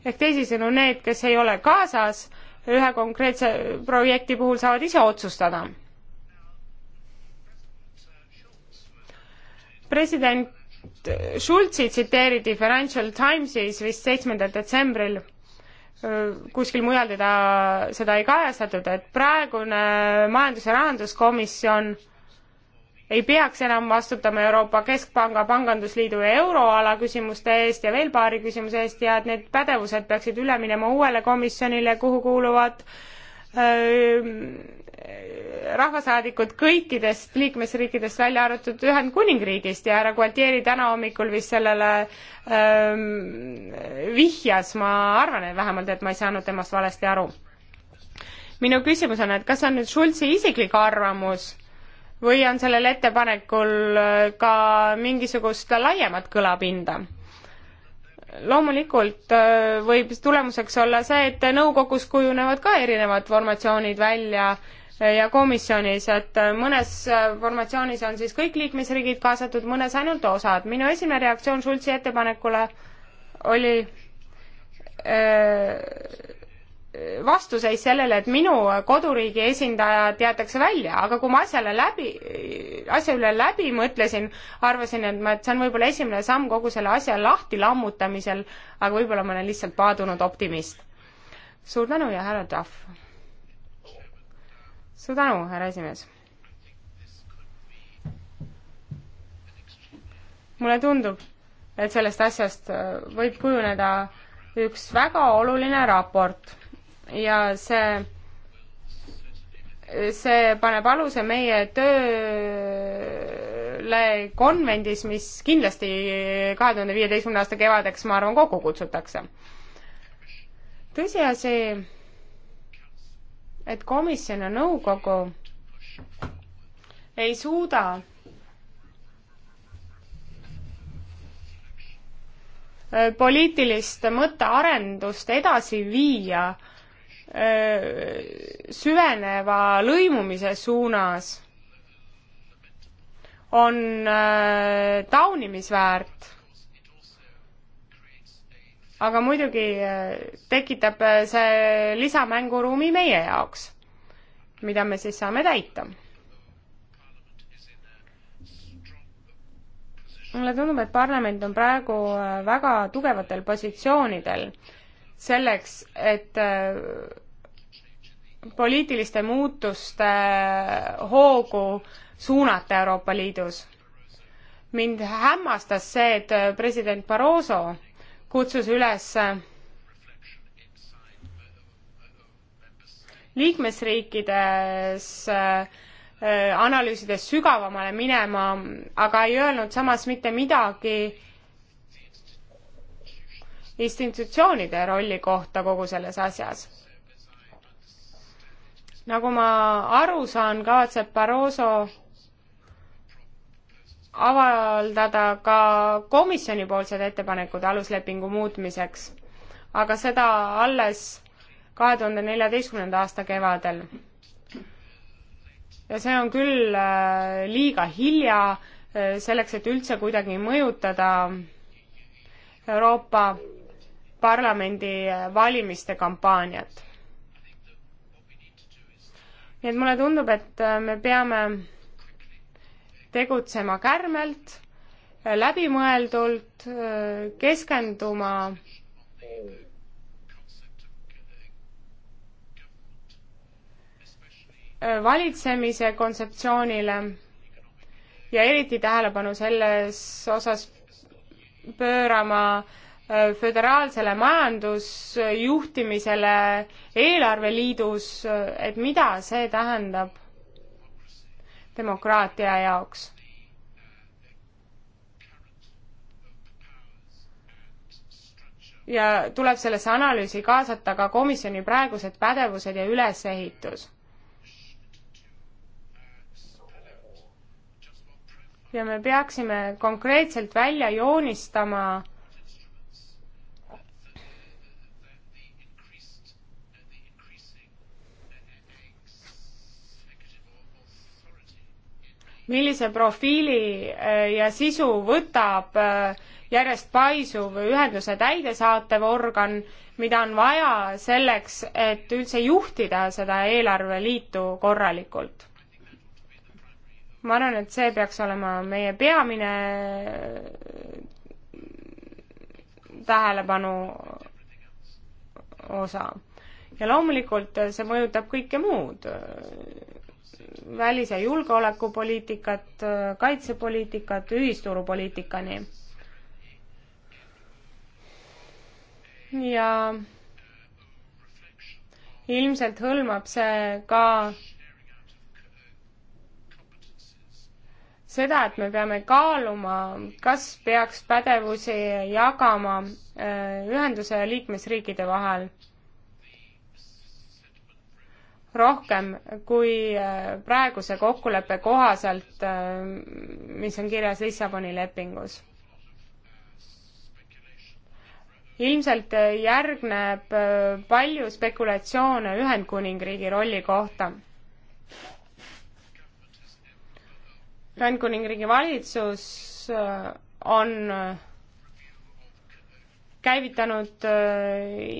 ehk teisisõnu, need, kes ei ole kaasas, ühe konkreetse projekti puhul saavad ise otsustada. president Schulzi tsiteeriti Financial Timesis vist seitsmendal detsembril, kuskil mujal teda, seda ei kajastatud, et praegune majandus- ja rahanduskomisjon ei peaks enam vastutama Euroopa Keskpanga, Pangandusliidu ja Euroala küsimuste eest ja veel paari küsimuse eest ja et need pädevused peaksid üle minema uuele komisjonile, kuhu kuuluvad öö, rahvasaadikud kõikidest liikmesriikidest, välja arvatud Ühendkuningriigist ja härra Gualtieri täna hommikul vist sellele ähm, vihjas, ma arvan et vähemalt, et ma ei saanud temast valesti aru. minu küsimus on, et kas on nüüd Schulzi isiklik arvamus või on sellel ettepanekul äh, ka mingisugust laiemat kõlapinda? loomulikult äh, võib tulemuseks olla see, et nõukogus kujunevad ka erinevad formatsioonid välja äh, ja komisjonis, et mõnes formatsioonis on siis kõik liikmesriigid kaasatud, mõnes ainult osad. minu esimene reaktsioon Schulzi ettepanekule oli öö, äh, vastuseis sellele, et minu koduriigi esindajad jäetakse välja, aga kui ma asjale läbi, asja üle läbi mõtlesin, arvasin, et ma, et see on võib-olla esimene samm kogu selle asja lahti lammutamisel, aga võib-olla ma olen lihtsalt paadunud optimist. suur tänu ja härra Tahv! suur tänu, härra esimees. mulle tundub, et sellest asjast äh, võib kujuneda üks väga oluline raport ja see, see paneb aluse meie tööle konvendis, mis kindlasti kahe tuhande viieteistkümnenda aasta kevadeks, ma arvan, kokku kutsutakse. tõsiasi, et komisjon ja nõukogu ei suuda poliitilist mõttearendust edasi viia süveneva lõimumise suunas, on taunimisväärt aga muidugi äh, tekitab äh, see lisamänguruumi meie jaoks, mida me siis saame täita. mulle tundub, et parlament on praegu äh, väga tugevatel positsioonidel selleks, et poliitiliste muutuste hoogu suunata Euroopa Liidus. mind hämmastas see, et president Barroso kutsus üles liikmesriikides äh, analüüsides sügavamale minema, aga ei öelnud samas mitte midagi institutsioonide rolli kohta kogu selles asjas nagu ma aru saan, kavatseb Barroso avaldada ka komisjonipoolsed ettepanekud aluslepingu muutmiseks, aga seda alles kahe tuhande neljateistkümnenda aasta kevadel. ja see on küll äh, liiga hilja äh, selleks, et üldse kuidagi mõjutada Euroopa Parlamendi äh, valimiste kampaaniat. nii et mulle tundub, et me peame tegutsema kärmelt, läbimõeldult, keskenduma valitsemise kontseptsioonile ja eriti tähelepanu selles osas pöörama äh, föderaalsele majandusjuhtimisele eelarveliidus, äh, et mida see tähendab demokraatia jaoks. ja tuleb sellesse analüüsi kaasata ka komisjoni praegused pädevused ja ülesehitus. ja me peaksime konkreetselt välja joonistama millise profiili äh, ja sisu võtab äh, järjest paisuv ühenduse täidesaatev organ, mida on vaja selleks, et üldse juhtida seda eelarveliitu korralikult. ma arvan, et see peaks olema meie peamine äh, tähelepanu osa. ja loomulikult see mõjutab kõike muud välis- ja julgeolekupoliitikat, kaitsepoliitikat, ühisturupoliitikani. ja ilmselt hõlmab see ka seda, et me peame kaaluma, kas peaks pädevusi jagama äh, ühenduse ja liikmesriikide vahel rohkem kui äh, praeguse kokkuleppe kohaselt, äh, mis on kirjas Lissaboni lepingus. ilmselt äh, järgneb palju spekulatsioone Ühendkuningriigi rolli kohta. Ühendkuningriigi valitsus on käivitanud äh,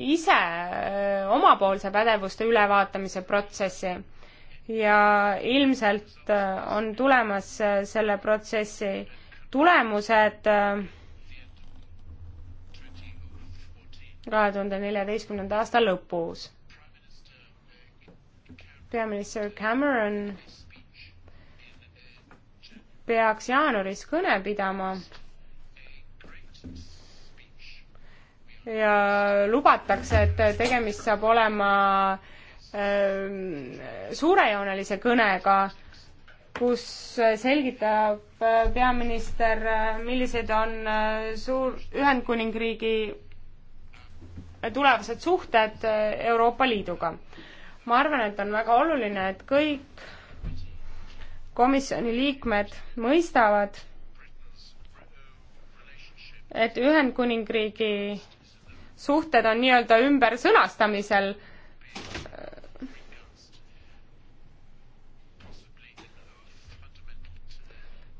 ise äh, omapoolse pädevuste ülevaatamise protsessi ja ilmselt äh, on tulemas selle protsessi tulemused kahe tuhande neljateistkümnenda aasta lõpus. peaminister Cameron peaks jaanuaris kõne pidama ja lubatakse, et tegemist saab olema ähm, suurejoonelise kõnega, kus selgitab äh, peaminister, äh, millised on äh, suur, Ühendkuningriigi tulevased suhted Euroopa Liiduga. ma arvan, et on väga oluline, et kõik komisjoni liikmed mõistavad, et Ühendkuningriigi suhted on nii-öelda ümber sõnastamisel.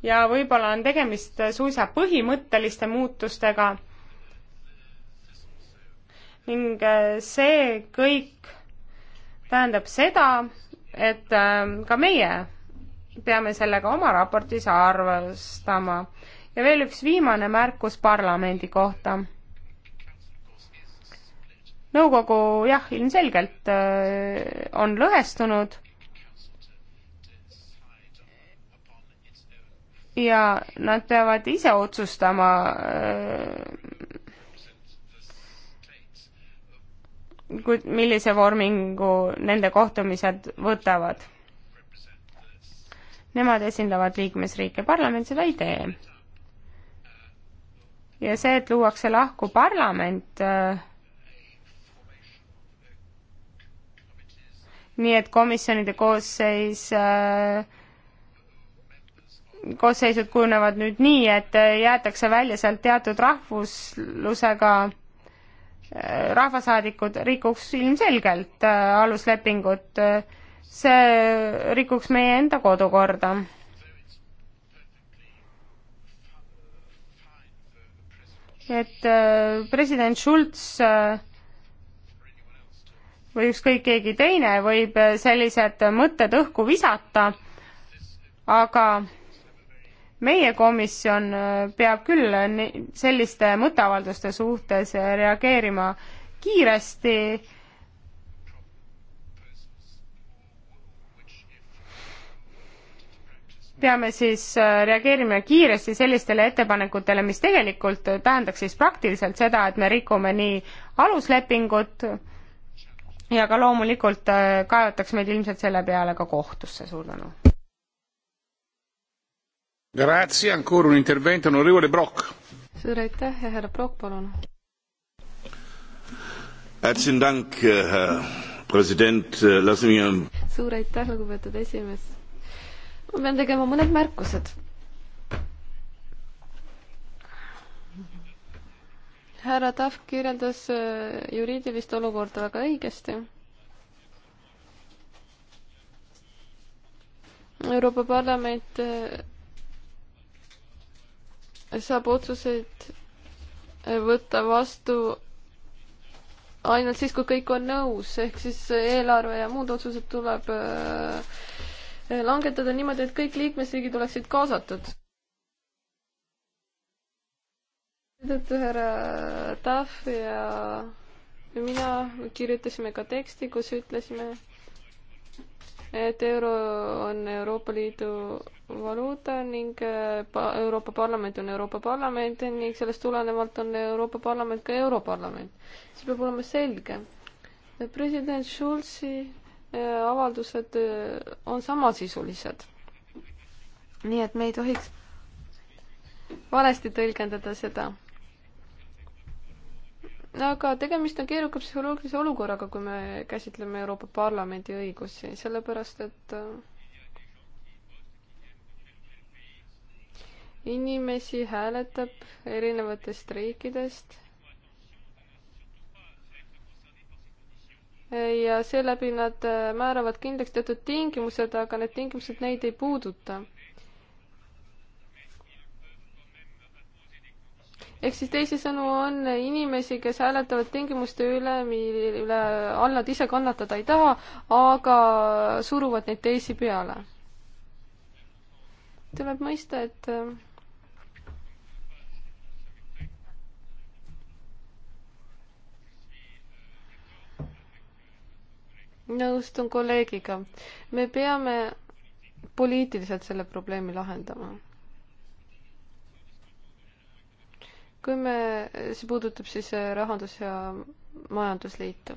ja võib-olla on tegemist suisa põhimõtteliste muutustega. ning äh, see kõik tähendab seda, et ähm, ka meie peame sellega oma raportis arvestama. ja veel üks viimane märkus parlamendi kohta nõukogu jah, ilmselgelt äh, on lõhestunud ja nad peavad ise otsustama äh, kui-, millise vormingu nende kohtumised võtavad. Nemad esindavad liikmesriike, parlament seda ei tee. ja see, et luuakse lahku parlament äh,, nii et komisjonide koosseis äh, koosseisud kujunevad nüüd nii, et jäetakse välja sealt teatud rahvuslusega äh, rahvasaadikud rikuks ilmselgelt äh, aluslepingut. see rikuks meie enda kodukorda. et president Schulz või ükskõik keegi teine võib äh, sellised mõtted õhku visata, aga meie komisjon äh, peab küll äh, selliste mõtteavalduste suhtes reageerima kiiresti. peame siis reageerima kiiresti sellistele ettepanekutele, mis tegelikult tähendaks siis praktiliselt seda, et me rikume nii aluslepingut, ja ka loomulikult äh, kaevatakse meid ilmselt selle peale ka kohtusse, suur tänu. suur aitäh ja härra Brock, palun. Äh, äh, suur aitäh, lugupeetud esimees. ma pean tegema mõned märkused härra Tahv kirjeldas äh, juriidilist olukorda väga õigesti. Euroopa Parlament äh, saab otsuseid äh, võtta vastu ainult siis, kui kõik on nõus, ehk siis eelarve ja muud otsused tuleb langetada niimoodi, et kõik liikmesriigid oleksid kaasatud seetõttu härra Tahv ja mina kirjutasime ka teksti, kus ütlesime, et euro on Euroopa Liidu valuuta ning äh, Euroopa Parlament on Euroopa Parlament ning sellest tulenevalt on Euroopa Parlament ka Europarlament. see peab olema selge. president Schulzi äh, avaldused äh, on samasisulised. nii et me ei tohiks valesti tõlgendada seda aga tegemist on keeruka psühholoogilise olukorraga, kui me käsitleme Euroopa Parlamendi õigusi, sellepärast et äh, inimesi hääletab erinevatest riikidest ja seeläbi nad äh, määravad kindlaks teatud tingimused, aga need tingimused neid ei puuduta ehk siis teisisõnu on inimesi, kes hääletavad tingimuste üle, mille all nad ise kannatada ei taha, aga suruvad neid teisi peale. tuleb mõista, et äh, nõustun kolleegiga. me peame poliitiliselt selle probleemi lahendama kui me, see puudutab siis äh, Rahandus- ja Majandusliitu.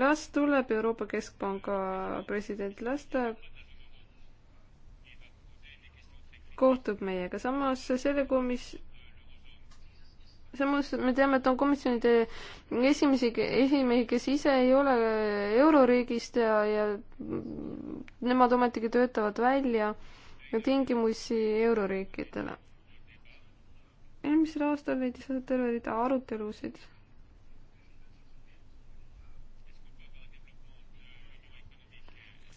las tuleb Euroopa Keskpanga president, las ta kohtub meiega, samas selle komis-, samas me teame, et on komisjonide esimesi, esimehi, kes ise ei ole euroriigist ja, ja nemad ometigi töötavad välja äh, tingimusi euroriikidele. eelmisel aastal leidis terve rida arutelusid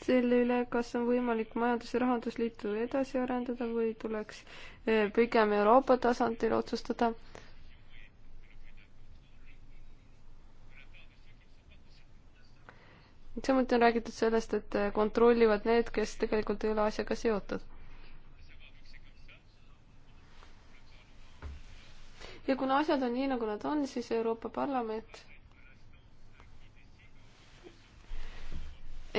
selle üle, kas on võimalik majandus- ja rahandusliitu edasi arendada või tuleks eh, pigem Euroopa tasandil otsustada. samuti on räägitud sellest, et eh, kontrollivad need, kes tegelikult ei ole asjaga seotud. ja kuna asjad on nii, nagu nad on, siis Euroopa Parlament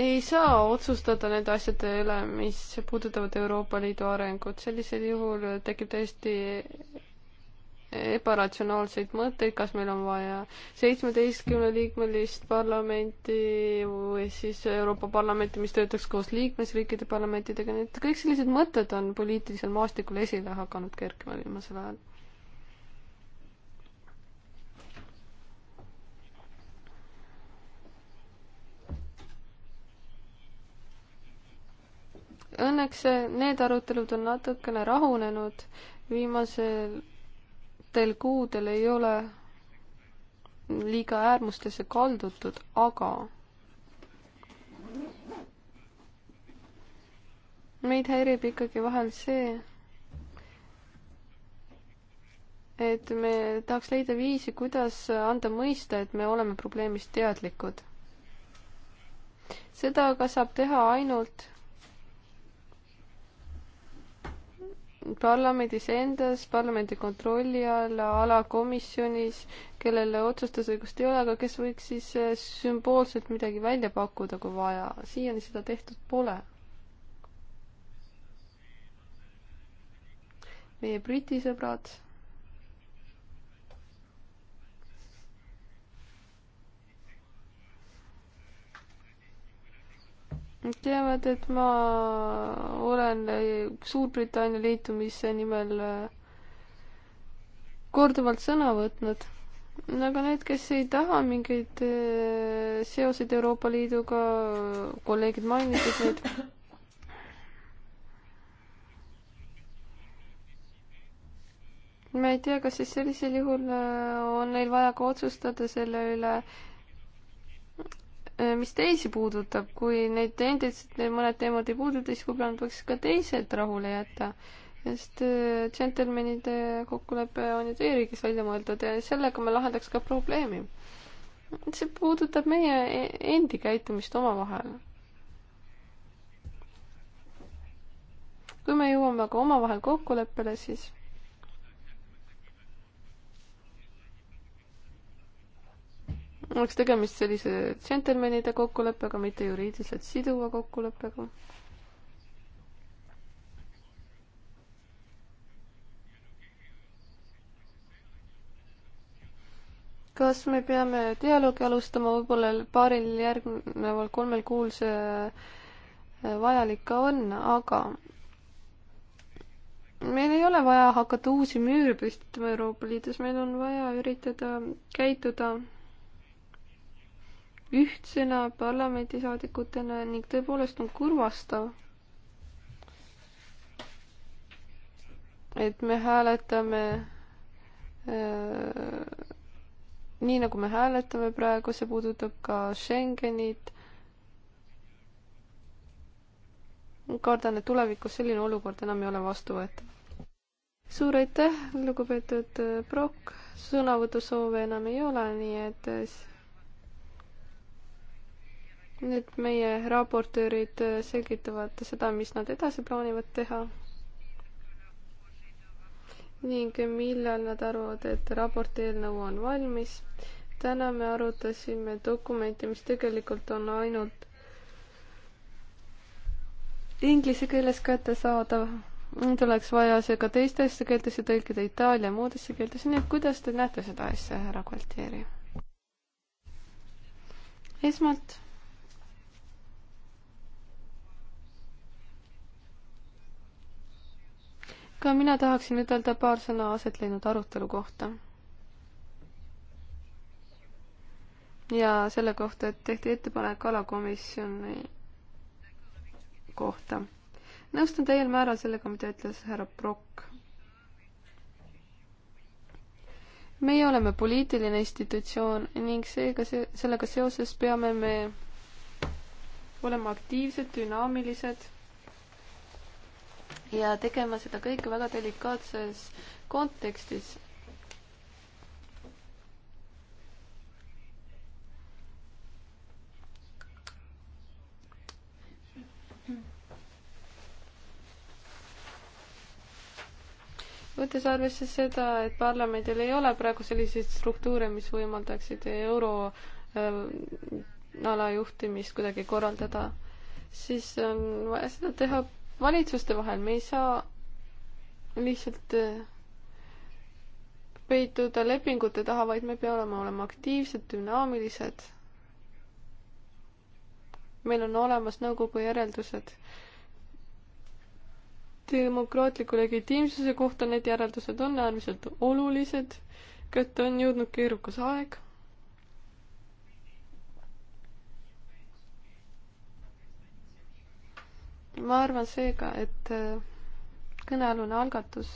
ei saa otsustada nende asjade üle, mis puudutavad Euroopa Liidu arengut, sellisel juhul tekib täiesti ebaratsionaalseid mõtteid, kas meil on vaja seitsmeteistkümne liikmelist parlamenti või siis Euroopa Parlamenti, mis töötaks koos liikmesriikide parlamentidega, nii et kõik sellised mõtted on poliitilisel maastikul esile hakanud kerkima viimasel ajal Õnneks eh, need arutelud on natukene rahunenud, viimastel kuudel ei ole liiga äärmustesse kaldutud, aga meid häirib ikkagi vahel see, et me tahaks leida viisi, kuidas anda mõista, et me oleme probleemist teadlikud. seda aga saab teha ainult parlamendis endas, parlamendi kontrolli all, alakomisjonis, kellele otsustusõigust ei ole, aga kes võiks siis eh, sümboolselt midagi välja pakkuda, kui vaja. siiani seda tehtud pole. meie Briti sõbrad Nad teavad, et ma olen äh, Suurbritannia liitumise nimel äh, korduvalt sõna võtnud. aga need, kes ei taha mingeid äh, seoseid Euroopa Liiduga, kolleegid mainisid neid. ma ei tea, kas siis sellisel juhul on neil vaja ka otsustada selle üle, Äh, mis teisi puudutab, kui neid endiselt mõned teemad ei puuduta, siis võib-olla nad võiks ka teised rahule jätta. sest äh, džentelmenide kokkulepe on ju teie riigis välja mõeldud ja sellega me lahendaks ka probleemi. see puudutab meie e-, endi käitumist omavahel. kui me jõuame aga omavahel kokkuleppele, siis oleks tegemist sellise džentelmenide kokkuleppega, mitte juriidiliselt siduva kokkuleppega. kas me peame dialoogi alustama, võib-olla paaril järgneval kolmel kuul see äh, vajalik ka on, aga meil ei ole vaja hakata uusi müüre püstitama Euroopa Liidus, meil on vaja üritada käituda ühtsena parlamendisaadikutena ning tõepoolest on kurvastav, et me hääletame äh, nii nagu me hääletame praegu, see puudutab ka Schengenit. kardan, et tulevikus selline olukord enam ei ole vastuvõetav. suur aitäh, lugupeetud äh, Brock, sõnavõtusoove enam ei ole, nii et äh, nüüd meie raportöörid äh, selgitavad seda, mis nad edasi plaanivad teha ning millal nad arvavad, et raporti eelnõu on valmis. täna me arutasime dokumenti, mis tegelikult on ainult inglise keeles kättesaadav. nüüd oleks vaja see ka teistesse keeltesse tõlkida, itaalia muudesse keeltesse, nii et kuidas te näete seda asja, härra Gualtieri? esmalt ka mina tahaksin ütelda paar sõna aset leidnud arutelu kohta. ja selle kohta, et tehti ettepanek alakomisjoni kohta. nõustun täiel määral sellega, mida ütles härra Brock. meie oleme poliitiline institutsioon ning seega see, sellega seoses peame me olema aktiivsed, dünaamilised ja tegema seda kõike väga delikaatses kontekstis. võttes arvesse seda, et parlamendil ei ole praegu selliseid struktuure, mis võimaldaksid euro äh, ala juhtimist kuidagi korraldada, siis on vaja seda teha valitsuste vahel, me ei saa lihtsalt eh, peituda lepingute taha, vaid me peame olema aktiivsed, dünaamilised. meil on olemas nõukogu järeldused. demokraatliku legitiimsuse kohta need järeldused on äärmiselt olulised, kätte on jõudnud keerukas aeg ma arvan seega, et äh, kõnealune algatus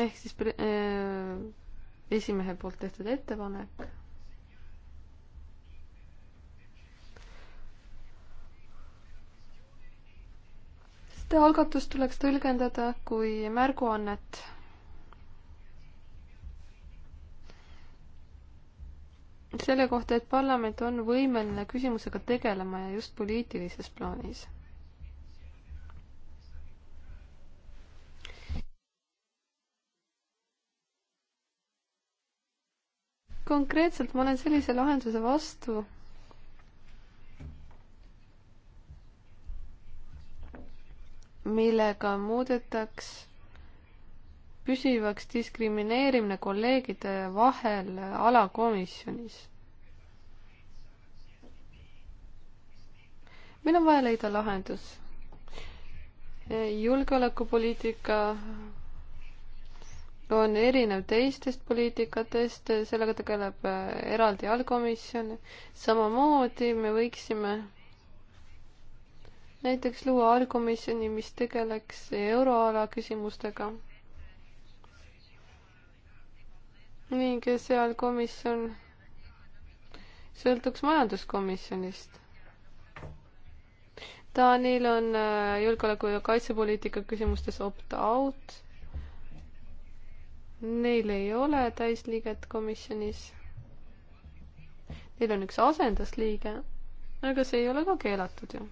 ehk siis äh, esimehe poolt tehtud ettepanek seda algatust tuleks tõlgendada kui märguannet selle kohta, et parlament on võimeline küsimusega tegelema ja just poliitilises plaanis. konkreetselt ma olen sellise lahenduse vastu, millega muudetaks püsivaks diskrimineerimine kolleegide vahel alakomisjonis. meil on vaja leida lahendus. julgeolekupoliitika on erinev teistest poliitikatest, sellega tegeleb eraldi allkomisjon. samamoodi me võiksime näiteks luua allkomisjoni, mis tegeleks euroala küsimustega ning seal komisjon sõltuks majanduskomisjonist. Taanil on äh, julgeoleku- ja kaitsepoliitika küsimustes opt-out. Neil ei ole täisliiget komisjonis. Neil on üks asendusliige, aga see ei ole ka keelatud ju.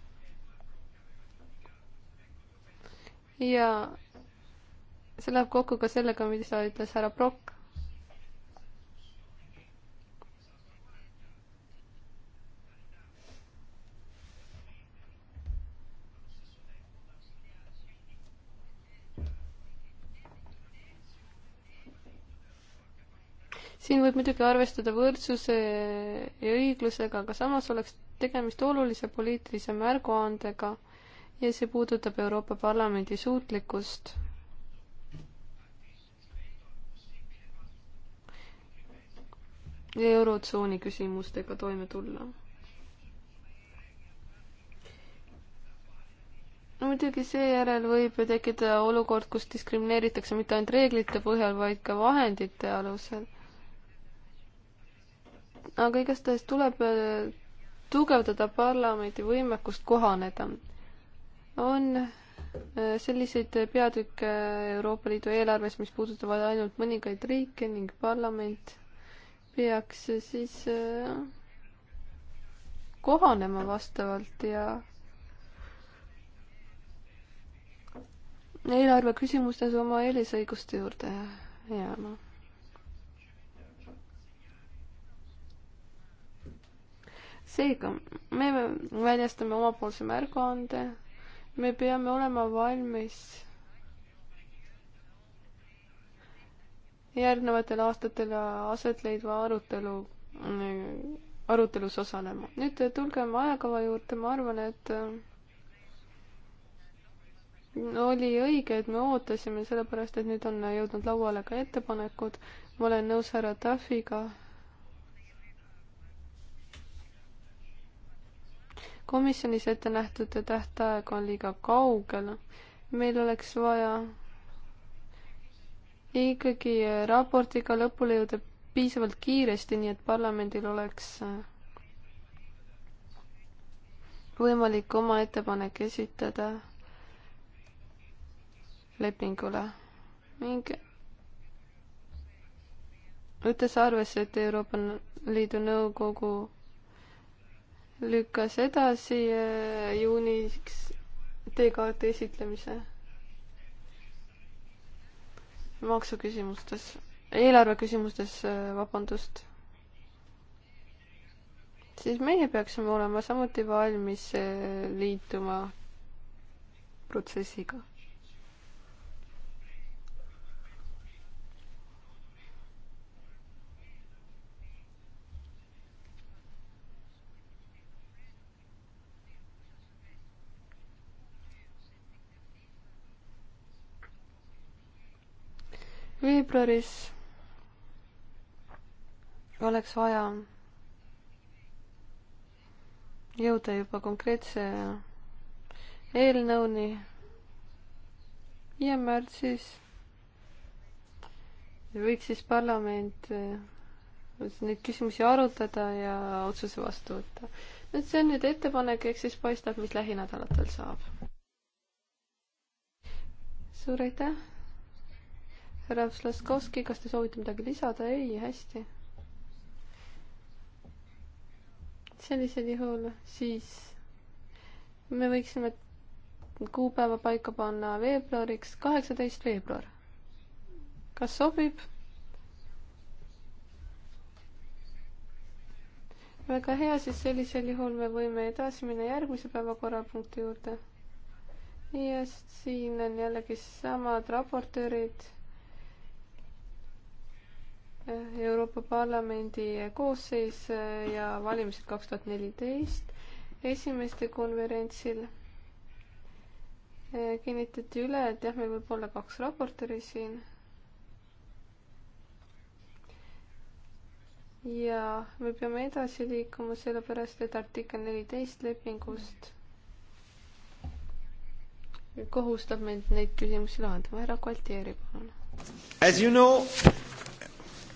ja see läheb kokku ka sellega, mida ütles härra Prokk siin võib muidugi arvestada võrdsuse ja õiglusega, aga samas oleks tegemist olulise poliitilise märguandega ja see puudutab Euroopa Parlamendi suutlikkust eurotsooni küsimustega toime tulla. no muidugi seejärel võib ju tekkida olukord, kus diskrimineeritakse mitte ainult reeglite põhjal, vaid ka vahendite alusel aga igastahes tuleb äh, tugevdada parlamendi võimekust kohaneda. on äh, selliseid peatükke Euroopa Liidu eelarves, mis puudutavad ainult mõningaid riike ning parlament peaks siis äh, kohanema vastavalt ja eelarve küsimustes oma eelisõiguste juurde jääma no seega me väljastame omapoolse märguande, me peame olema valmis järgnevatel aastatel aset leidva arutelu, arutelus osalema. nüüd tulgem ajakava juurde, ma arvan, et oli õige, et me ootasime, sellepärast et nüüd on jõudnud lauale ka ettepanekud. ma olen nõus härra Tafiga komisjonis ette nähtud tähtaeg on liiga kaugel. meil oleks vaja ikkagi raportiga lõpule jõuda piisavalt kiiresti, nii et parlamendil oleks võimalik oma ettepanek esitada lepingule ning võttes arvesse, et Euroopa Liidu Nõukogu lükkas edasi äh, juuniks teekaarti esitlemise maksuküsimustes, eelarve küsimustes, äh, vabandust. siis meie peaksime olema samuti valmis äh, liituma protsessiga. veebruaris oleks vaja jõuda juba konkreetse eelnõuni ja märtsis võiks siis parlament äh, neid küsimusi arutada ja otsuse vastu võtta. nüüd see on nüüd ettepanek, eks siis paistab, mis lähinädalatel saab. suur aitäh! härra Vlaskovski, kas te soovite midagi lisada? ei, hästi. sellisel juhul siis me võiksime kuupäeva paika panna veebruariks, kaheksateist veebruar. kas sobib? väga hea, siis sellisel juhul me võime edasi minna järgmise päevakorrapunkti juurde. ja siin on jällegi samad raportöörid Euroopa Parlamendi koosseis äh, ja valimised kaks tuhat neliteist esimeste konverentsil äh, kinnitati üle, et jah, meil võib olla kaks raportööri siin. ja me peame edasi liikuma, sellepärast et artikkel neliteist lepingust kohustab meid neid küsimusi lahendama. härra Koltieri, palun. As you know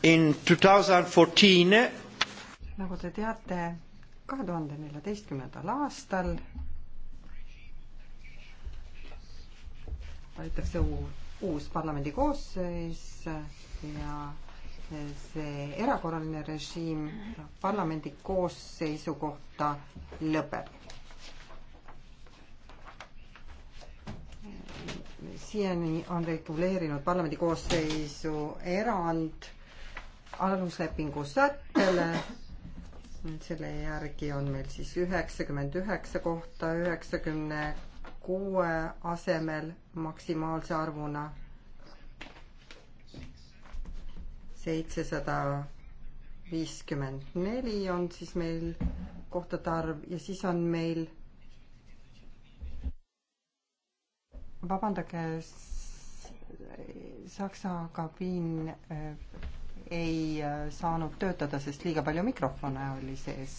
In 2014 nagu te teate, kahe tuhande neljateistkümnendal aastal valitakse uus parlamendi koosseis ja see erakorraline režiim parlamendi koosseisu kohta lõpeb. siiani on reguleerinud parlamendi koosseisu erand aluslepingu sättele. selle järgi on meil siis üheksakümmend üheksa kohta üheksakümne kuue asemel maksimaalse arvuna seitsesada viiskümmend neli on siis meil kohtade arv ja siis on meil vabandage, Saksa kabiin ei äh, saanud töötada, sest liiga palju mikrofone oli sees.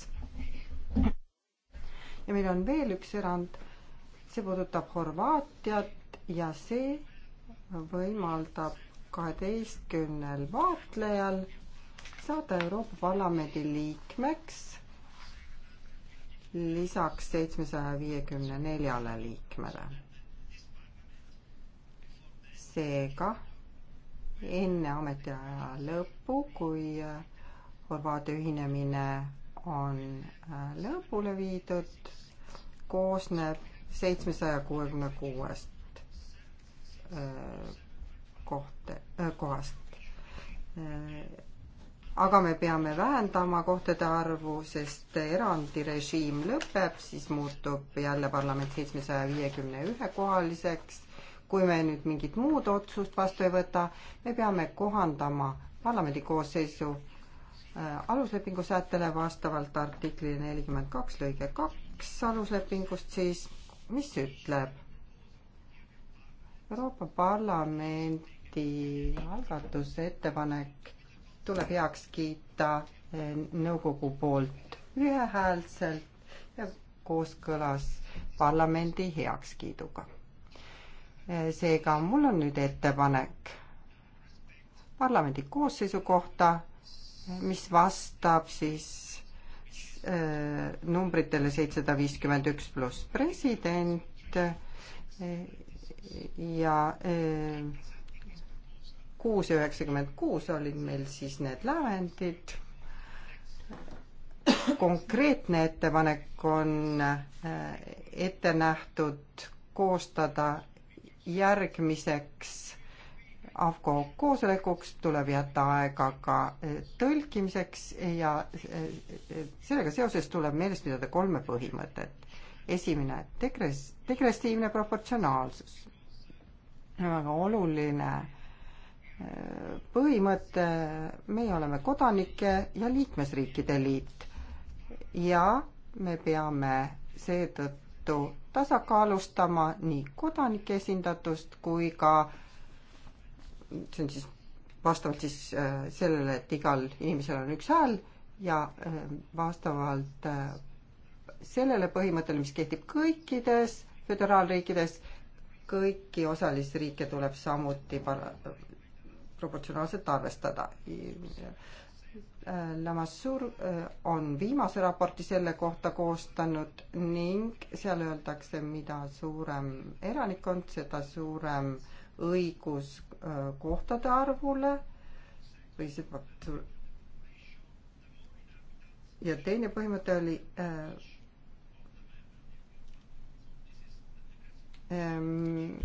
ja meil on veel üks erand, see puudutab Horvaatiat ja see võimaldab kaheteistkümnel vaatlejal saada Euroopa Parlamendi liikmeks lisaks seitsmesaja viiekümne neljale liikmele. seega enne ametiaja lõppu, kui äh, Horvaatia ühinemine on äh, lõpule viidud, koosneb seitsmesaja kuuekümne kuuest äh, koht, kohast. aga me peame vähendama kohtade arvu, sest erandirežiim lõpeb, siis muutub jälle parlament seitsmesaja viiekümne ühe kohaliseks kui me nüüd mingit muud otsust vastu ei võta, me peame kohandama parlamendi koosseisu äh, aluslepingu sättele vastavalt artikli nelikümmend kaks lõige kaks aluslepingust siis, mis ütleb Euroopa Parlamendi algatuse ettepanek tuleb heaks kiita äh, nõukogu poolt ühehäälselt ja kooskõlas parlamendi heakskiiduga Eh, seega mul on nüüd ettepanek parlamendi koosseisu kohta, eh, mis vastab siis äh, numbritele seitsesada viiskümmend üks pluss president ja kuus ja üheksakümmend kuus olid meil siis need lävendid. konkreetne ettepanek on ette nähtud koostada järgmiseks AFCO koosolekuks tuleb jätta aega ka eh, tõlkimiseks ja eh, eh, sellega seoses tuleb meeles pidada kolme põhimõtet. esimene, degres-, degressiivne proportsionaalsus. väga oluline põhimõte, meie oleme kodanike ja liikmesriikide liit ja me peame seetõttu tasakaalustama nii kodanike esindatust kui ka see on siis vastavalt siis äh, sellele, et igal inimesel on üks hääl ja äh, vastavalt äh, sellele põhimõttele, mis kehtib kõikides föderaalriikides, kõiki osalisriike tuleb samuti proportsionaalselt arvestada. Lamassoor äh, on viimase raporti selle kohta koostanud ning seal öeldakse, mida suurem elanikkond, seda suurem õigus äh, kohtade arvule või seda ja teine põhimõte oli äh, ähm,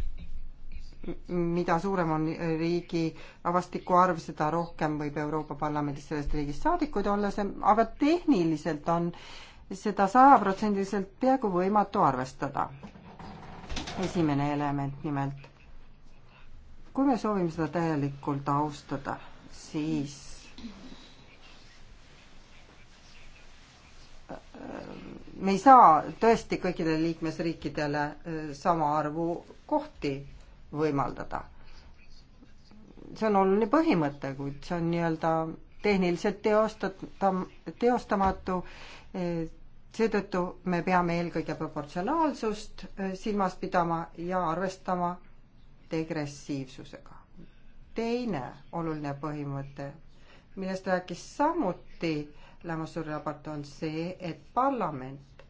mida suurem on riigi avastiku arv, seda rohkem võib Euroopa Parlamendis sellest riigist saadikuid olla, see, aga tehniliselt on seda sajaprotsendiliselt peaaegu võimatu arvestada. esimene element nimelt. kui me soovime seda täielikult austada, siis äh, me ei saa tõesti kõikidele liikmesriikidele äh, sama arvu kohti võimaldada. see on oluline põhimõte, kuid see on nii-öelda tehniliselt teostata, teostamatu. seetõttu me peame eelkõige proportsionaalsust eh, silmas pidama ja arvestama degressiivsusega. teine oluline põhimõte, millest rääkis samuti Lämmasuri raport, on see, et parlament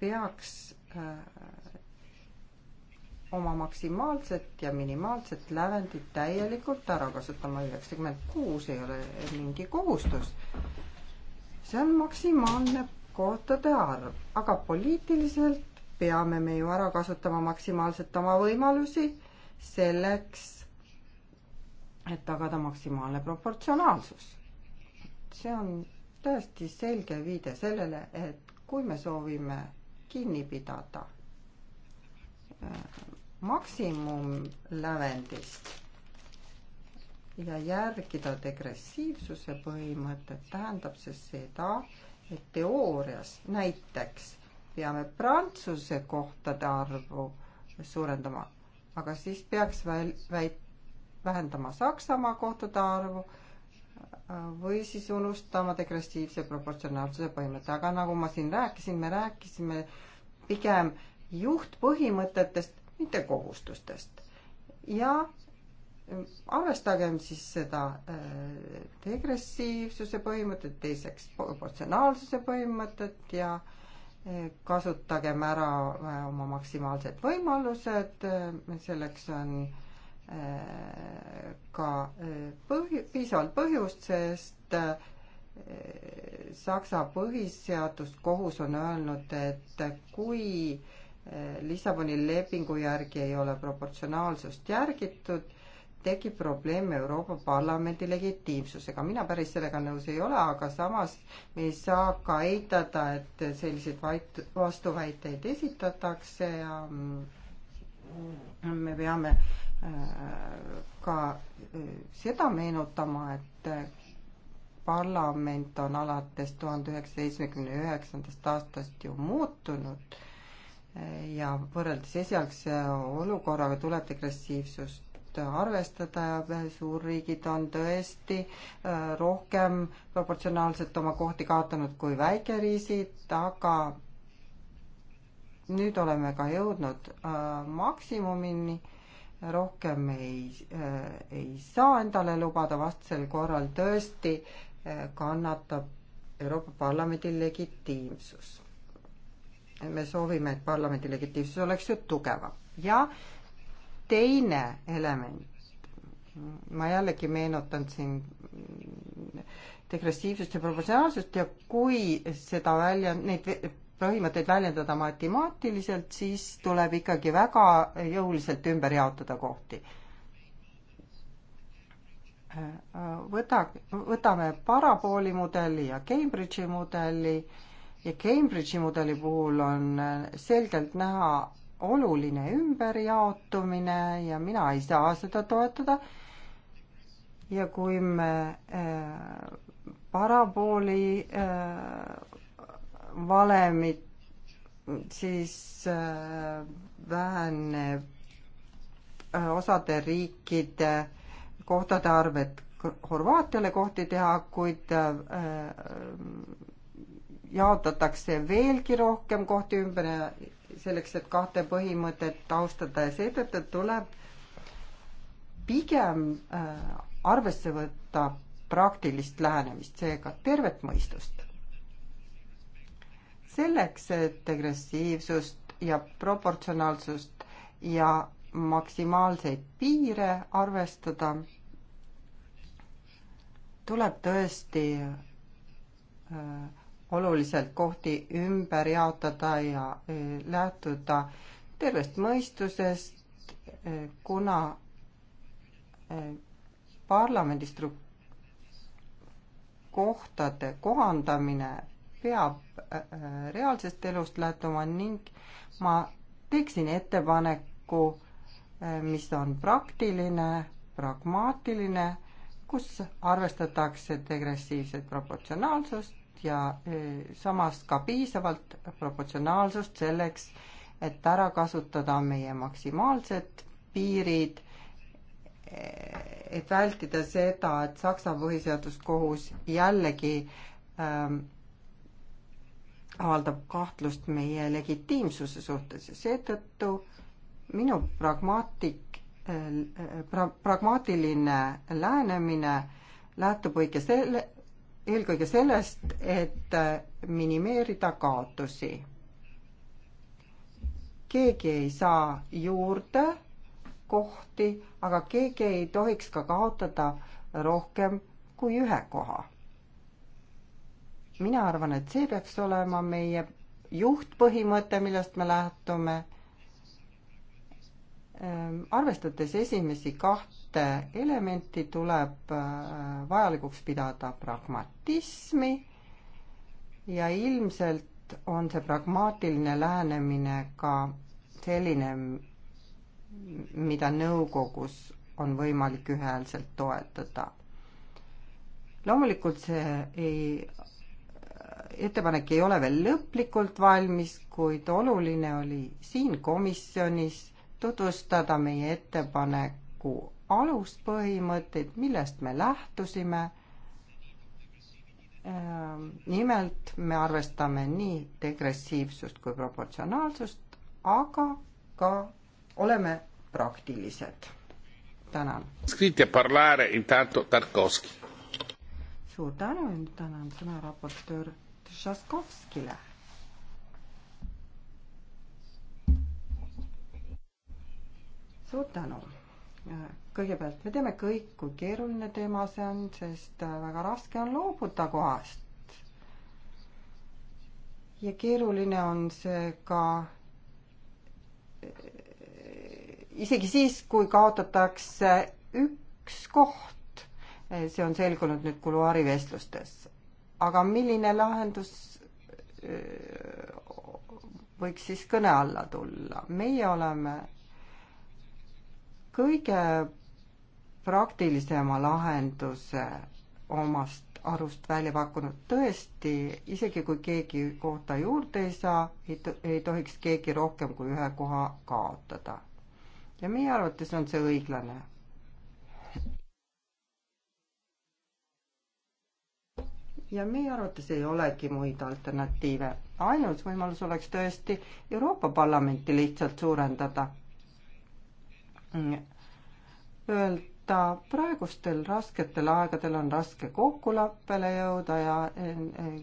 peaks äh, oma maksimaalset ja minimaalset lävendit täielikult ära kasutama, üheksakümmend kuus ei ole mingi kohustus. see on maksimaalne kohtade arv, aga poliitiliselt peame me ju ära kasutama maksimaalselt oma võimalusi selleks, et tagada maksimaalne proportsionaalsus. see on täiesti selge viide sellele, et kui me soovime kinni pidada maksimumlävendist ja järgida degressiivsuse põhimõtet, tähendab see seda, et teoorias näiteks peame prantsuse kohtade arvu suurendama, aga siis peaks väl-, väit-, vähendama Saksamaa kohtade arvu äh, või siis unustama degressiivse proportsionaalsuse põhimõtte, aga nagu ma siin rääkisin, me rääkisime pigem juhtpõhimõtetest mitte kohustustest. ja arvestagem siis seda degressiivsuse äh, põhimõtet, teiseks proportsionaalsuse põhimõtet ja äh, kasutagem ära äh, oma maksimaalsed võimalused, selleks on ka põhju-, piisavalt põhjust, sest Saksa põhiseaduskohus on öelnud, et kui äh, Lissaboni lepingu järgi ei ole proportsionaalsust järgitud, tekib probleem Euroopa Parlamendi legitiimsusega. mina päris sellega nõus ei ole, aga samas me ei saa ka eitada, et selliseid vait-, vastuväiteid esitatakse ja mm, me peame äh, ka äh, seda meenutama, et äh, parlament on alates tuhande üheksasaja seitsmekümne üheksandast aastast ju muutunud ja võrreldes esialgse olukorraga tuleb degressiivsust arvestada ja suurriigid on tõesti äh, rohkem proportsionaalselt oma kohti kaotanud kui väikeriisid, aga nüüd oleme ka jõudnud äh, maksimumini, rohkem ei, äh, ei saa endale lubada, vastasel korral tõesti kannatab Euroopa Parlamendi legitiimsus me soovime, et parlamendi legitiimsus oleks ju tugevam. ja teine element, ma jällegi meenutan siin degressiivsust ja proportsionaalsust ja kui seda välja, neid põhimõtteid väljendada matemaatiliselt, siis tuleb ikkagi väga jõuliselt ümber jaotada kohti. võta, võtame parabooli mudeli ja Cambridge'i mudeli äh, ja Cambridge'i mudeli puhul on selgelt näha oluline ümberjaotumine ja mina ei saa seda toetada. ja kui me äh, parabooli äh, valemit, siis äh, väheneb äh, osade riikide kohtade arv, et Horvaatiale kohti teha, kuid äh, äh jaotatakse veelgi rohkem kohti ümber ja selleks, et kahte põhimõtet austada ja seetõttu tuleb pigem äh, arvesse võtta praktilist lähenemist, seega tervet mõistust. selleks, et regressiivsust ja proportsionaalsust ja maksimaalseid piire arvestada, tuleb tõesti äh, oluliselt kohti ümber jaotada ja e, lähtuda tervest mõistusest, e, kuna e, parlamendi stru-, kohtade kohandamine peab reaalsest elust lähtuma ning ma teeksin ettepaneku, mis on praktiline, pragmaatiline, kus arvestatakse degressiivset proportsionaalsust ja samas ka piisavalt proportsionaalsust selleks, et ära kasutada meie maksimaalsed piirid, et vältida seda, et Saksa põhiseaduskohus jällegi ähm, avaldab kahtlust meie legitiimsuse suhtes ja seetõttu minu pragmaatik äh, äh, pra,, pragmaatiline lähenemine lähtub õige selle, eelkõige sellest, et minimeerida kaotusi. keegi ei saa juurde kohti, aga keegi ei tohiks ka kaotada rohkem kui ühe koha. mina arvan, et see peaks olema meie juhtpõhimõte, millest me lähtume Ehm, arvestades esimesi kahte elementi, tuleb ehm, vajalikuks pidada pragmatismi ja ilmselt on see pragmaatiline lähenemine ka selline, mida nõukogus on võimalik ühehäälselt toetada. loomulikult see ei, ettepanek ei ole veel lõplikult valmis, kuid oluline oli siin komisjonis tutvustada meie ettepaneku aluspõhimõtteid, millest me lähtusime. Ehm, nimelt me arvestame nii degressiivsust kui proportsionaalsust, aga ka oleme praktilised. tänan. suur tänu, tänan sõnaraportöör Tšaskovskile suur tänu. kõigepealt me teame kõik, kui keeruline teema see on, sest äh, väga raske on loobuda kohast. ja keeruline on see ka äh, isegi siis, kui kaotatakse üks koht. Äh, see on selgunud nüüd kuluaarivestlustes. aga milline lahendus võiks siis kõne alla tulla? meie oleme kõige praktilisema lahenduse omast arust välja pakkunud. tõesti, isegi kui keegi kohta juurde ei saa, ei tohiks keegi rohkem kui ühe koha kaotada. ja meie arvates on see õiglane. ja meie arvates ei olegi muid alternatiive. ainus võimalus oleks tõesti Euroopa Parlamenti lihtsalt suurendada öelda, praegustel rasketel aegadel on raske kokkuleppele jõuda ja eh, eh,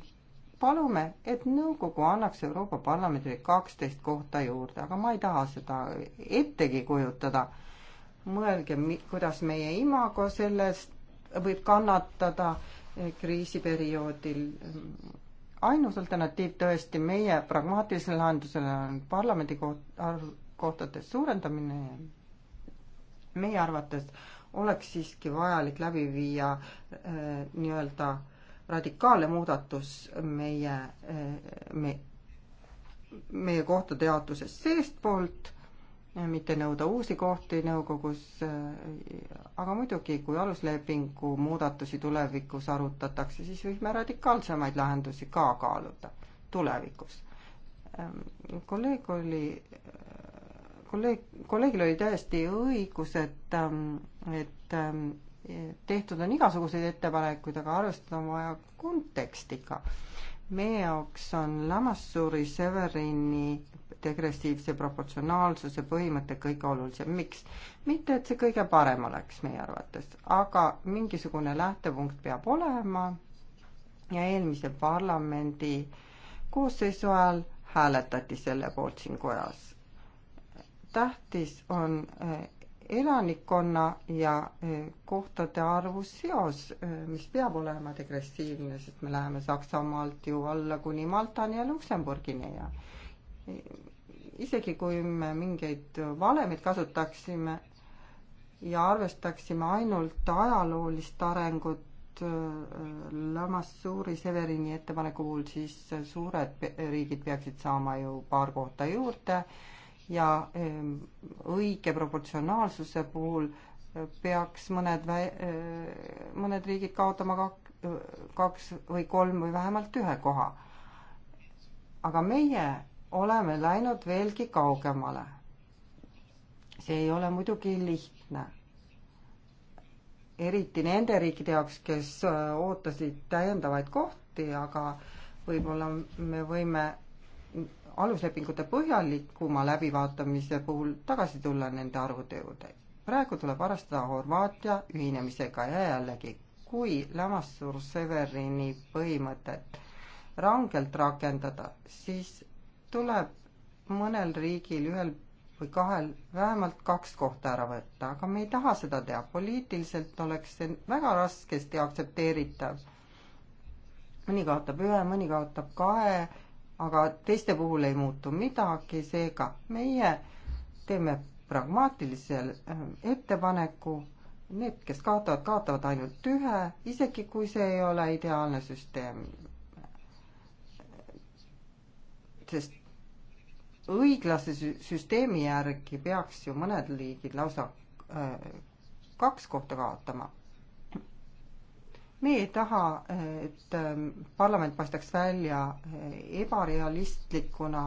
palume, et nõukogu annaks Euroopa Parlamendile kaksteist kohta juurde, aga ma ei taha seda ettegi kujutada. mõelge, kuidas meie imago sellest võib kannatada eh, kriisiperioodil. ainus alternatiiv tõesti meie pragmaatilisele lahendusele on parlamendi koht, arv, kohtade suurendamine meie arvates oleks siiski vajalik läbi viia äh, nii-öelda radikaalne muudatus meie äh,, me, meie kohtade jaotuses seestpoolt, äh, mitte nõuda uusi kohti nõukogus äh,, aga muidugi, kui aluslepingu muudatusi tulevikus arutatakse, siis võime radikaalsemaid lahendusi ka kaaluda tulevikus ähm,. kolleeg oli kolleeg, kolleegil oli täiesti õigus, et, ähm, et ähm, tehtud on igasuguseid ettepanekuid, aga arvestada on vaja kontekstiga. meie jaoks on Lamassuuri Severini degressiivse proportsionaalsuse põhimõte kõige olulisem. miks? mitte, et see kõige parem oleks meie arvates, aga mingisugune lähtepunkt peab olema ja eelmise parlamendi koosseisu ajal hääletati selle poolt siin kojas tähtis on äh, elanikkonna ja äh, kohtade arvu seos, äh, mis peab olema degressiivne, sest me läheme Saksamaalt ju alla kuni Maltani ja Luksemburgini ja e, isegi kui me mingeid valemeid kasutaksime ja arvestaksime ainult ajaloolist arengut Lamassuuri Severini ettepaneku puhul, siis suured riigid peaksid saama ju paar kohta juurde ja ehm, õige proportsionaalsuse puhul eh, peaks mõned, eh, mõned riigid kaotama kaks või kolm või vähemalt ühe koha. aga meie oleme läinud veelgi kaugemale. see ei ole muidugi lihtne. eriti nende riikide jaoks, kes eh, ootasid täiendavaid kohti, aga võib-olla me võime aluslepingute põhjalikuma läbivaatamise puhul tagasi tulla nende arvude juurde. praegu tuleb arvestada Horvaatia ühinemisega ja jällegi, kui Lamassoor-Severini põhimõtet rangelt rakendada, siis tuleb mõnel riigil ühel või kahel vähemalt kaks kohta ära võtta, aga me ei taha seda teha. poliitiliselt oleks see väga raskesti aktsepteeritav. mõni kaotab ühe, mõni kaotab kahe aga teiste puhul ei muutu midagi, seega meie teeme pragmaatilise äh, ettepaneku, need, kes kaotavad, kaotavad ainult ühe, isegi kui see ei ole ideaalne süsteem. sest õiglase süsteemi järgi peaks ju mõned liigid lausa äh, kaks kohta kaotama me ei taha, et ähm, parlament paistaks välja äh, ebarealistlikuna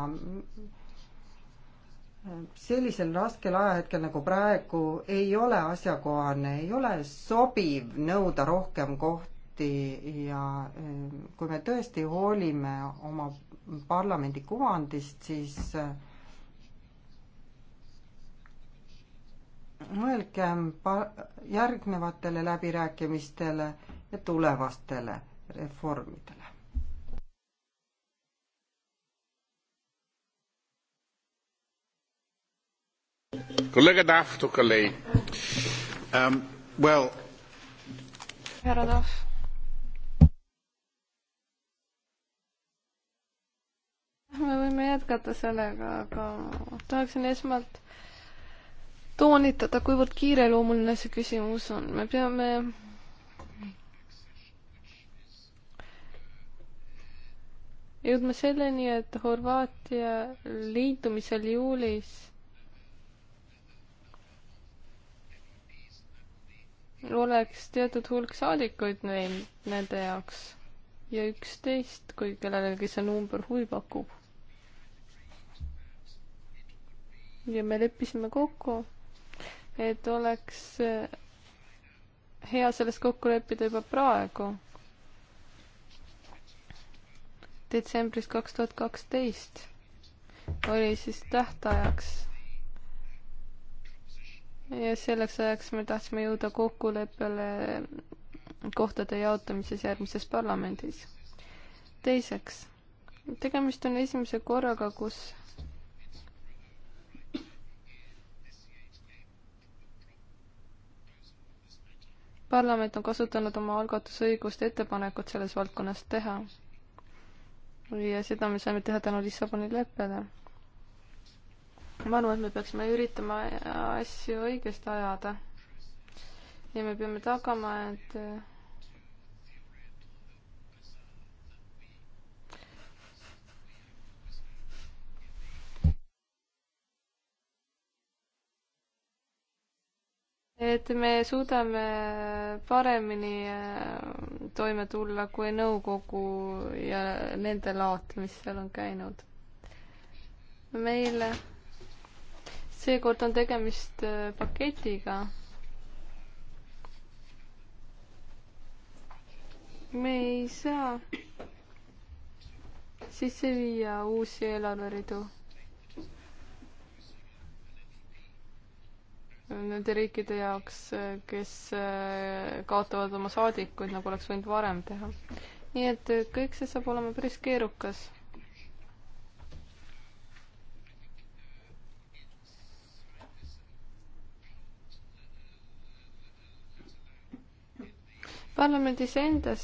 äh, sellisel raskel ajahetkel nagu praegu ei ole asjakohane, ei ole sobiv nõuda rohkem kohti ja ähm, kui me tõesti hoolime oma parlamendi kuvandist, siis äh, mõelgem järgnevatele läbirääkimistele ja tulevastele reformidele. kolleeg Tahv, tukalei um,. Ähm, well. härra Tahv. me võime jätkata sellega, aga tahaksin esmalt toonitada, kuivõrd kiireloomuline see küsimus on. me peame jõudma selleni, et Horvaatia liitumisel juulis oleks teatud hulk saadikuid neil, nende jaoks ja üksteist, kui kellelegi see number huvi pakub. ja me leppisime kokku, et oleks hea selles kokku leppida juba praegu detsembris kaks tuhat kaksteist oli siis tähtajaks. ja selleks ajaks me tahtsime jõuda kokkuleppele kohtade jaotamises järgmises parlamendis. teiseks, tegemist on esimese korraga, kus parlament on kasutanud oma algatusõigust ettepanekut selles valdkonnas teha ja seda me saame teha tänu Lissaboni leppele. ma arvan, et me peaksime üritama asju õigesti ajada. ja me peame tagama, et et me suudame paremini äh, toime tulla kui nõukogu ja nende laat, mis seal on käinud. meil seekord on tegemist äh, paketiga me ei saa sisse viia uusi eelarveridu nende riikide jaoks, kes äh, kaotavad oma saadikuid, nagu oleks võinud varem teha. nii et äh, kõik see saab olema päris keerukas. parlamendis endas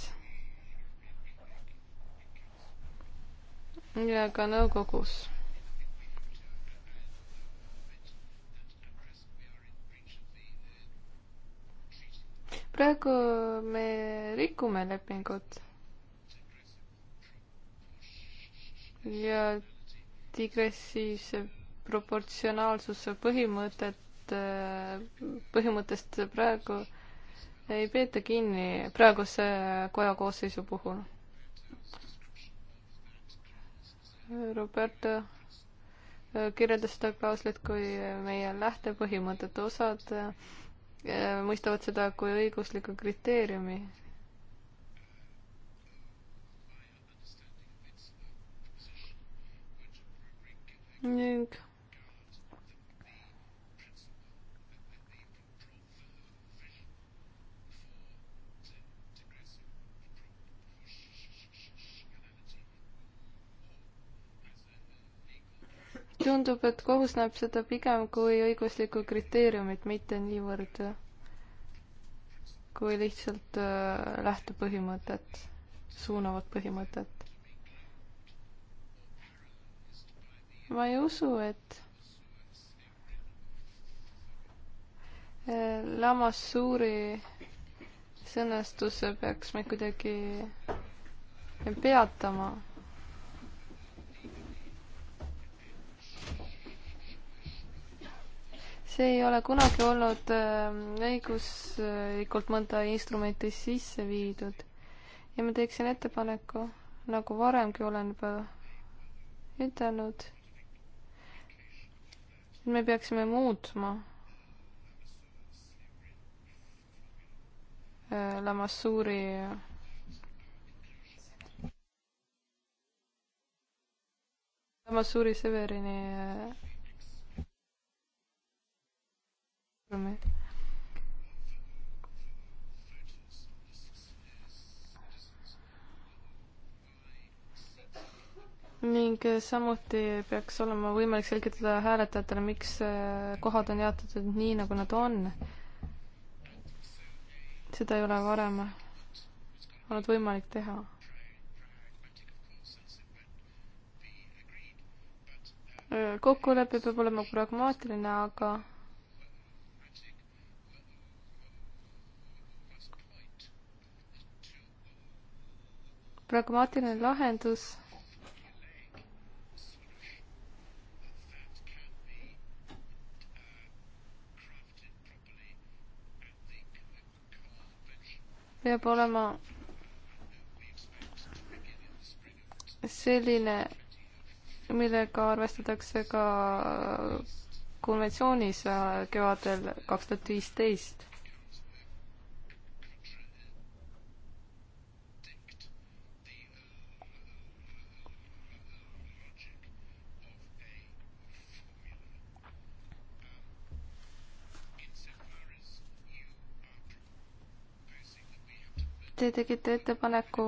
ja ka nõukogus praegu me rikume lepingut. ja digressiivse proportsionaalsuse põhimõtet, põhimõttest praegu ei peeta kinni praeguse koja koosseisu puhul. Roberto kirjeldas seda klauslit kui meie lähtepõhimõtete osad Äh, mõistavad seda kui õiguslikku kriteeriumi. ning tundub, et kohus näeb seda pigem kui õiguslikku kriteeriumit, mitte niivõrd kui lihtsalt äh, lähtepõhimõtet, suunavat põhimõtet. ma ei usu, et äh, Lamassuuri sõnastuse peaks me kuidagi peatama see ei ole kunagi olnud ähm, õiguslikult mõnda instrumenti sisse viidud. ja ma teeksin ettepaneku, nagu varemgi olen juba ütelnud, et me peaksime muutma äh, Lamassuuri äh, Lamassuuri Severini äh, ning eh, samuti peaks olema võimalik selgitada hääletajatele, miks eh, kohad on jaotatud nii, nagu nad on. seda ei ole varem olnud võimalik teha. Eh, kokkulepe peab olema pragmaatiline, aga pragmaatiline lahendus peab olema selline, millega arvestatakse ka konventsioonis kevadel kaks tuhat viisteist Te tegite ettepaneku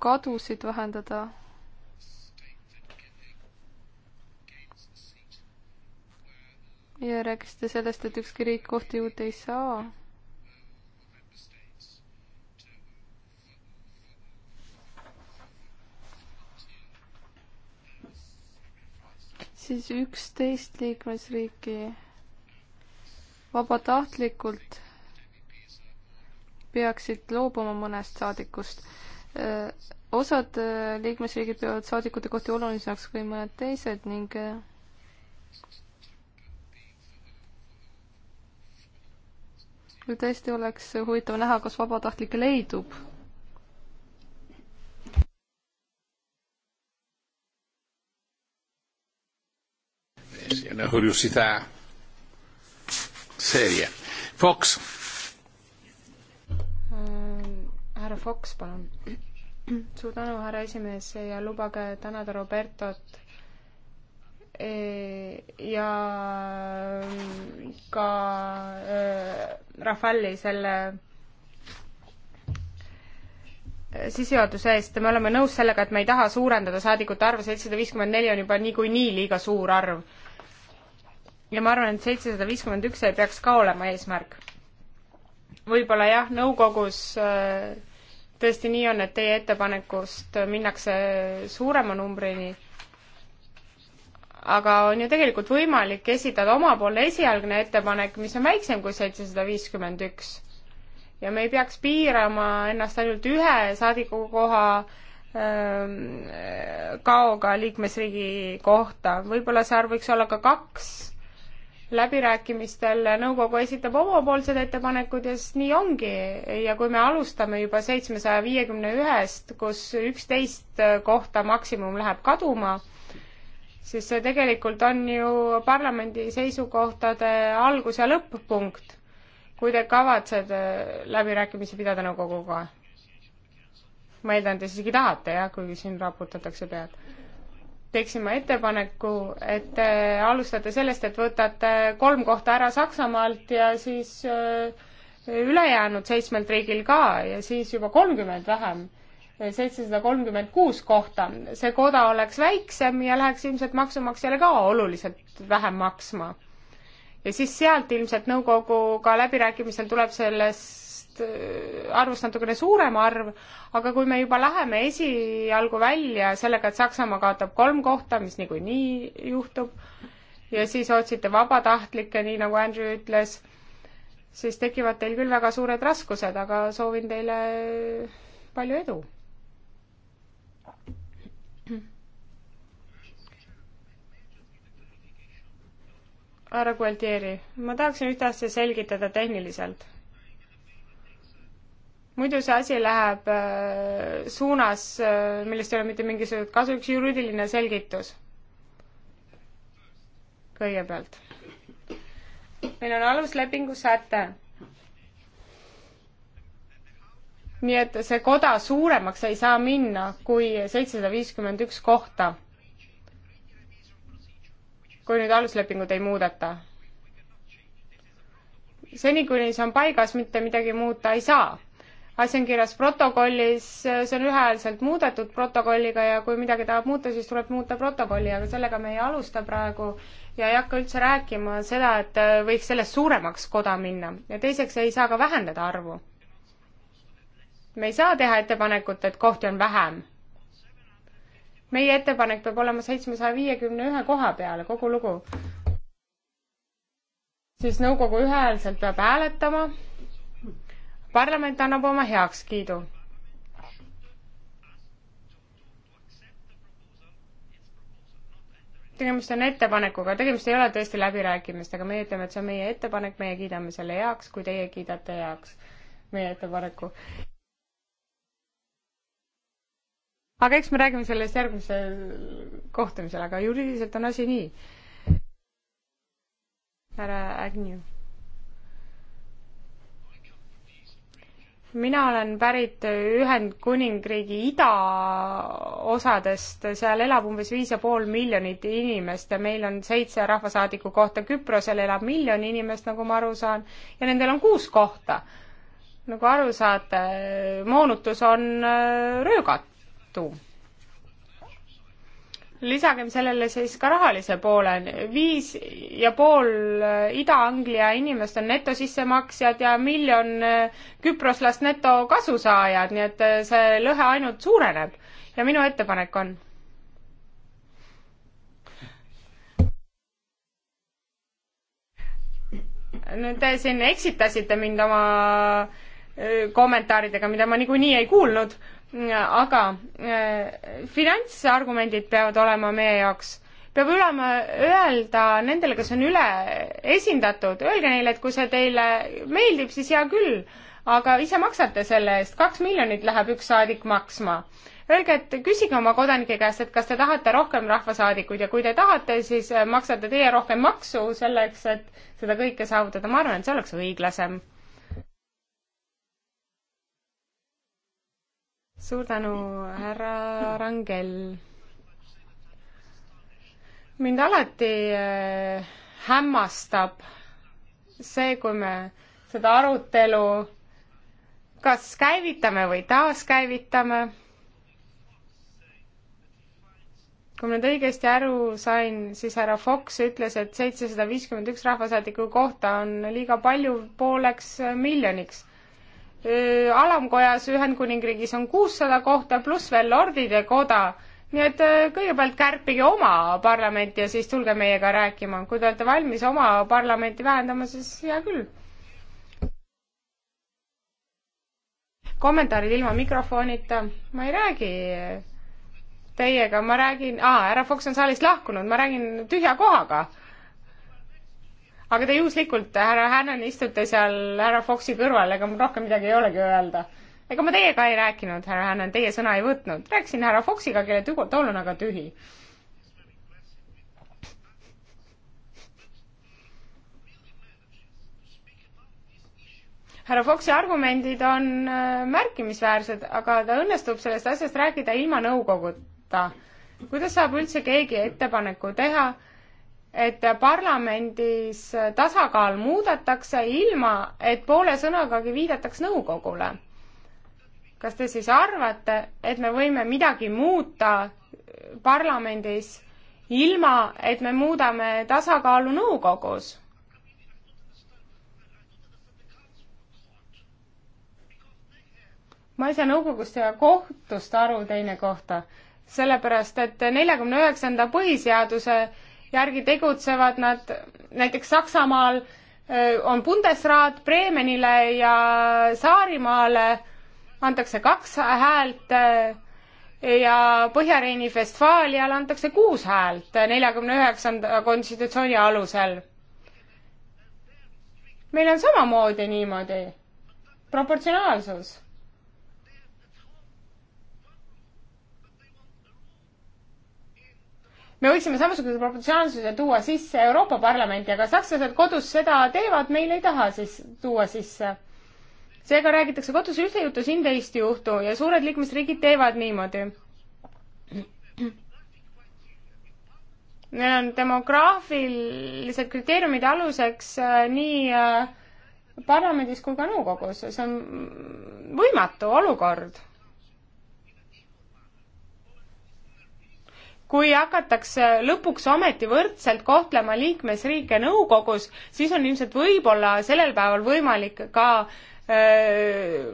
kadusid vähendada. ja rääkisite sellest, et ükski riik kohti juurde ei saa. siis üksteist liikmesriiki vabatahtlikult peaksid loobuma mõnest saadikust. osad liikmesriigid peavad saadikute kohti olulisemaks kui mõned teised ning kui tõesti oleks huvitav näha, kas vabatahtlikke leidub. see on kuriositää seeria. Fox. Äh, härra Fox, palun. suur tänu, härra esimees ja lubage tänada Robertot äh, ja ka äh, Rafali selle sissejuhatuse eest, me oleme nõus sellega, et me ei taha suurendada saadikute arvu, seitsesada viiskümmend neli on juba niikuinii liiga suur arv ja ma arvan, et seitsesada viiskümmend üks ei peaks ka olema eesmärk. võib-olla jah, nõukogus äh, tõesti nii on, et teie ettepanekust minnakse suurema numbrini, aga on ju tegelikult võimalik esitada omapoolne esialgne ettepanek, mis on väiksem kui seitsesada viiskümmend üks. ja me ei peaks piirama ennast ainult ühe saadikukoha ähm, kaoga liikmesriigi kohta, võib-olla see arv võiks olla ka kaks läbirääkimistel nõukogu esitab omapoolsed ettepanekud ja siis nii ongi. ja kui me alustame juba seitsmesaja viiekümne ühest, kus üksteist kohta maksimum läheb kaduma, siis see tegelikult on ju parlamendi seisukohtade algus- ja lõpp-punkt, kui te kavatsete läbirääkimisi pidada nõukoguga. ma eeldan, te siiski tahate jah, kuigi siin raputatakse pead teeksin ma ettepaneku, et te alustate sellest, et võtate kolm kohta ära Saksamaalt ja siis äh, ülejäänud seitsmelt riigil ka ja siis juba kolmkümmend vähem, seitsesada kolmkümmend kuus kohta. see koda oleks väiksem ja läheks ilmselt maksumaksjale ka oluliselt vähem maksma. ja siis sealt ilmselt nõukoguga läbirääkimisel tuleb selles sellest äh, arvust natukene suurem arv, aga kui me juba läheme esialgu välja sellega, et Saksamaa kaotab kolm kohta, mis niikuinii juhtub, ja siis otsite vabatahtlikke, nii nagu Andrew ütles, siis tekivad teil küll väga suured raskused, aga soovin teile palju edu. härra Gualtieri, ma tahaksin ühte asja selgitada tehniliselt muidu see asi läheb äh, suunas, äh, millest ei ole mitte mingisugust kasu, üks juriidiline selgitus kõigepealt. meil on aluslepingu säte. nii et see koda suuremaks ei saa minna kui seitsesada viiskümmend üks kohta. kui nüüd aluslepingut ei muudeta. seni, kuni see on paigas, mitte midagi muuta ei saa asi on kirjas protokollis, see on ühehäälselt muudetud protokolliga ja kui midagi tahab muuta, siis tuleb muuta protokolli, aga sellega me ei alusta praegu ja ei hakka üldse rääkima seda, et äh, võiks sellest suuremaks koda minna. ja teiseks ei saa ka vähendada arvu. me ei saa teha ettepanekut, et kohti on vähem. meie ettepanek peab olema seitsmesaja viiekümne ühe koha peale, kogu lugu. siis nõukogu ühehäälselt peab hääletama parlament annab oma heakskiidu. tegemist on ettepanekuga, tegemist ei ole tõesti läbirääkimistega, meie ütleme, et see on meie ettepanek, meie kiidame selle heaks, kui teie kiidate heaks meie ettepaneku. aga eks me räägime sellest järgmisel kohtumisel, aga juriidiliselt on asi nii. härra Agnew mina olen pärit Ühendkuningriigi idaosadest, seal elab umbes viis ja pool miljonit inimest ja meil on seitse rahvasaadiku kohta, Küprosel elab miljon inimest, nagu ma aru saan, ja nendel on kuus kohta. nagu aru saate, moonutus on äh, röögatu lisagem sellele siis ka rahalise poole, viis ja pool äh, Ida-Anglia inimest on netosissemaksjad ja miljon äh, küproslast netokasusaajad, nii et äh, see lõhe ainult suureneb. ja minu ettepanek on no te siin eksitasite mind oma kommentaaridega, mida ma niikuinii ei kuulnud aga äh, finantsargumendid peavad olema meie jaoks. peab olema öelda nendele, kes on üle esindatud, öelge neile, et kui see teile meeldib, siis hea küll, aga ise maksate selle eest, kaks miljonit läheb üks saadik maksma. Öelge, et küsige oma kodanike käest, et kas te tahate rohkem rahvasaadikuid ja kui te tahate, siis äh, maksate teie rohkem maksu selleks, et seda kõike saavutada. ma arvan, et see oleks õiglasem suur tänu, härra Rangel. mind alati äh, hämmastab see, kui me seda arutelu kas käivitame või taaskäivitame. kui ma nüüd õigesti aru sain, siis härra Fox ütles, et seitsesada viiskümmend üks rahvasaadiku kohta on liiga palju pooleks miljoniks alamkojas Ühendkuningriigis on kuussada kohta, pluss veel lordide koda. nii et kõigepealt kärpige oma parlamenti ja siis tulge meiega rääkima. kui te olete valmis oma parlamenti vähendama, siis hea küll. kommentaarid ilma mikrofonita. ma ei räägi teiega, ma räägin ah,, härra Fox on saalist lahkunud, ma räägin tühja kohaga aga te juhuslikult, härra Hannon, istute seal härra Foxi kõrval, ega mul rohkem midagi ei olegi öelda. ega ma teiega ei rääkinud, härra Hannon, teie sõna ei võtnud. rääkisin härra Foxiga, kelle tügo-, tool on aga tühi. härra Foxi argumendid on äh, märkimisväärsed, aga ta õnnestub sellest asjast rääkida ilma nõukoguta. kuidas saab üldse keegi ettepaneku teha, et parlamendis tasakaal muudetakse ilma, et poole sõnagagi viidataks nõukogule. kas te siis arvate, et me võime midagi muuta parlamendis ilma, et me muudame tasakaalu nõukogus? ma ei saa nõukogust ja kohtust aru teine kohta, sellepärast et neljakümne üheksanda põhiseaduse järgi tegutsevad nad näiteks Saksamaal on Bundesrat Bremenile ja Saarimaale antakse kaks häält ja Põhja-Reini Vestfaalial antakse kuus häält neljakümne üheksanda konstitutsiooni alusel. meil on samamoodi niimoodi, proportsionaalsus me võiksime samasuguse proportsionaalsuse tuua sisse Euroopa Parlamenti, aga sakslased kodus seda teevad, meil ei taha siis tuua sisse. seega räägitakse kodus ühte juttu, siin teist juhtu ja suured liikmesriigid teevad niimoodi. Neil on demograafilised kriteeriumid aluseks äh, nii äh, parlamendis kui ka nõukogus, see on võimatu olukord kui hakatakse lõpuks ometi võrdselt kohtlema liikmesriike nõukogus, siis on ilmselt võib-olla sellel päeval võimalik ka öö,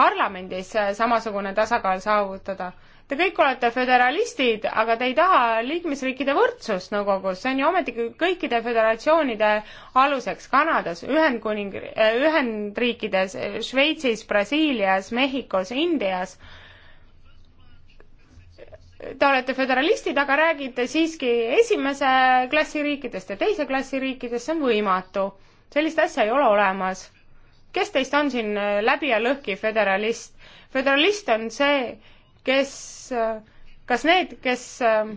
parlamendis samasugune tasakaal saavutada. Te kõik olete föderalistid, aga te ei taha liikmesriikide võrdsust nõukogus, see on ju ometigi kõikide föderatsioonide aluseks Kanadas, Ühendkuning-, Ühendriikides, Šveitsis, Brasiilias, Mehhikos, Indias te olete föderalistid, aga räägite siiski esimese klassi riikidest ja teise klassi riikidest, see on võimatu. sellist asja ei ole olemas. kes teist on siin äh, läbi ja lõhki föderalist? föderalist on see, kes, äh, kas need, kes äh,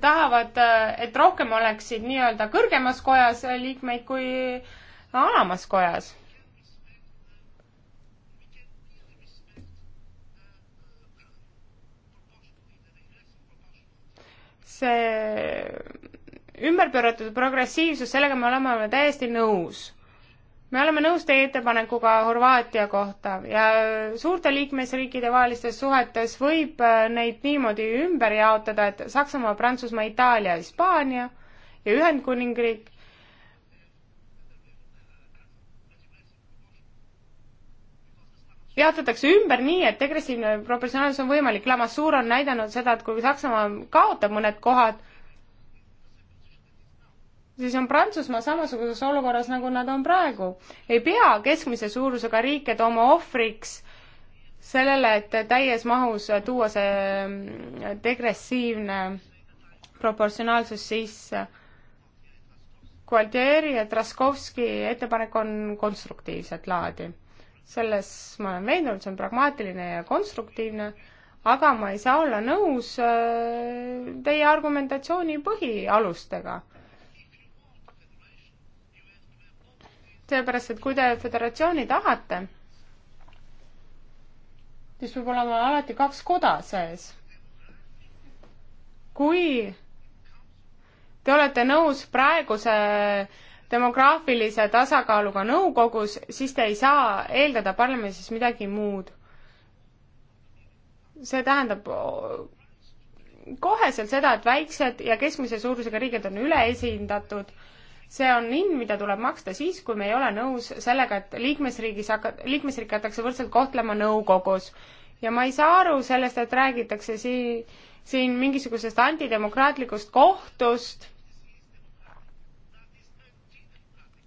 tahavad, et rohkem oleksid nii-öelda kõrgemas kojas liikmeid kui alamas kojas see ümberpööratud progressiivsus, sellega me oleme, oleme täiesti nõus. me oleme nõus teie ettepanekuga Horvaatia kohta ja suurte liikmesriikide vahelistes suhetes võib äh, neid niimoodi ümber jaotada, et Saksamaa, Prantsusmaa, Itaalia, Hispaania ja Ühendkuningriik jaotatakse ümber nii, et degressiivne proportsionaalsus on võimalik. Lamassuur on näidanud seda, et kui Saksamaa kaotab mõned kohad, siis on Prantsusmaa samasuguses olukorras, nagu nad on praegu. ei pea keskmise suurusega riike tooma ohvriks sellele, et täies mahus tuua see mm, degressiivne proportsionaalsus sisse. Gualtieri ja Traskovski ettepanek on konstruktiivset laadi selles ma olen veendunud, see on pragmaatiline ja konstruktiivne, aga ma ei saa olla nõus äh, teie argumentatsiooni põhialustega. sellepärast, et kui te föderatsiooni tahate, siis peab olema alati kaks koda sees. kui te olete nõus praeguse äh, demograafilise tasakaaluga nõukogus, siis te ei saa eeldada parlamendis midagi muud. see tähendab koheselt seda, et väiksed ja keskmise suurusega riigid on üleesindatud. see on hind, mida tuleb maksta siis, kui me ei ole nõus sellega, et liikmesriigis hakka-, liikmesriike hakatakse võrdselt kohtlema nõukogus. ja ma ei saa aru sellest, et räägitakse siin, siin mingisugusest antidemokraatlikust kohtust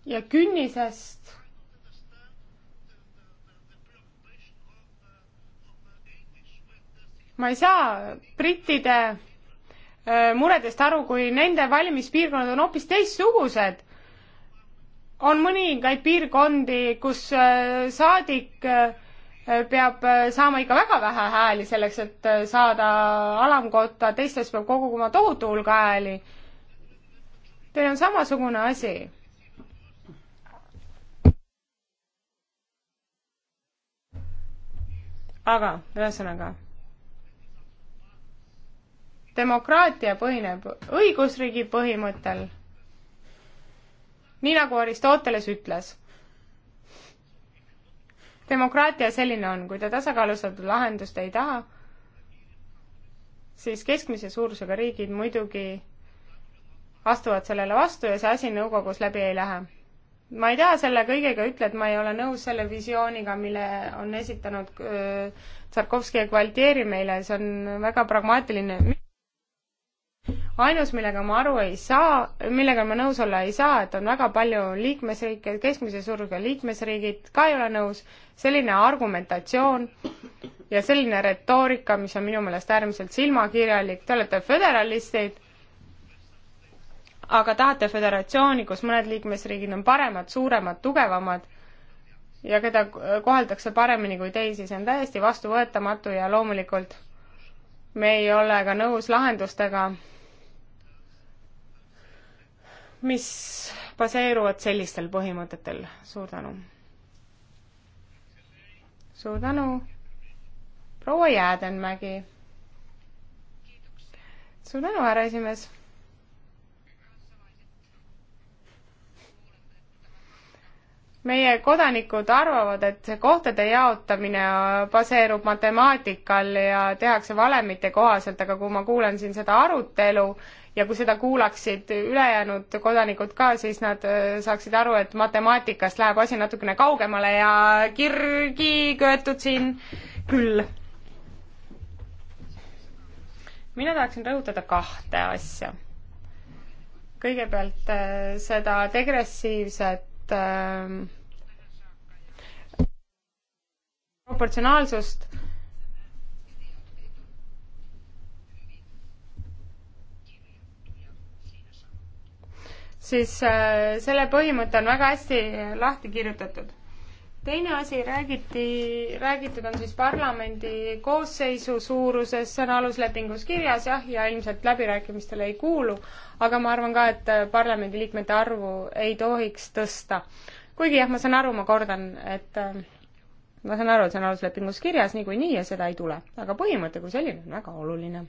ja künnisest ma ei saa brittide äh, muredest aru, kui nende valimispiirkonnad on hoopis teistsugused. on mõningaid piirkondi, kus äh, saadik äh, peab saama ikka väga vähe hääli selleks, et saada alamkotta, teistes peab koguma tohutu hulga hääli. Teil on samasugune asi aga ühesõnaga, demokraatia põhineb õigusriigi põhimõttel, nii nagu Aristoteles ütles. demokraatia selline on, kui te tasakaalustatud lahendust ei taha, siis keskmise suurusega riigid muidugi astuvad sellele vastu ja see asi nõukogus läbi ei lähe ma ei taha selle kõigega ütle, et ma ei ole nõus selle visiooniga, mille on esitanud äh, Tsarkovski ja Gvaltieri meile, see on väga pragmaatiline. ainus, millega ma aru ei saa, millega ma nõus olla ei saa, et on väga palju liikmesriike, keskmise suurusega liikmesriigid ka ei ole nõus, selline argumentatsioon ja selline retoorika, mis on minu meelest äärmiselt silmakirjalik, te olete föderalistid aga tahate föderatsiooni, kus mõned liikmesriigid on paremad, suuremad, tugevamad ja keda koheldakse paremini kui teisi, see on täiesti vastuvõetamatu ja loomulikult me ei ole ka nõus lahendustega, mis baseeruvad sellistel põhimõtetel. suur tänu! suur tänu, proua Jäädenmägi! suur tänu, härra esimees! meie kodanikud arvavad, et see kohtade jaotamine baseerub matemaatikal ja tehakse valemite kohaselt, aga kui ma kuulan siin seda arutelu ja kui seda kuulaksid ülejäänud kodanikud ka, siis nad äh, saaksid aru, et matemaatikast läheb asi natukene kaugemale ja kirgi köetud siin küll. mina tahaksin rõhutada kahte asja. kõigepealt äh, seda degressiivset ähm, proportsionaalsust siis äh, selle põhimõte on väga hästi lahti kirjutatud. teine asi, räägiti, räägitud on siis parlamendi koosseisu suuruses, see on aluslepingus kirjas jah, ja ilmselt läbirääkimistele ei kuulu, aga ma arvan ka, et parlamendiliikmete arvu ei tohiks tõsta. kuigi jah, ma saan aru, ma kordan, et äh, ma saan aru, et see on aluslepingus kirjas niikuinii ja seda ei tule, aga põhimõte kui selline on väga oluline.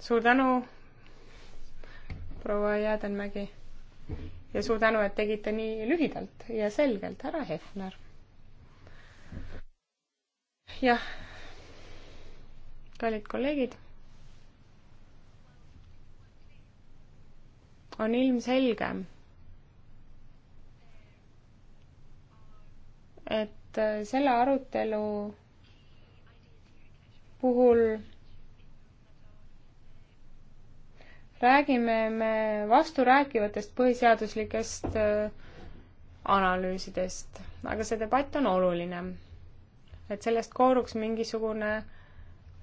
suur tänu, proua Jäädenmägi ja suur tänu, et tegite nii lühidalt ja selgelt, härra Hefner. jah, kallid kolleegid. on ilmselge et äh, selle arutelu puhul räägime me vasturääkivatest põhiseaduslikest äh, analüüsidest, aga see debatt on oluline. et sellest kooruks mingisugune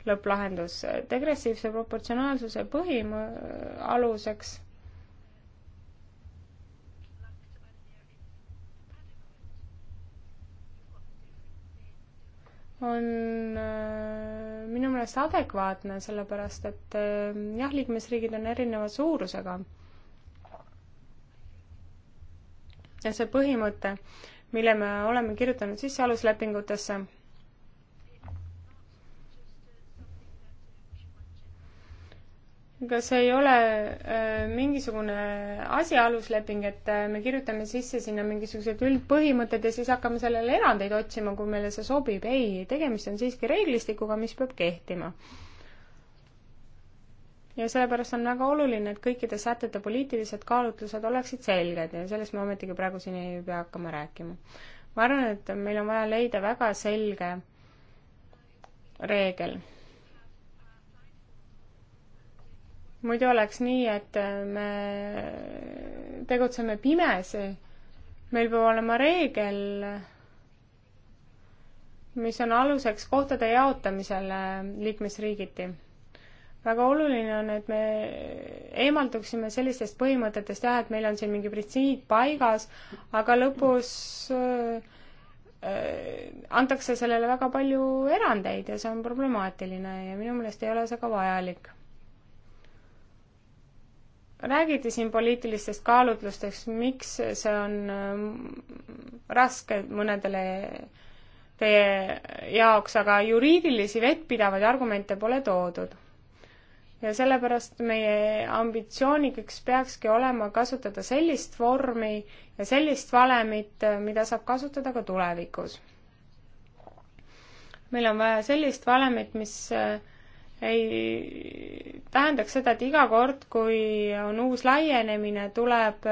lõpplahendus. degressiivse proportsionaalsuse põhialuseks äh, on äh, minu meelest adekvaatne, sellepärast et äh, jah, liikmesriigid on erineva suurusega. ja see põhimõte, mille me oleme kirjutanud sisse aluslepingutesse kas ei ole äh, mingisugune asi alusleping, et äh, me kirjutame sisse sinna mingisugused üldpõhimõtted ja siis hakkame sellele erandeid otsima, kui meile see sobib. ei, tegemist on siiski reeglistikuga, mis peab kehtima. ja sellepärast on väga oluline, et kõikide sätete poliitilised kaalutlused oleksid selged ja sellest me ometigi praegu siin ei pea hakkama rääkima. ma arvan, et meil on vaja leida väga selge reegel muidu oleks nii, et äh, me tegutseme pimesi. meil peab olema reegel, mis on aluseks kohtade jaotamisele liikmesriigiti. väga oluline on, et me eemalduksime sellistest põhimõtetest jah, et meil on siin mingi printsiip paigas, aga lõpus äh, äh antakse sellele väga palju erandeid ja see on problemaatiline ja minu meelest ei ole see ka vajalik räägiti siin poliitilistest kaalutlustest, miks see on ähm, raske mõnedele teie jaoks, aga juriidilisi vettpidavaid argumente pole toodud. ja sellepärast meie ambitsioonikeks peakski olema kasutada sellist vormi ja sellist valemit, äh, mida saab kasutada ka tulevikus. meil on vaja sellist valemit, mis äh, ei tähendaks seda, et iga kord, kui on uus laienemine, tuleb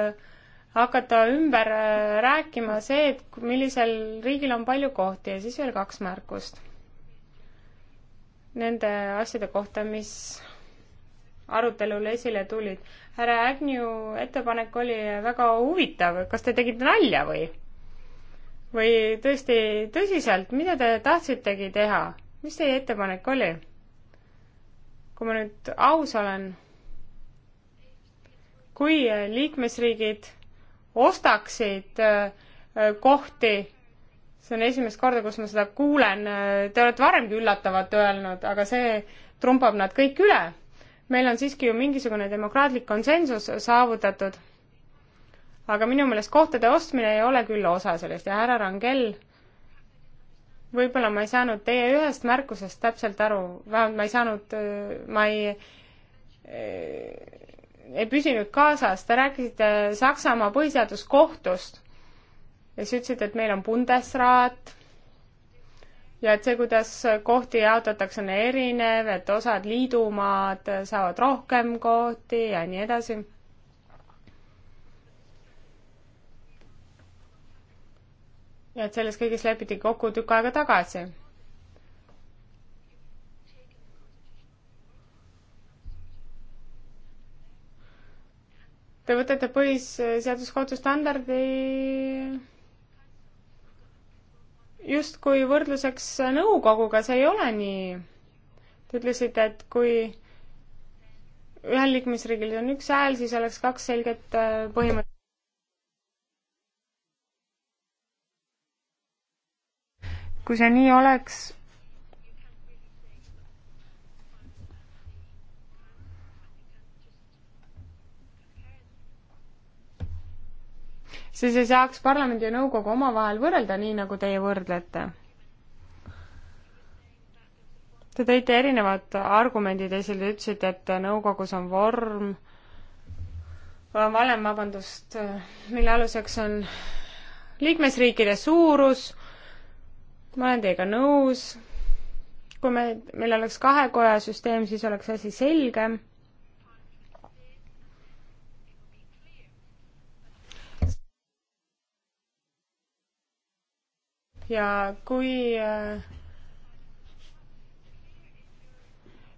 hakata ümber äh, rääkima see, et millisel riigil on palju kohti ja siis veel kaks märkust nende asjade kohta, mis arutelul esile tulid. härra Agnew ettepanek oli väga huvitav, kas te tegite nalja või? või tõesti tõsiselt, mida te tahtsitegi teha? mis teie ettepanek oli? kui ma nüüd aus olen, kui liikmesriigid ostaksid äh, kohti, see on esimest korda, kus ma seda kuulen, äh, te olete varemgi üllatavat öelnud, aga see trumbab nad kõik üle. meil on siiski ju mingisugune demokraatlik konsensus saavutatud. aga minu meelest kohtade ostmine ei ole küll osa sellest ja härra Rangel võib-olla ma ei saanud teie ühest märkusest täpselt aru, vähemalt ma ei saanud, äh, ma ei äh, ei püsinud kaasas, te rääkisite Saksamaa põhiseaduskohtust ja siis ütlesite, et meil on Bundesrat ja et see, kuidas kohti jaotatakse, on erinev, et osad liidumaad saavad rohkem kohti ja nii edasi ja et selles kõiges lepiti kokku tükk aega tagasi. Te võtate põhiseaduskohtu standardi justkui võrdluseks nõukoguga, see ei ole nii. Te ütlesite, et kui ühel liikmesriigil on üks hääl, siis oleks kaks selget äh, põhimõtet. kui see nii oleks, siis ei saaks parlamendi ja nõukogu omavahel võrrelda, nii nagu teie võrdlete. Te tõite erinevad argumendid esile, te ütlesite, et nõukogus on vorm, valem, vabandust, mille aluseks on liikmesriikide suurus ma olen teiega nõus. kui me, meil oleks kahekoja süsteem, siis oleks asi selgem ja kui äh,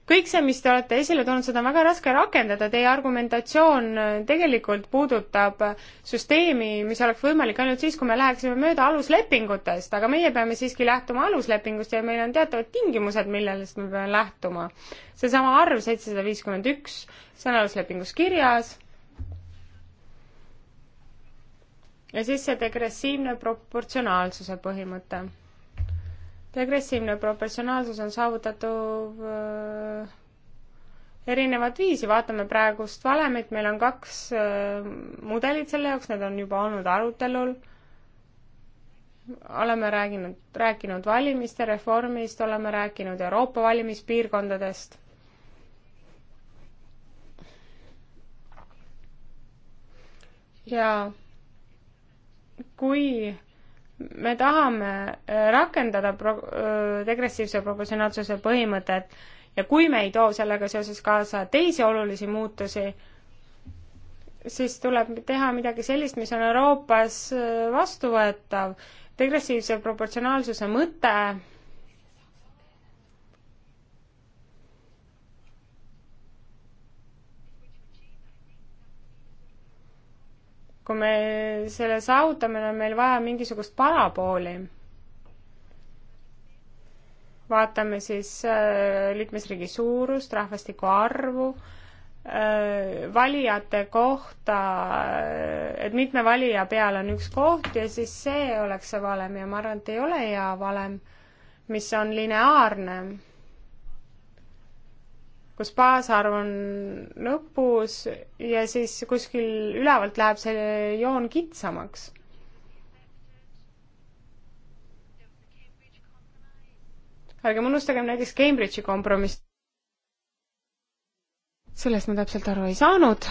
kõik see, mis te olete esile toonud, seda on väga raske rakendada, teie argumentatsioon äh, tegelikult puudutab äh, süsteemi, mis oleks võimalik ainult siis, kui me läheksime mööda aluslepingutest, aga meie peame siiski lähtuma aluslepingust ja meil on teatavad tingimused, millest me peame lähtuma. seesama arv seitsesada viiskümmend üks, see on aluslepingus kirjas, ja siis see degressiivne proportsionaalsuse põhimõte regressiivne professionaalsus on saavutatav äh, erinevat viisi, vaatame praegust valemit, meil on kaks äh, mudelit selle jaoks, need on juba olnud arutelul, oleme rääginud, rääkinud valimiste reformist, oleme rääkinud Euroopa valimispiirkondadest ja kui me tahame äh, rakendada pro-, äh, degressiivse proportsionaalsuse põhimõtet ja kui me ei too sellega seoses kaasa teisi olulisi muutusi, siis tuleb teha midagi sellist, mis on Euroopas äh, vastuvõetav. degressiivse proportsionaalsuse mõte kui me selle saavutame, on meil vaja mingisugust parapooli. vaatame siis äh, liikmesriigi suurust, rahvastiku arvu äh,, valijate kohta, äh, et mitme valija peal on üks koht ja siis see oleks see valem ja ma arvan, et ei ole hea valem, mis on lineaarne kus baasarv on lõpus ja siis kuskil ülevalt läheb see joon kitsamaks. ärgem unustagem näiteks Cambridge'i kompromiss. sellest ma täpselt aru ei saanud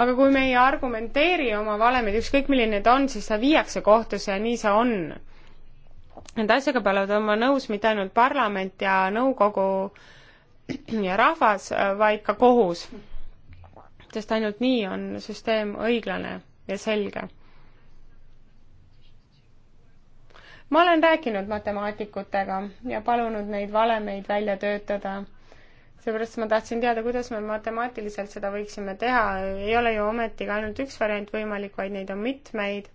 aga kui me ei argumenteeri oma valemeid, ükskõik milline ta on, siis ta viiakse kohtusse ja nii see on. Nende asjaga peavad olema nõus mitte ainult parlament ja nõukogu ja rahvas, vaid ka kohus. sest ainult nii on süsteem õiglane ja selge. ma olen rääkinud matemaatikutega ja palunud neid valemeid välja töötada seepärast ma tahtsin teada, kuidas me matemaatiliselt seda võiksime teha, ei ole ju ometigi ainult üks variant võimalik, vaid neid on mitmeid.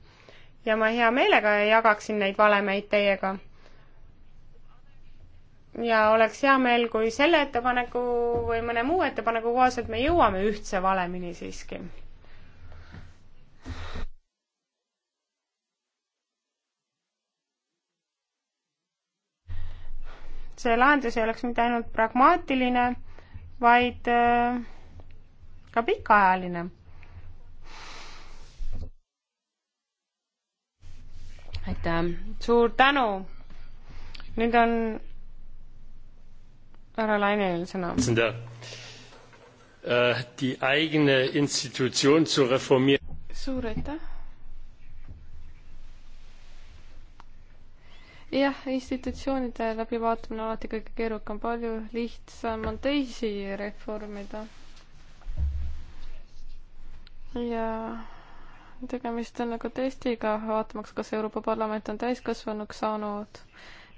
ja ma hea meelega jagaksin neid valemeid teiega. ja oleks hea meel, kui selle ettepaneku või mõne muu ettepaneku kohaselt me jõuame ühtse valemini siiski see lahendus ei oleks mitte ainult pragmaatiline, vaid äh, ka pikaajaline. aitäh, suur tänu. nüüd on härra Lainel sõna. Äh, suur aitäh jah, institutsioonide läbivaatamine on alati kõige keerukam, palju lihtsam on teisi reformida. ja tegemist on nagu testiga, vaatamaks, kas Euroopa Parlament on täiskasvanuks saanud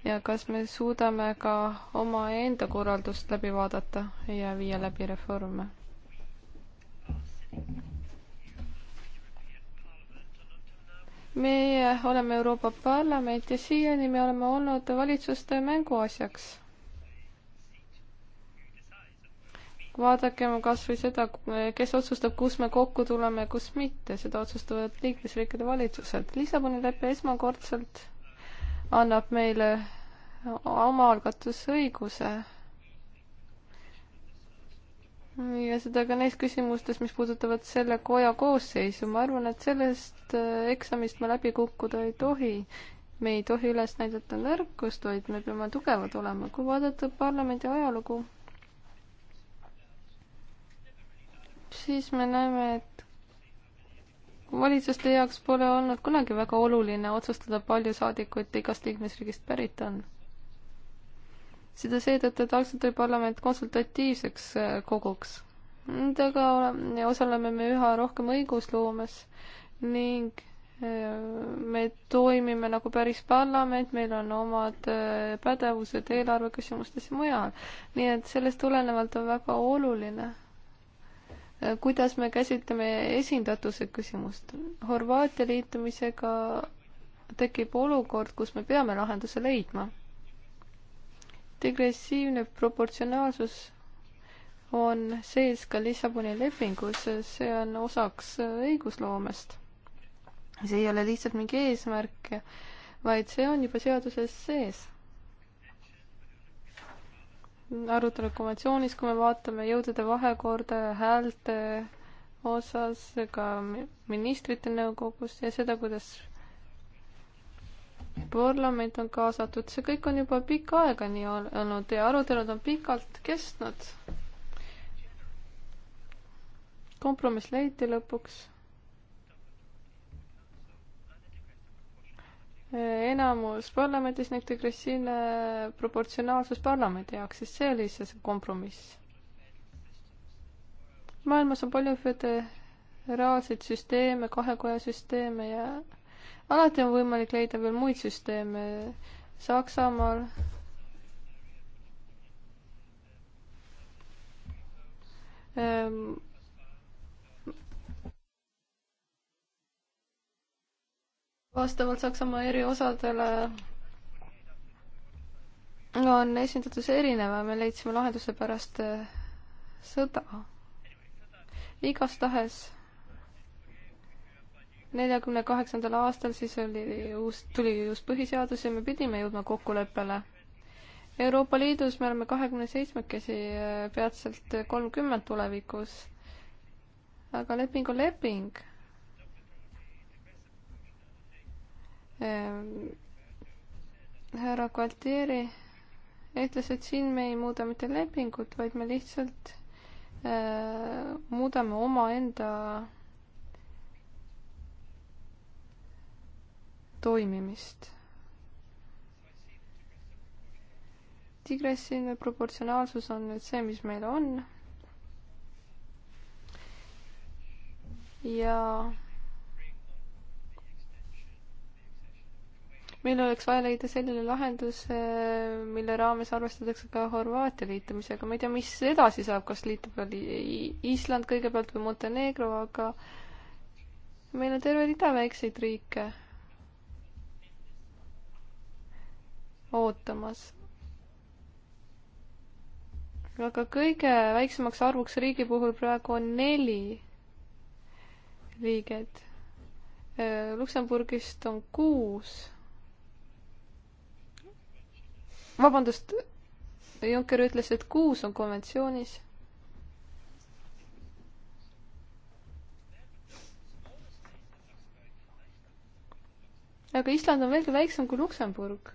ja kas me suudame ka omaenda korraldust läbi vaadata ja viia läbi reforme. meie oleme Euroopa Parlament ja siiani me oleme olnud valitsuste mänguasjaks. vaadakem kas või seda, kes otsustab, kus me kokku tuleme, kus mitte, seda otsustavad liikmesriikide valitsused. Lissaboni lepe esmakordselt annab meile omaalgatusõiguse ja seda ka neis küsimustes, mis puudutavad selle koja koosseisu, ma arvan, et sellest äh, eksamist me läbi kukkuda ei tohi. me ei tohi üles näidata nõrkust, vaid me peame tugevad olema, kui vaadata parlamendi ajalugu, siis me näeme, et valitsuste jaoks pole olnud kunagi väga oluline otsustada, palju saadikuid igast liikmesriigist pärit on seda seetõttu, et algselt oli parlament konsultatiivseks äh, koguks. nüüd aga osaleme me üha rohkem õigusloomes ning äh, me toimime nagu päris parlament, meil on omad äh, pädevused eelarve küsimustes ja mujal. nii et sellest tulenevalt on väga oluline, kuidas me käsitleme esindatuse küsimust. Horvaatia liitumisega tekib olukord, kus me peame lahenduse leidma degressiivne proportsionaalsus on sees ka Lissaboni lepingus, see on osaks õigusloomest. see ei ole lihtsalt mingi eesmärk, vaid see on juba seaduses sees. arutelu konventsioonis, kui me vaatame jõudude vahekorda ja häälte osas, ka ministrite nõukogus ja seda, kuidas parlament on kaasatud, see kõik on juba pikka aega nii olnud ja arutelud on pikalt kestnud. kompromiss leiti lõpuks. enamus parlamendis ning degressiivne proportsionaalsus parlamendi jaoks, siis see oli see, see kompromiss. maailmas on palju föderaalseid süsteeme, kahekojasüsteeme ja alati on võimalik leida veel muid süsteeme Saksamaal. Ehm, vastavalt Saksamaa eri osadele on esindatus erineva, me leidsime lahenduse pärast eh, sõda. igastahes neljakümne kaheksandal aastal siis oli uus, tuli uus põhiseadus ja me pidime jõudma kokkuleppele. Euroopa Liidus me oleme kahekümne seitsmekesi, äh, peatselt kolmkümmend tulevikus. aga leping on leping. Ähm, härra Gualtieri ütles, et siin me ei muuda mitte lepingut, vaid me lihtsalt äh, muudame omaenda toimimist. digressiivne proportsionaalsus on nüüd see, mis meil on. ja meil oleks vaja leida selline lahendus, mille raames arvestatakse ka Horvaatia liitumisega, ma ei tea, mis edasi saab, kas liitub veel Island kõigepealt või Montenegro, aga meil on terve rida väikseid riike ootamas. aga kõige väiksemaks arvuks riigi puhul praegu on neli liiget. Luksemburgist on kuus. vabandust, Juncker ütles, et kuus on konventsioonis. aga Island on veelgi väiksem kui Luksemburg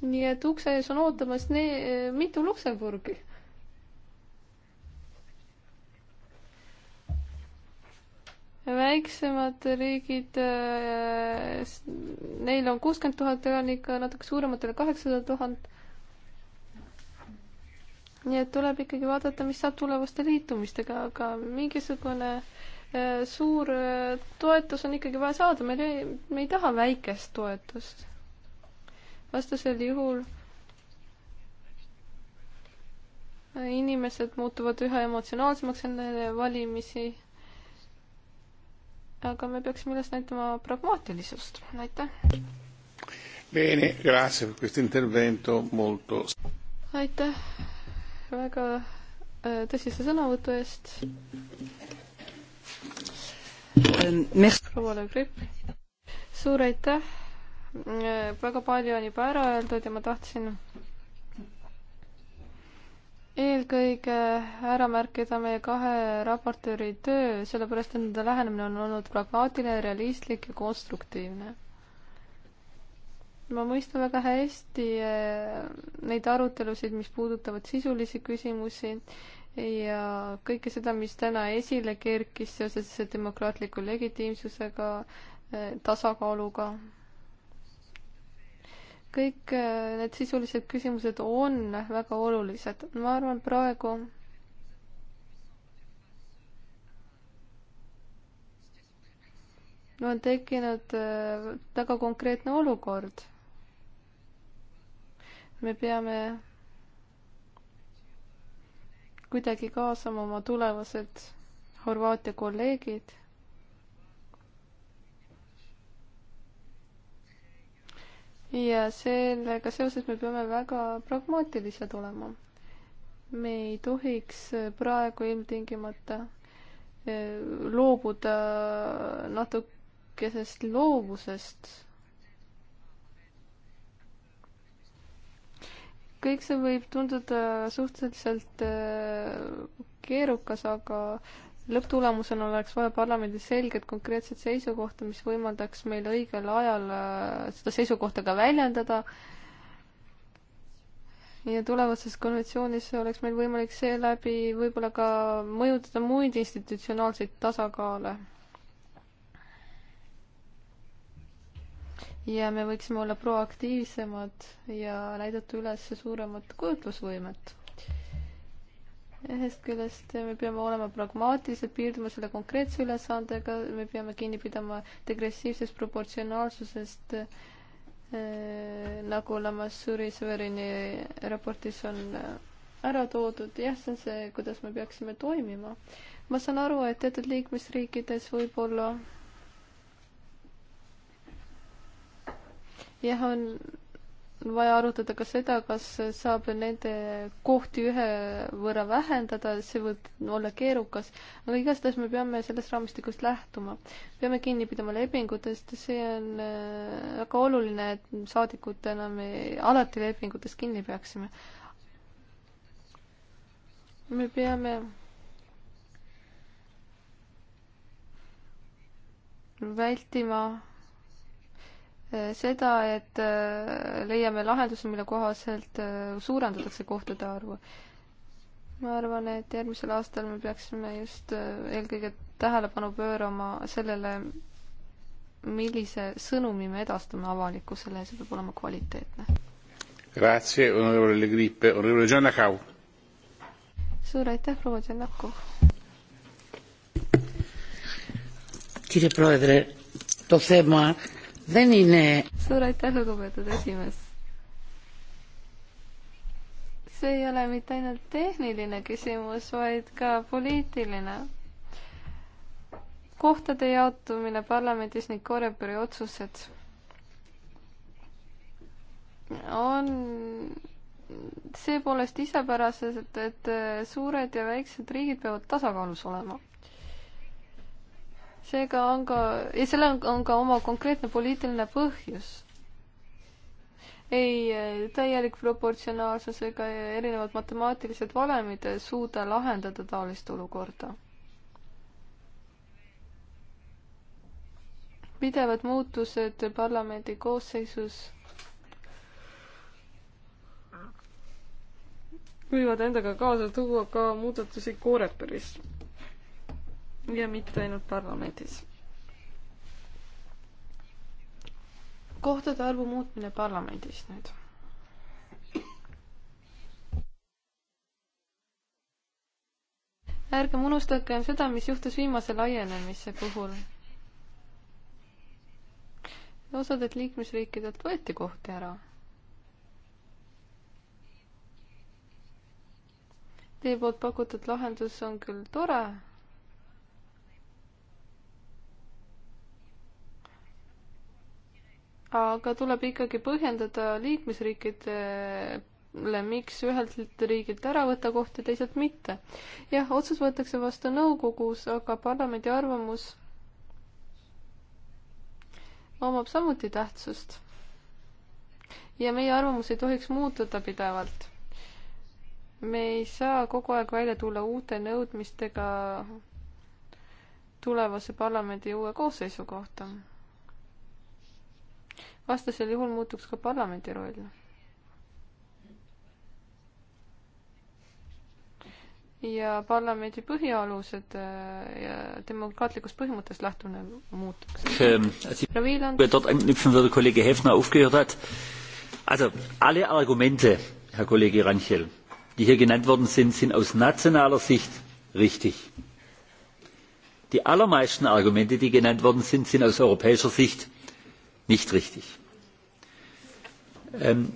nii et ukse ees on ootamas nii mitu Luksemburgi. väiksemad riigid, äh, neil on kuuskümmend tuhat elanikku, natuke suurematele kaheksasada tuhat. nii et tuleb ikkagi vaadata, mis saab tulevaste liitumistega, aga mingisugune äh, suur äh, toetus on ikkagi vaja saada, me ei, me ei taha väikest toetust vastasel juhul inimesed muutuvad üha emotsionaalsemaks enne valimisi. aga me peaksime üles näitama pragmaatilisust, aitäh. Bene, grazie per questo intervento molto. aitäh väga äh, tõsise sõnavõtu eest. Ähm, proua Le Grip, suur aitäh väga palju on juba ära öeldud ja ma tahtsin eelkõige ära märkida meie kahe raportööri töö, sellepärast et nende lähenemine on olnud pragmaatiline, realistlik ja konstruktiivne. ma mõistan väga hästi eh, neid arutelusid, mis puudutavad sisulisi küsimusi ja kõike seda, mis täna esile kerkis seoses demokraatliku legitiimsusega, eh, tasakaaluga kõik äh, need sisulised küsimused on väga olulised. ma arvan, praegu no on tekkinud äh, väga konkreetne olukord. me peame kuidagi kaasama oma tulevased Horvaatia kolleegid ja sellega seoses me peame väga pragmaatilised olema. me ei tohiks praegu ilmtingimata eh, loobuda natukesest loovusest. kõik see võib tunduda suhteliselt eh, keerukas, aga lõpptulemusena oleks vaja parlamendi selget konkreetset seisukohta, mis võimaldaks meil õigel ajal äh, seda seisukohta ka väljendada. ja tulevases konventsioonis oleks meil võimalik seeläbi võib-olla ka mõjutada muid institutsionaalseid tasakaale. ja me võiksime olla proaktiivsemad ja näidata üles suuremat kujutlusvõimet ühest küljest me peame olema pragmaatilised, piirduma selle konkreetse ülesandega, me peame kinni pidama degressiivsest proportsionaalsusest äh,, nagu Lamassuri Severini raportis on äh, ära toodud, jah, see on see, kuidas me peaksime toimima. ma saan aru, et teatud liikmesriikides võib-olla jah, on on vaja arutada ka seda, kas saab nende kohti ühe võrra vähendada, see võib olla keerukas, aga igastahes me peame sellest raamistikust lähtuma. peame kinni pidama lepingutest, see on äh, väga oluline, et saadikutena me alati lepingutest kinni peaksime. me peame vältima Äh, seda, et äh, leiame lahenduse, mille kohaselt äh, suurendatakse kohtade arvu. ma arvan, et järgmisel aastal me peaksime just eelkõige tähelepanu pöörama sellele, millise sõnumi me edastame avalikkusele ja see peab olema kvaliteetne. Grazie, onorevole Grippe, onorevole Giannakau. suur aitäh, proua Giannakau. Κύριε Πρόεδρε, το θέμα δεν είναι... Suur aitäh, lugupeetud esimees! see ei ole mitte ainult tehniline küsimus, vaid ka poliitiline. kohtade jaotumine parlamendis ning Korepere otsused on seepoolest isepärased, et suured ja väiksed riigid peavad tasakaalus olema seega on ka, ja sellel on, on ka oma konkreetne poliitiline põhjus. ei täielik proportsionaalsus ega erinevad matemaatilised valemid ei suuda lahendada taolist olukorda. pidevad muutused parlamendi koosseisus võivad endaga kaasa tuua ka muudatusi Koreperis ja mitte ainult parlamendis. kohtade arvu muutmine parlamendis nüüd. ärgem unustagem seda, mis juhtus viimase laienemise puhul. osadelt liikmesriikidelt võeti kohti ära teie poolt pakutud lahendus on küll tore, aga tuleb ikkagi põhjendada liikmesriikidele, miks ühelt riigilt ära võtta kohti, teiselt mitte. jah, otsus võetakse vastu nõukogus, aga parlamendi arvamus omab samuti tähtsust. ja meie arvamus ei tohiks muutuda pidevalt. me ei saa kogu aeg välja tulla uute nõudmistega tulevase parlamendi uue koosseisu kohta vastasel juhul muutuks ka parlamendi roll. ja parlamendi põhialused äh, ja demokraatlikust põhimõttest lähtune muutuks. Ähm, dort anknüpfen würde Kollege Hefner aufgehört hat. Also alle Argumente, Herr Kollege Ranchel, die hier genannt worden sind, sind aus nationaler Sicht richtig. Die allermeisten Argumente, die genannt worden sind, sind aus europäischer Sicht nicht richtig. Ähm,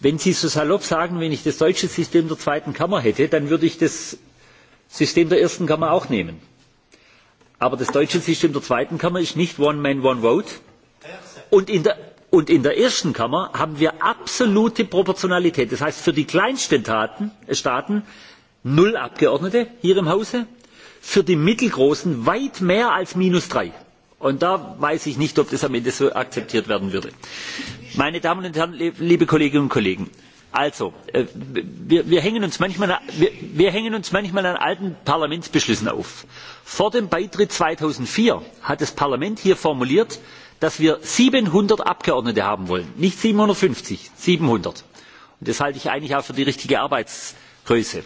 wenn Sie so salopp sagen, wenn ich das deutsche System der zweiten Kammer hätte, dann würde ich das System der ersten Kammer auch nehmen. Aber das deutsche System der zweiten Kammer ist nicht One Man, One Vote. Und in der, und in der ersten Kammer haben wir absolute Proportionalität. Das heißt, für die kleinsten Taten, äh, Staaten null Abgeordnete hier im Hause, für die mittelgroßen weit mehr als minus drei. Und da weiß ich nicht, ob das am Ende so akzeptiert werden würde. Meine Damen und Herren, liebe Kolleginnen und Kollegen, also, äh, wir, wir, hängen uns manchmal, wir, wir hängen uns manchmal an alten Parlamentsbeschlüssen auf. Vor dem Beitritt 2004 hat das Parlament hier formuliert, dass wir 700 Abgeordnete haben wollen. Nicht 750, 700. Und das halte ich eigentlich auch für die richtige Arbeitsgröße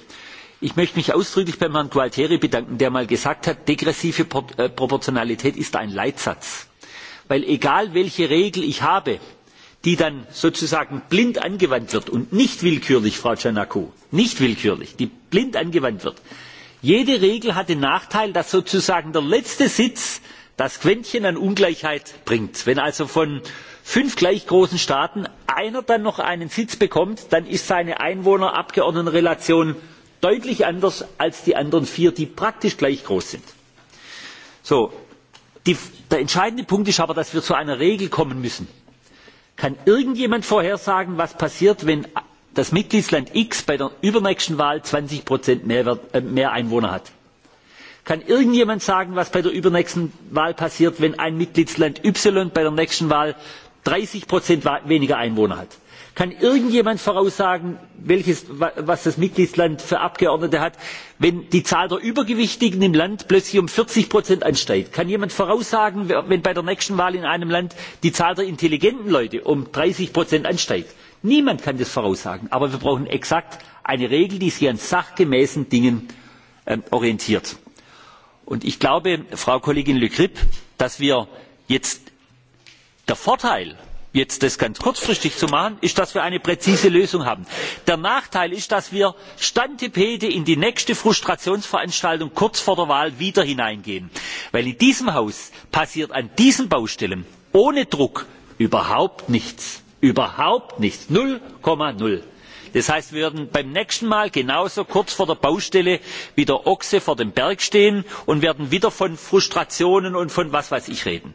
ich möchte mich ausdrücklich bei herrn gualtieri bedanken der mal gesagt hat degressive äh, proportionalität ist ein leitsatz weil egal welche regel ich habe die dann sozusagen blind angewandt wird und nicht willkürlich frau giannakou nicht willkürlich die blind angewandt wird jede regel hat den nachteil dass sozusagen der letzte sitz das quäntchen an ungleichheit bringt. wenn also von fünf gleich großen staaten einer dann noch einen sitz bekommt dann ist seine einwohner abgeordneten relation deutlich anders als die anderen vier, die praktisch gleich groß sind. So, die, der entscheidende Punkt ist aber, dass wir zu einer Regel kommen müssen. Kann irgendjemand vorhersagen, was passiert, wenn das Mitgliedsland X bei der übernächsten Wahl 20 Prozent mehr, äh, mehr Einwohner hat? Kann irgendjemand sagen, was bei der übernächsten Wahl passiert, wenn ein Mitgliedsland Y bei der nächsten Wahl 30 Prozent weniger Einwohner hat? Kann irgendjemand voraussagen, welches, was das Mitgliedsland für Abgeordnete hat, wenn die Zahl der Übergewichtigen im Land plötzlich um 40 Prozent ansteigt? Kann jemand voraussagen, wenn bei der nächsten Wahl in einem Land die Zahl der intelligenten Leute um 30 Prozent ansteigt? Niemand kann das voraussagen. Aber wir brauchen exakt eine Regel, die sich an sachgemäßen Dingen ähm, orientiert. Und ich glaube, Frau Kollegin Le Grip, dass wir jetzt der Vorteil jetzt das ganz kurzfristig zu machen ist dass wir eine präzise lösung haben. der nachteil ist dass wir stantipede in die nächste frustrationsveranstaltung kurz vor der wahl wieder hineingehen weil in diesem haus passiert an diesen baustellen ohne druck überhaupt nichts überhaupt nichts null null. das heißt wir werden beim nächsten mal genauso kurz vor der baustelle wie der ochse vor dem berg stehen und werden wieder von frustrationen und von was weiß ich reden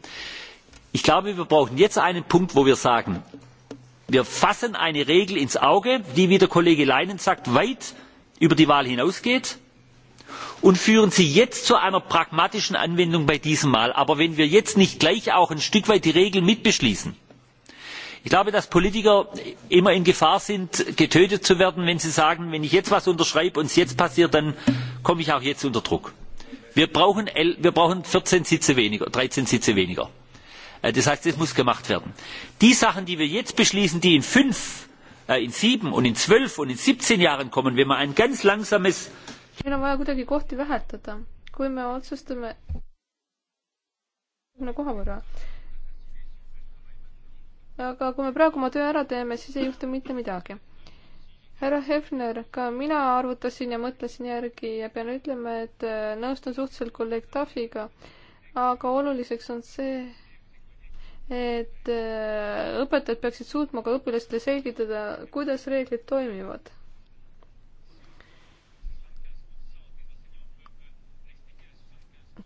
ich glaube wir brauchen jetzt einen punkt wo wir sagen wir fassen eine regel ins auge die wie der kollege leinen sagt weit über die wahl hinausgeht und führen sie jetzt zu einer pragmatischen anwendung bei diesem mal. aber wenn wir jetzt nicht gleich auch ein stück weit die regel mitbeschließen ich glaube dass politiker immer in gefahr sind getötet zu werden wenn sie sagen wenn ich jetzt etwas unterschreibe und es jetzt passiert dann komme ich auch jetzt unter druck. wir brauchen, wir brauchen 14 sitze weniger, 13 sitze weniger Äh, das heißt, das muss gemacht werden. Die Sachen, die wir jetzt beschließen, die in fünf, äh, in sieben und in zwölf und in siebzehn Jahren kommen, wenn man ein ganz langsames meil on vaja kuidagi kohti vähetada, kui me otsustame mõne koha võrra. aga kui me praegu oma töö ära teeme, siis ei juhtu mitte midagi. härra Hefner, ka mina arvutasin ja mõtlesin järgi ja pean ütlema, et äh, nõustun suhteliselt kolleeg Tafiga, aga oluliseks on see, et äh, õpetajad peaksid suutma ka õpilastele selgitada, kuidas reeglid toimivad.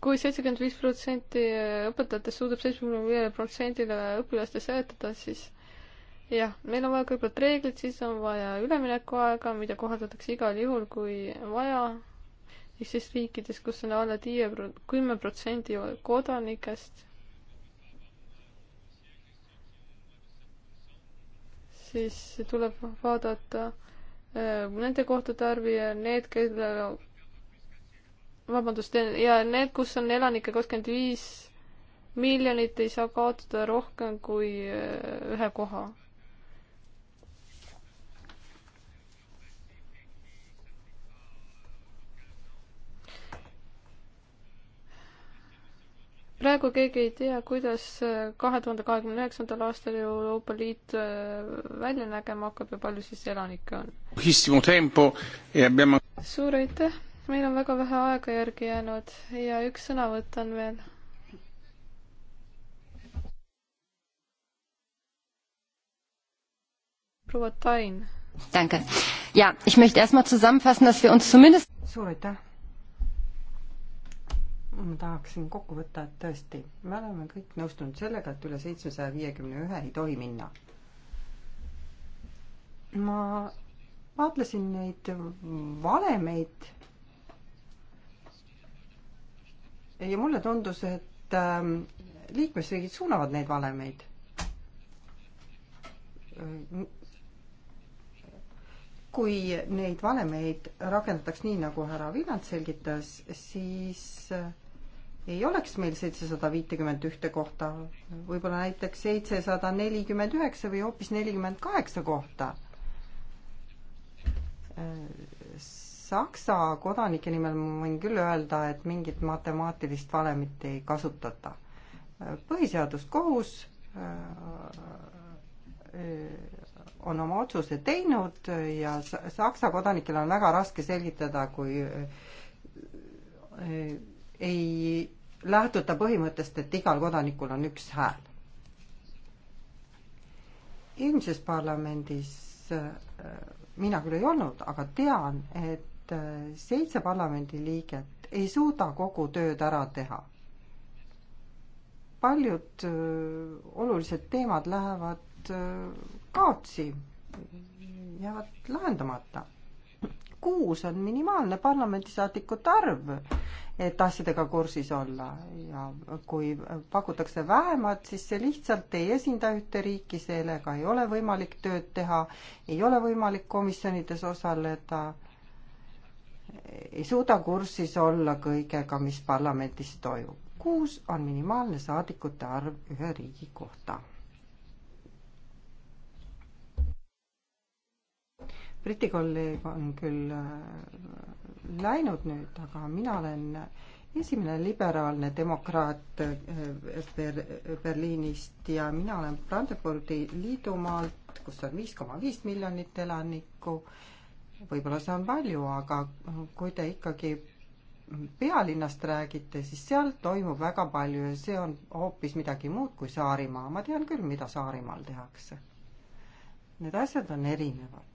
kui seitsekümmend viis protsenti õpetajatest suudab seitsmekümne viiele protsendile õpilaste seletada, siis jah, meil on vaja kõigepealt reeglid, siis on vaja üleminekuaega, mida kohaldatakse igal juhul, kui vaja, ehk siis riikides, kus on alla tiie, kümme protsendi kodanikest siis tuleb vaadata äh, nende kohtade arvi ja need, kellel, vabandust, ja need, kus on elanikke kakskümmend viis miljonit, ei saa kaotada rohkem kui äh, ühe koha. praegu keegi ei tea, kuidas äh, kahe tuhande kahekümne üheksandal aastal Euroopa Liit äh, välja nägema hakkab ja palju siis elanikke on. E suur aitäh, meil on väga vähe aega järgi jäänud ja üks sõnavõtt on veel. proua Tain. Danke. Ja, ich möchte erstmal zusammenfassen, dass wir uns zumindest. suur aitäh ma tahaksin kokku võtta, et tõesti, me oleme kõik nõustunud sellega, et üle seitsmesaja viiekümne ühe ei tohi minna. ma vaatlesin neid valemeid ja mulle tundus, et ähm, liikmesriigid suunavad neid valemeid. kui neid valemeid rakendataks nii, nagu härra Viljand selgitas, siis äh, ei oleks meil seitsesada viitekümmet ühte kohta, võib-olla näiteks seitsesada nelikümmend üheksa või hoopis nelikümmend kaheksa kohta. Äh, Saksa kodanike nimel ma võin küll öelda, et mingit matemaatilist valemit ei kasutata. Äh, põhiseaduskohus äh, on oma otsuse teinud ja Saksa kodanikel on väga raske selgitada, kui ei lähtuta põhimõttest, et igal kodanikul on üks hääl. eelmises parlamendis äh, mina küll ei olnud, aga tean, et äh, seitse parlamendiliiget ei suuda kogu tööd ära teha. paljud äh, olulised teemad lähevad kaotsi, jäävad lahendamata kuus on minimaalne parlamendisaadikute arv et asjadega kursis olla ja kui pakutakse vähemat, siis see lihtsalt ei esinda ühte riiki, sellega ei ole võimalik tööd teha, ei ole võimalik komisjonides osaleda, ei suuda kursis olla kõigega, mis parlamendis toimub. kuus on minimaalne saadikute arv ühe riigi kohta Briti kolleeg on küll äh, läinud nüüd, aga mina olen esimene liberaalne demokraat äh, Ber-, Berliinist ja mina olen Brandenburgi liidumaalt, kus on viis koma viis miljonit elanikku. võib-olla see on palju, aga kui te ikkagi pealinnast räägite, siis seal toimub väga palju ja see on hoopis midagi muud kui Saarimaa. ma tean küll, mida Saarimaal tehakse. Need asjad on erinevad.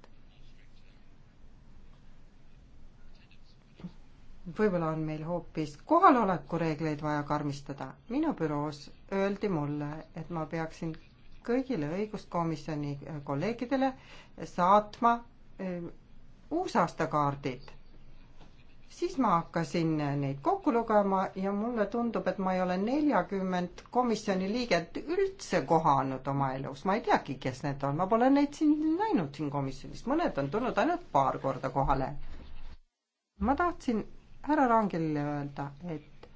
võib-olla on meil hoopis kohaloleku reegleid vaja karmistada. minu büroos öeldi mulle, et ma peaksin kõigile õiguskomisjoni äh, kolleegidele saatma ähm, uusaastakaardid. siis ma hakkasin äh, neid kokku lugema ja mulle tundub, et ma ei ole neljakümmend komisjoni liiget üldse kohanud oma elus. ma ei teagi, kes need on, ma pole neid siin näinud siin komisjonis, mõned on tulnud ainult paar korda kohale. ma tahtsin härra Rangelile öelda, et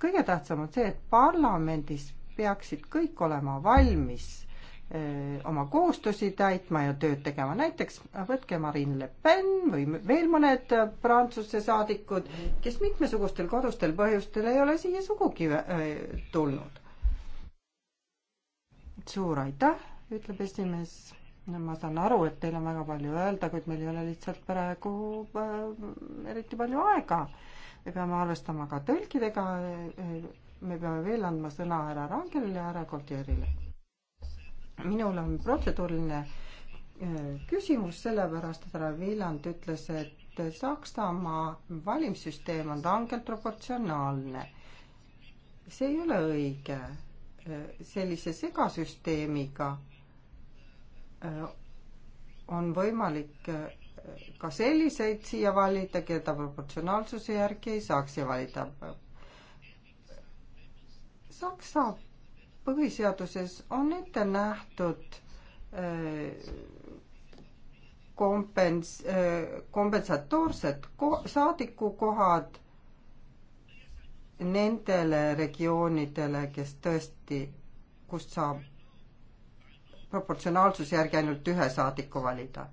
kõige tähtsam on see, et parlamendis peaksid kõik olema valmis öö, eh, oma kohustusi täitma ja tööd tegema. näiteks võtke Marine Le Pen või veel mõned eh, Prantsuse saadikud, kes mitmesugustel kodustel põhjustel ei ole siia sugugi öö, eh, tulnud. suur aitäh, ütleb esimees ma saan aru, et teil on väga palju öelda, kuid meil ei ole lihtsalt praegu äh, eriti palju aega. me peame arvestama ka tõlkidega. me peame veel andma sõna härra Rangelile ja härra Koltjerile. minul on protseduuriline äh, küsimus, sellepärast et härra Viiland ütles, et Saksamaa valimissüsteem on rangelt proportsionaalne. see ei ole õige äh, sellise segasüsteemiga on võimalik äh, ka selliseid siia valida, keda proportsionaalsuse järgi ei saaks siia valida. Saksa põhiseaduses on ette nähtud äh, kompens-, äh, kompensatoorsed ko-, saadikukohad nendele regioonidele, kes tõesti, kust saab proportsionaalsuse järgi ainult ühe saadiku valida.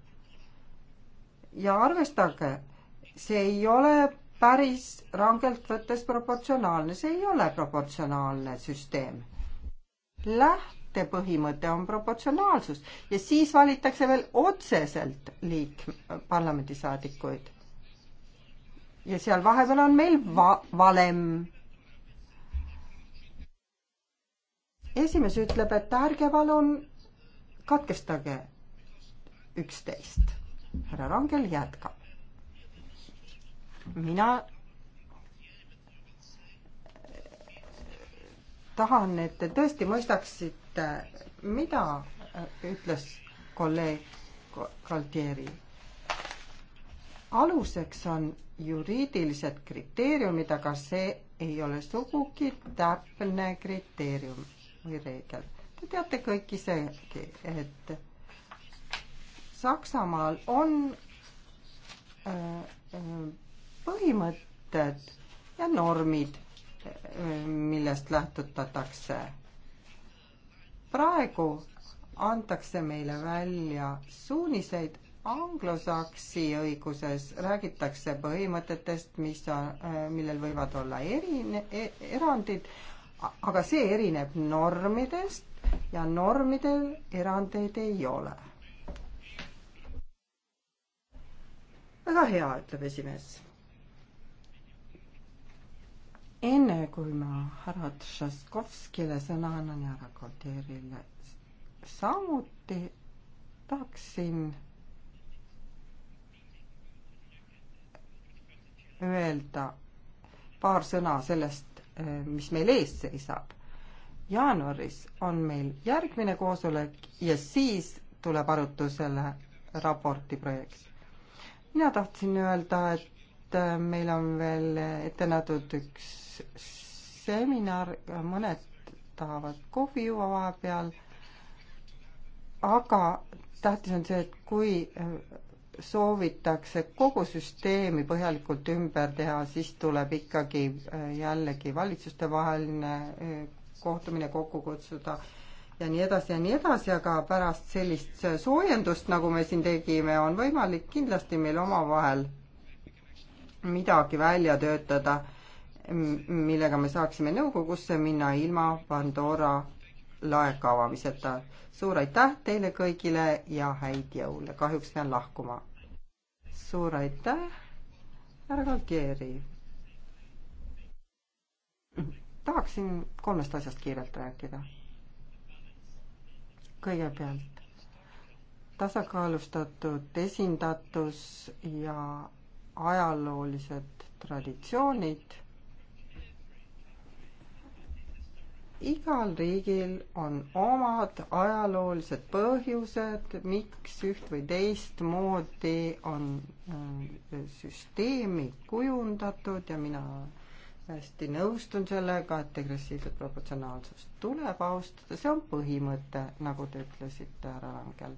ja arvestage, see ei ole päris rangelt võttes proportsionaalne, see ei ole proportsionaalne süsteem. lähtepõhimõte on proportsionaalsus ja siis valitakse veel otseselt liik-, parlamendisaadikuid. ja seal vahepeal on meil va-, valem. esimees ütleb, et ärge palun katkestage üksteist. härra Rangel jätkab. mina äh, tahan, et te tõesti mõistaksite, mida äh, ütles kolleeg Galtieri. aluseks on juriidilised kriteeriumid, aga see ei ole sugugi täpne kriteerium või reegel Te teate kõik isegi, et Saksamaal on äh, äh, põhimõtted ja normid, äh, millest lähtutatakse. praegu antakse meile välja suuniseid anglosaksi õiguses räägitakse põhimõtetest, mis on, millel võivad olla erine, e-, erandid, aga see erineb normidest, ja normidel erandeid ei ole. väga hea, ütleb esimees. enne kui ma härra Tšaskovskile sõna annan ja härra Kalderile samuti tahaksin öelda paar sõna sellest, mis meil ees seisab jaanuaris on meil järgmine koosolek ja siis tuleb arutusele raporti projekt. mina tahtsin öelda, et äh, meil on veel ette nähtud üks seminar, mõned tahavad kohvi juua vahepeal, aga tähtis on see, et kui äh, soovitakse kogu süsteemi põhjalikult ümber teha, siis tuleb ikkagi äh, jällegi valitsustevaheline kohtumine kokku kutsuda ja nii edasi ja nii edasi, aga pärast sellist soojendust, nagu me siin tegime, on võimalik kindlasti meil omavahel midagi välja töötada, millega me saaksime nõukogusse minna ilma Pandora laeka avamiseta. suur aitäh teile kõigile ja häid jõule, kahjuks pean lahkuma. suur aitäh, härra Kalkieri tahaksin kolmest asjast kiirelt rääkida. kõigepealt tasakaalustatud esindatus ja ajaloolised traditsioonid. igal riigil on omad ajaloolised põhjused, miks üht või teist moodi on äh, süsteemi kujundatud ja mina hästi nõustun sellega, et degressiivset proportsionaalsust tuleb austada, see on põhimõte, nagu te ütlesite, härra Rangel.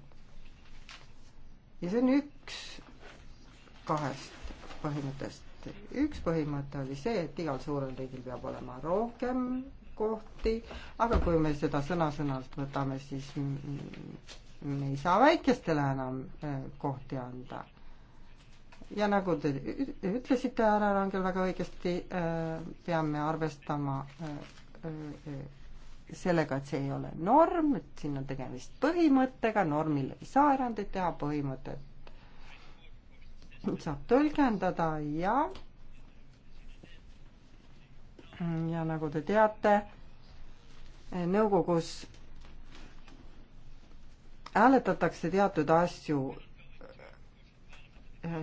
ja see on üks kahest põhimõttest. üks põhimõte oli see, et igal suurel riigil peab olema rohkem kohti, aga kui me seda sõna-sõnalt võtame, siis me ei saa väikestele enam eh, kohti anda ja nagu te ütlesite, härra Rangel, väga õigesti, äh, peame arvestama äh, äh, sellega, et see ei ole norm, et siin on tegemist põhimõttega, normil ei saa erandeid teha, põhimõtet saab tõlgendada ja ja nagu te teate, nõukogus hääletatakse teatud asju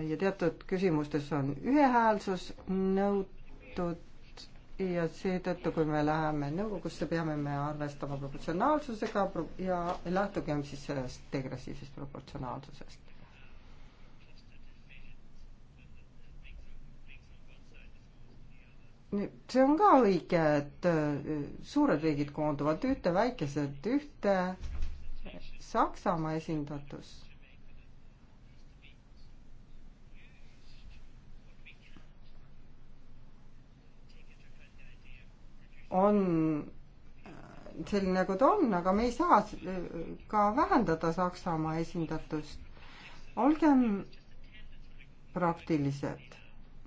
ja teatud küsimustes on ühehäälsus nõutud ja seetõttu, kui me läheme nõukogusse, peame me arvestama proportsionaalsusega ja lähtugem siis sellest degressiivsest proportsionaalsusest. nüüd see on ka õige, et äh, suured riigid koonduvad ühte, väikesed ühte. Saksamaa esindatus on äh, selline, nagu ta on, aga me ei saa äh, ka vähendada Saksamaa esindatust. olgem praktilised.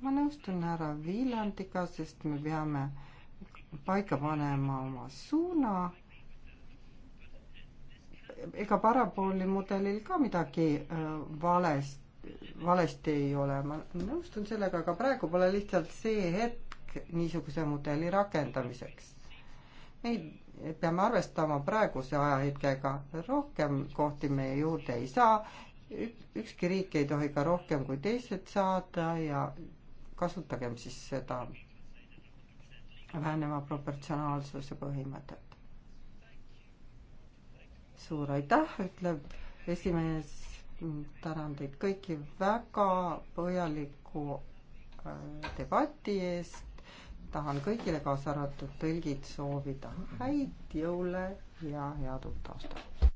ma nõustun härra Viilandiga, sest me peame paika panema oma suuna. ega parabooli mudelil ka midagi äh, valesti valesti ei ole, ma nõustun sellega, aga praegu pole lihtsalt see hetk, niisuguse mudeli rakendamiseks. me peame arvestama praeguse ajahetkega, rohkem kohti me juurde ei saa, ükski riik ei tohi ka rohkem kui teised saada ja kasutagem siis seda väheneva proportsionaalsuse põhimõtet. suur aitäh, ütleb esimees, tänan teid kõiki väga põhjaliku äh, debati eest tahan kõigile, kaasa arvatud tõlgid, soovida häid jõule ja head uut aastat!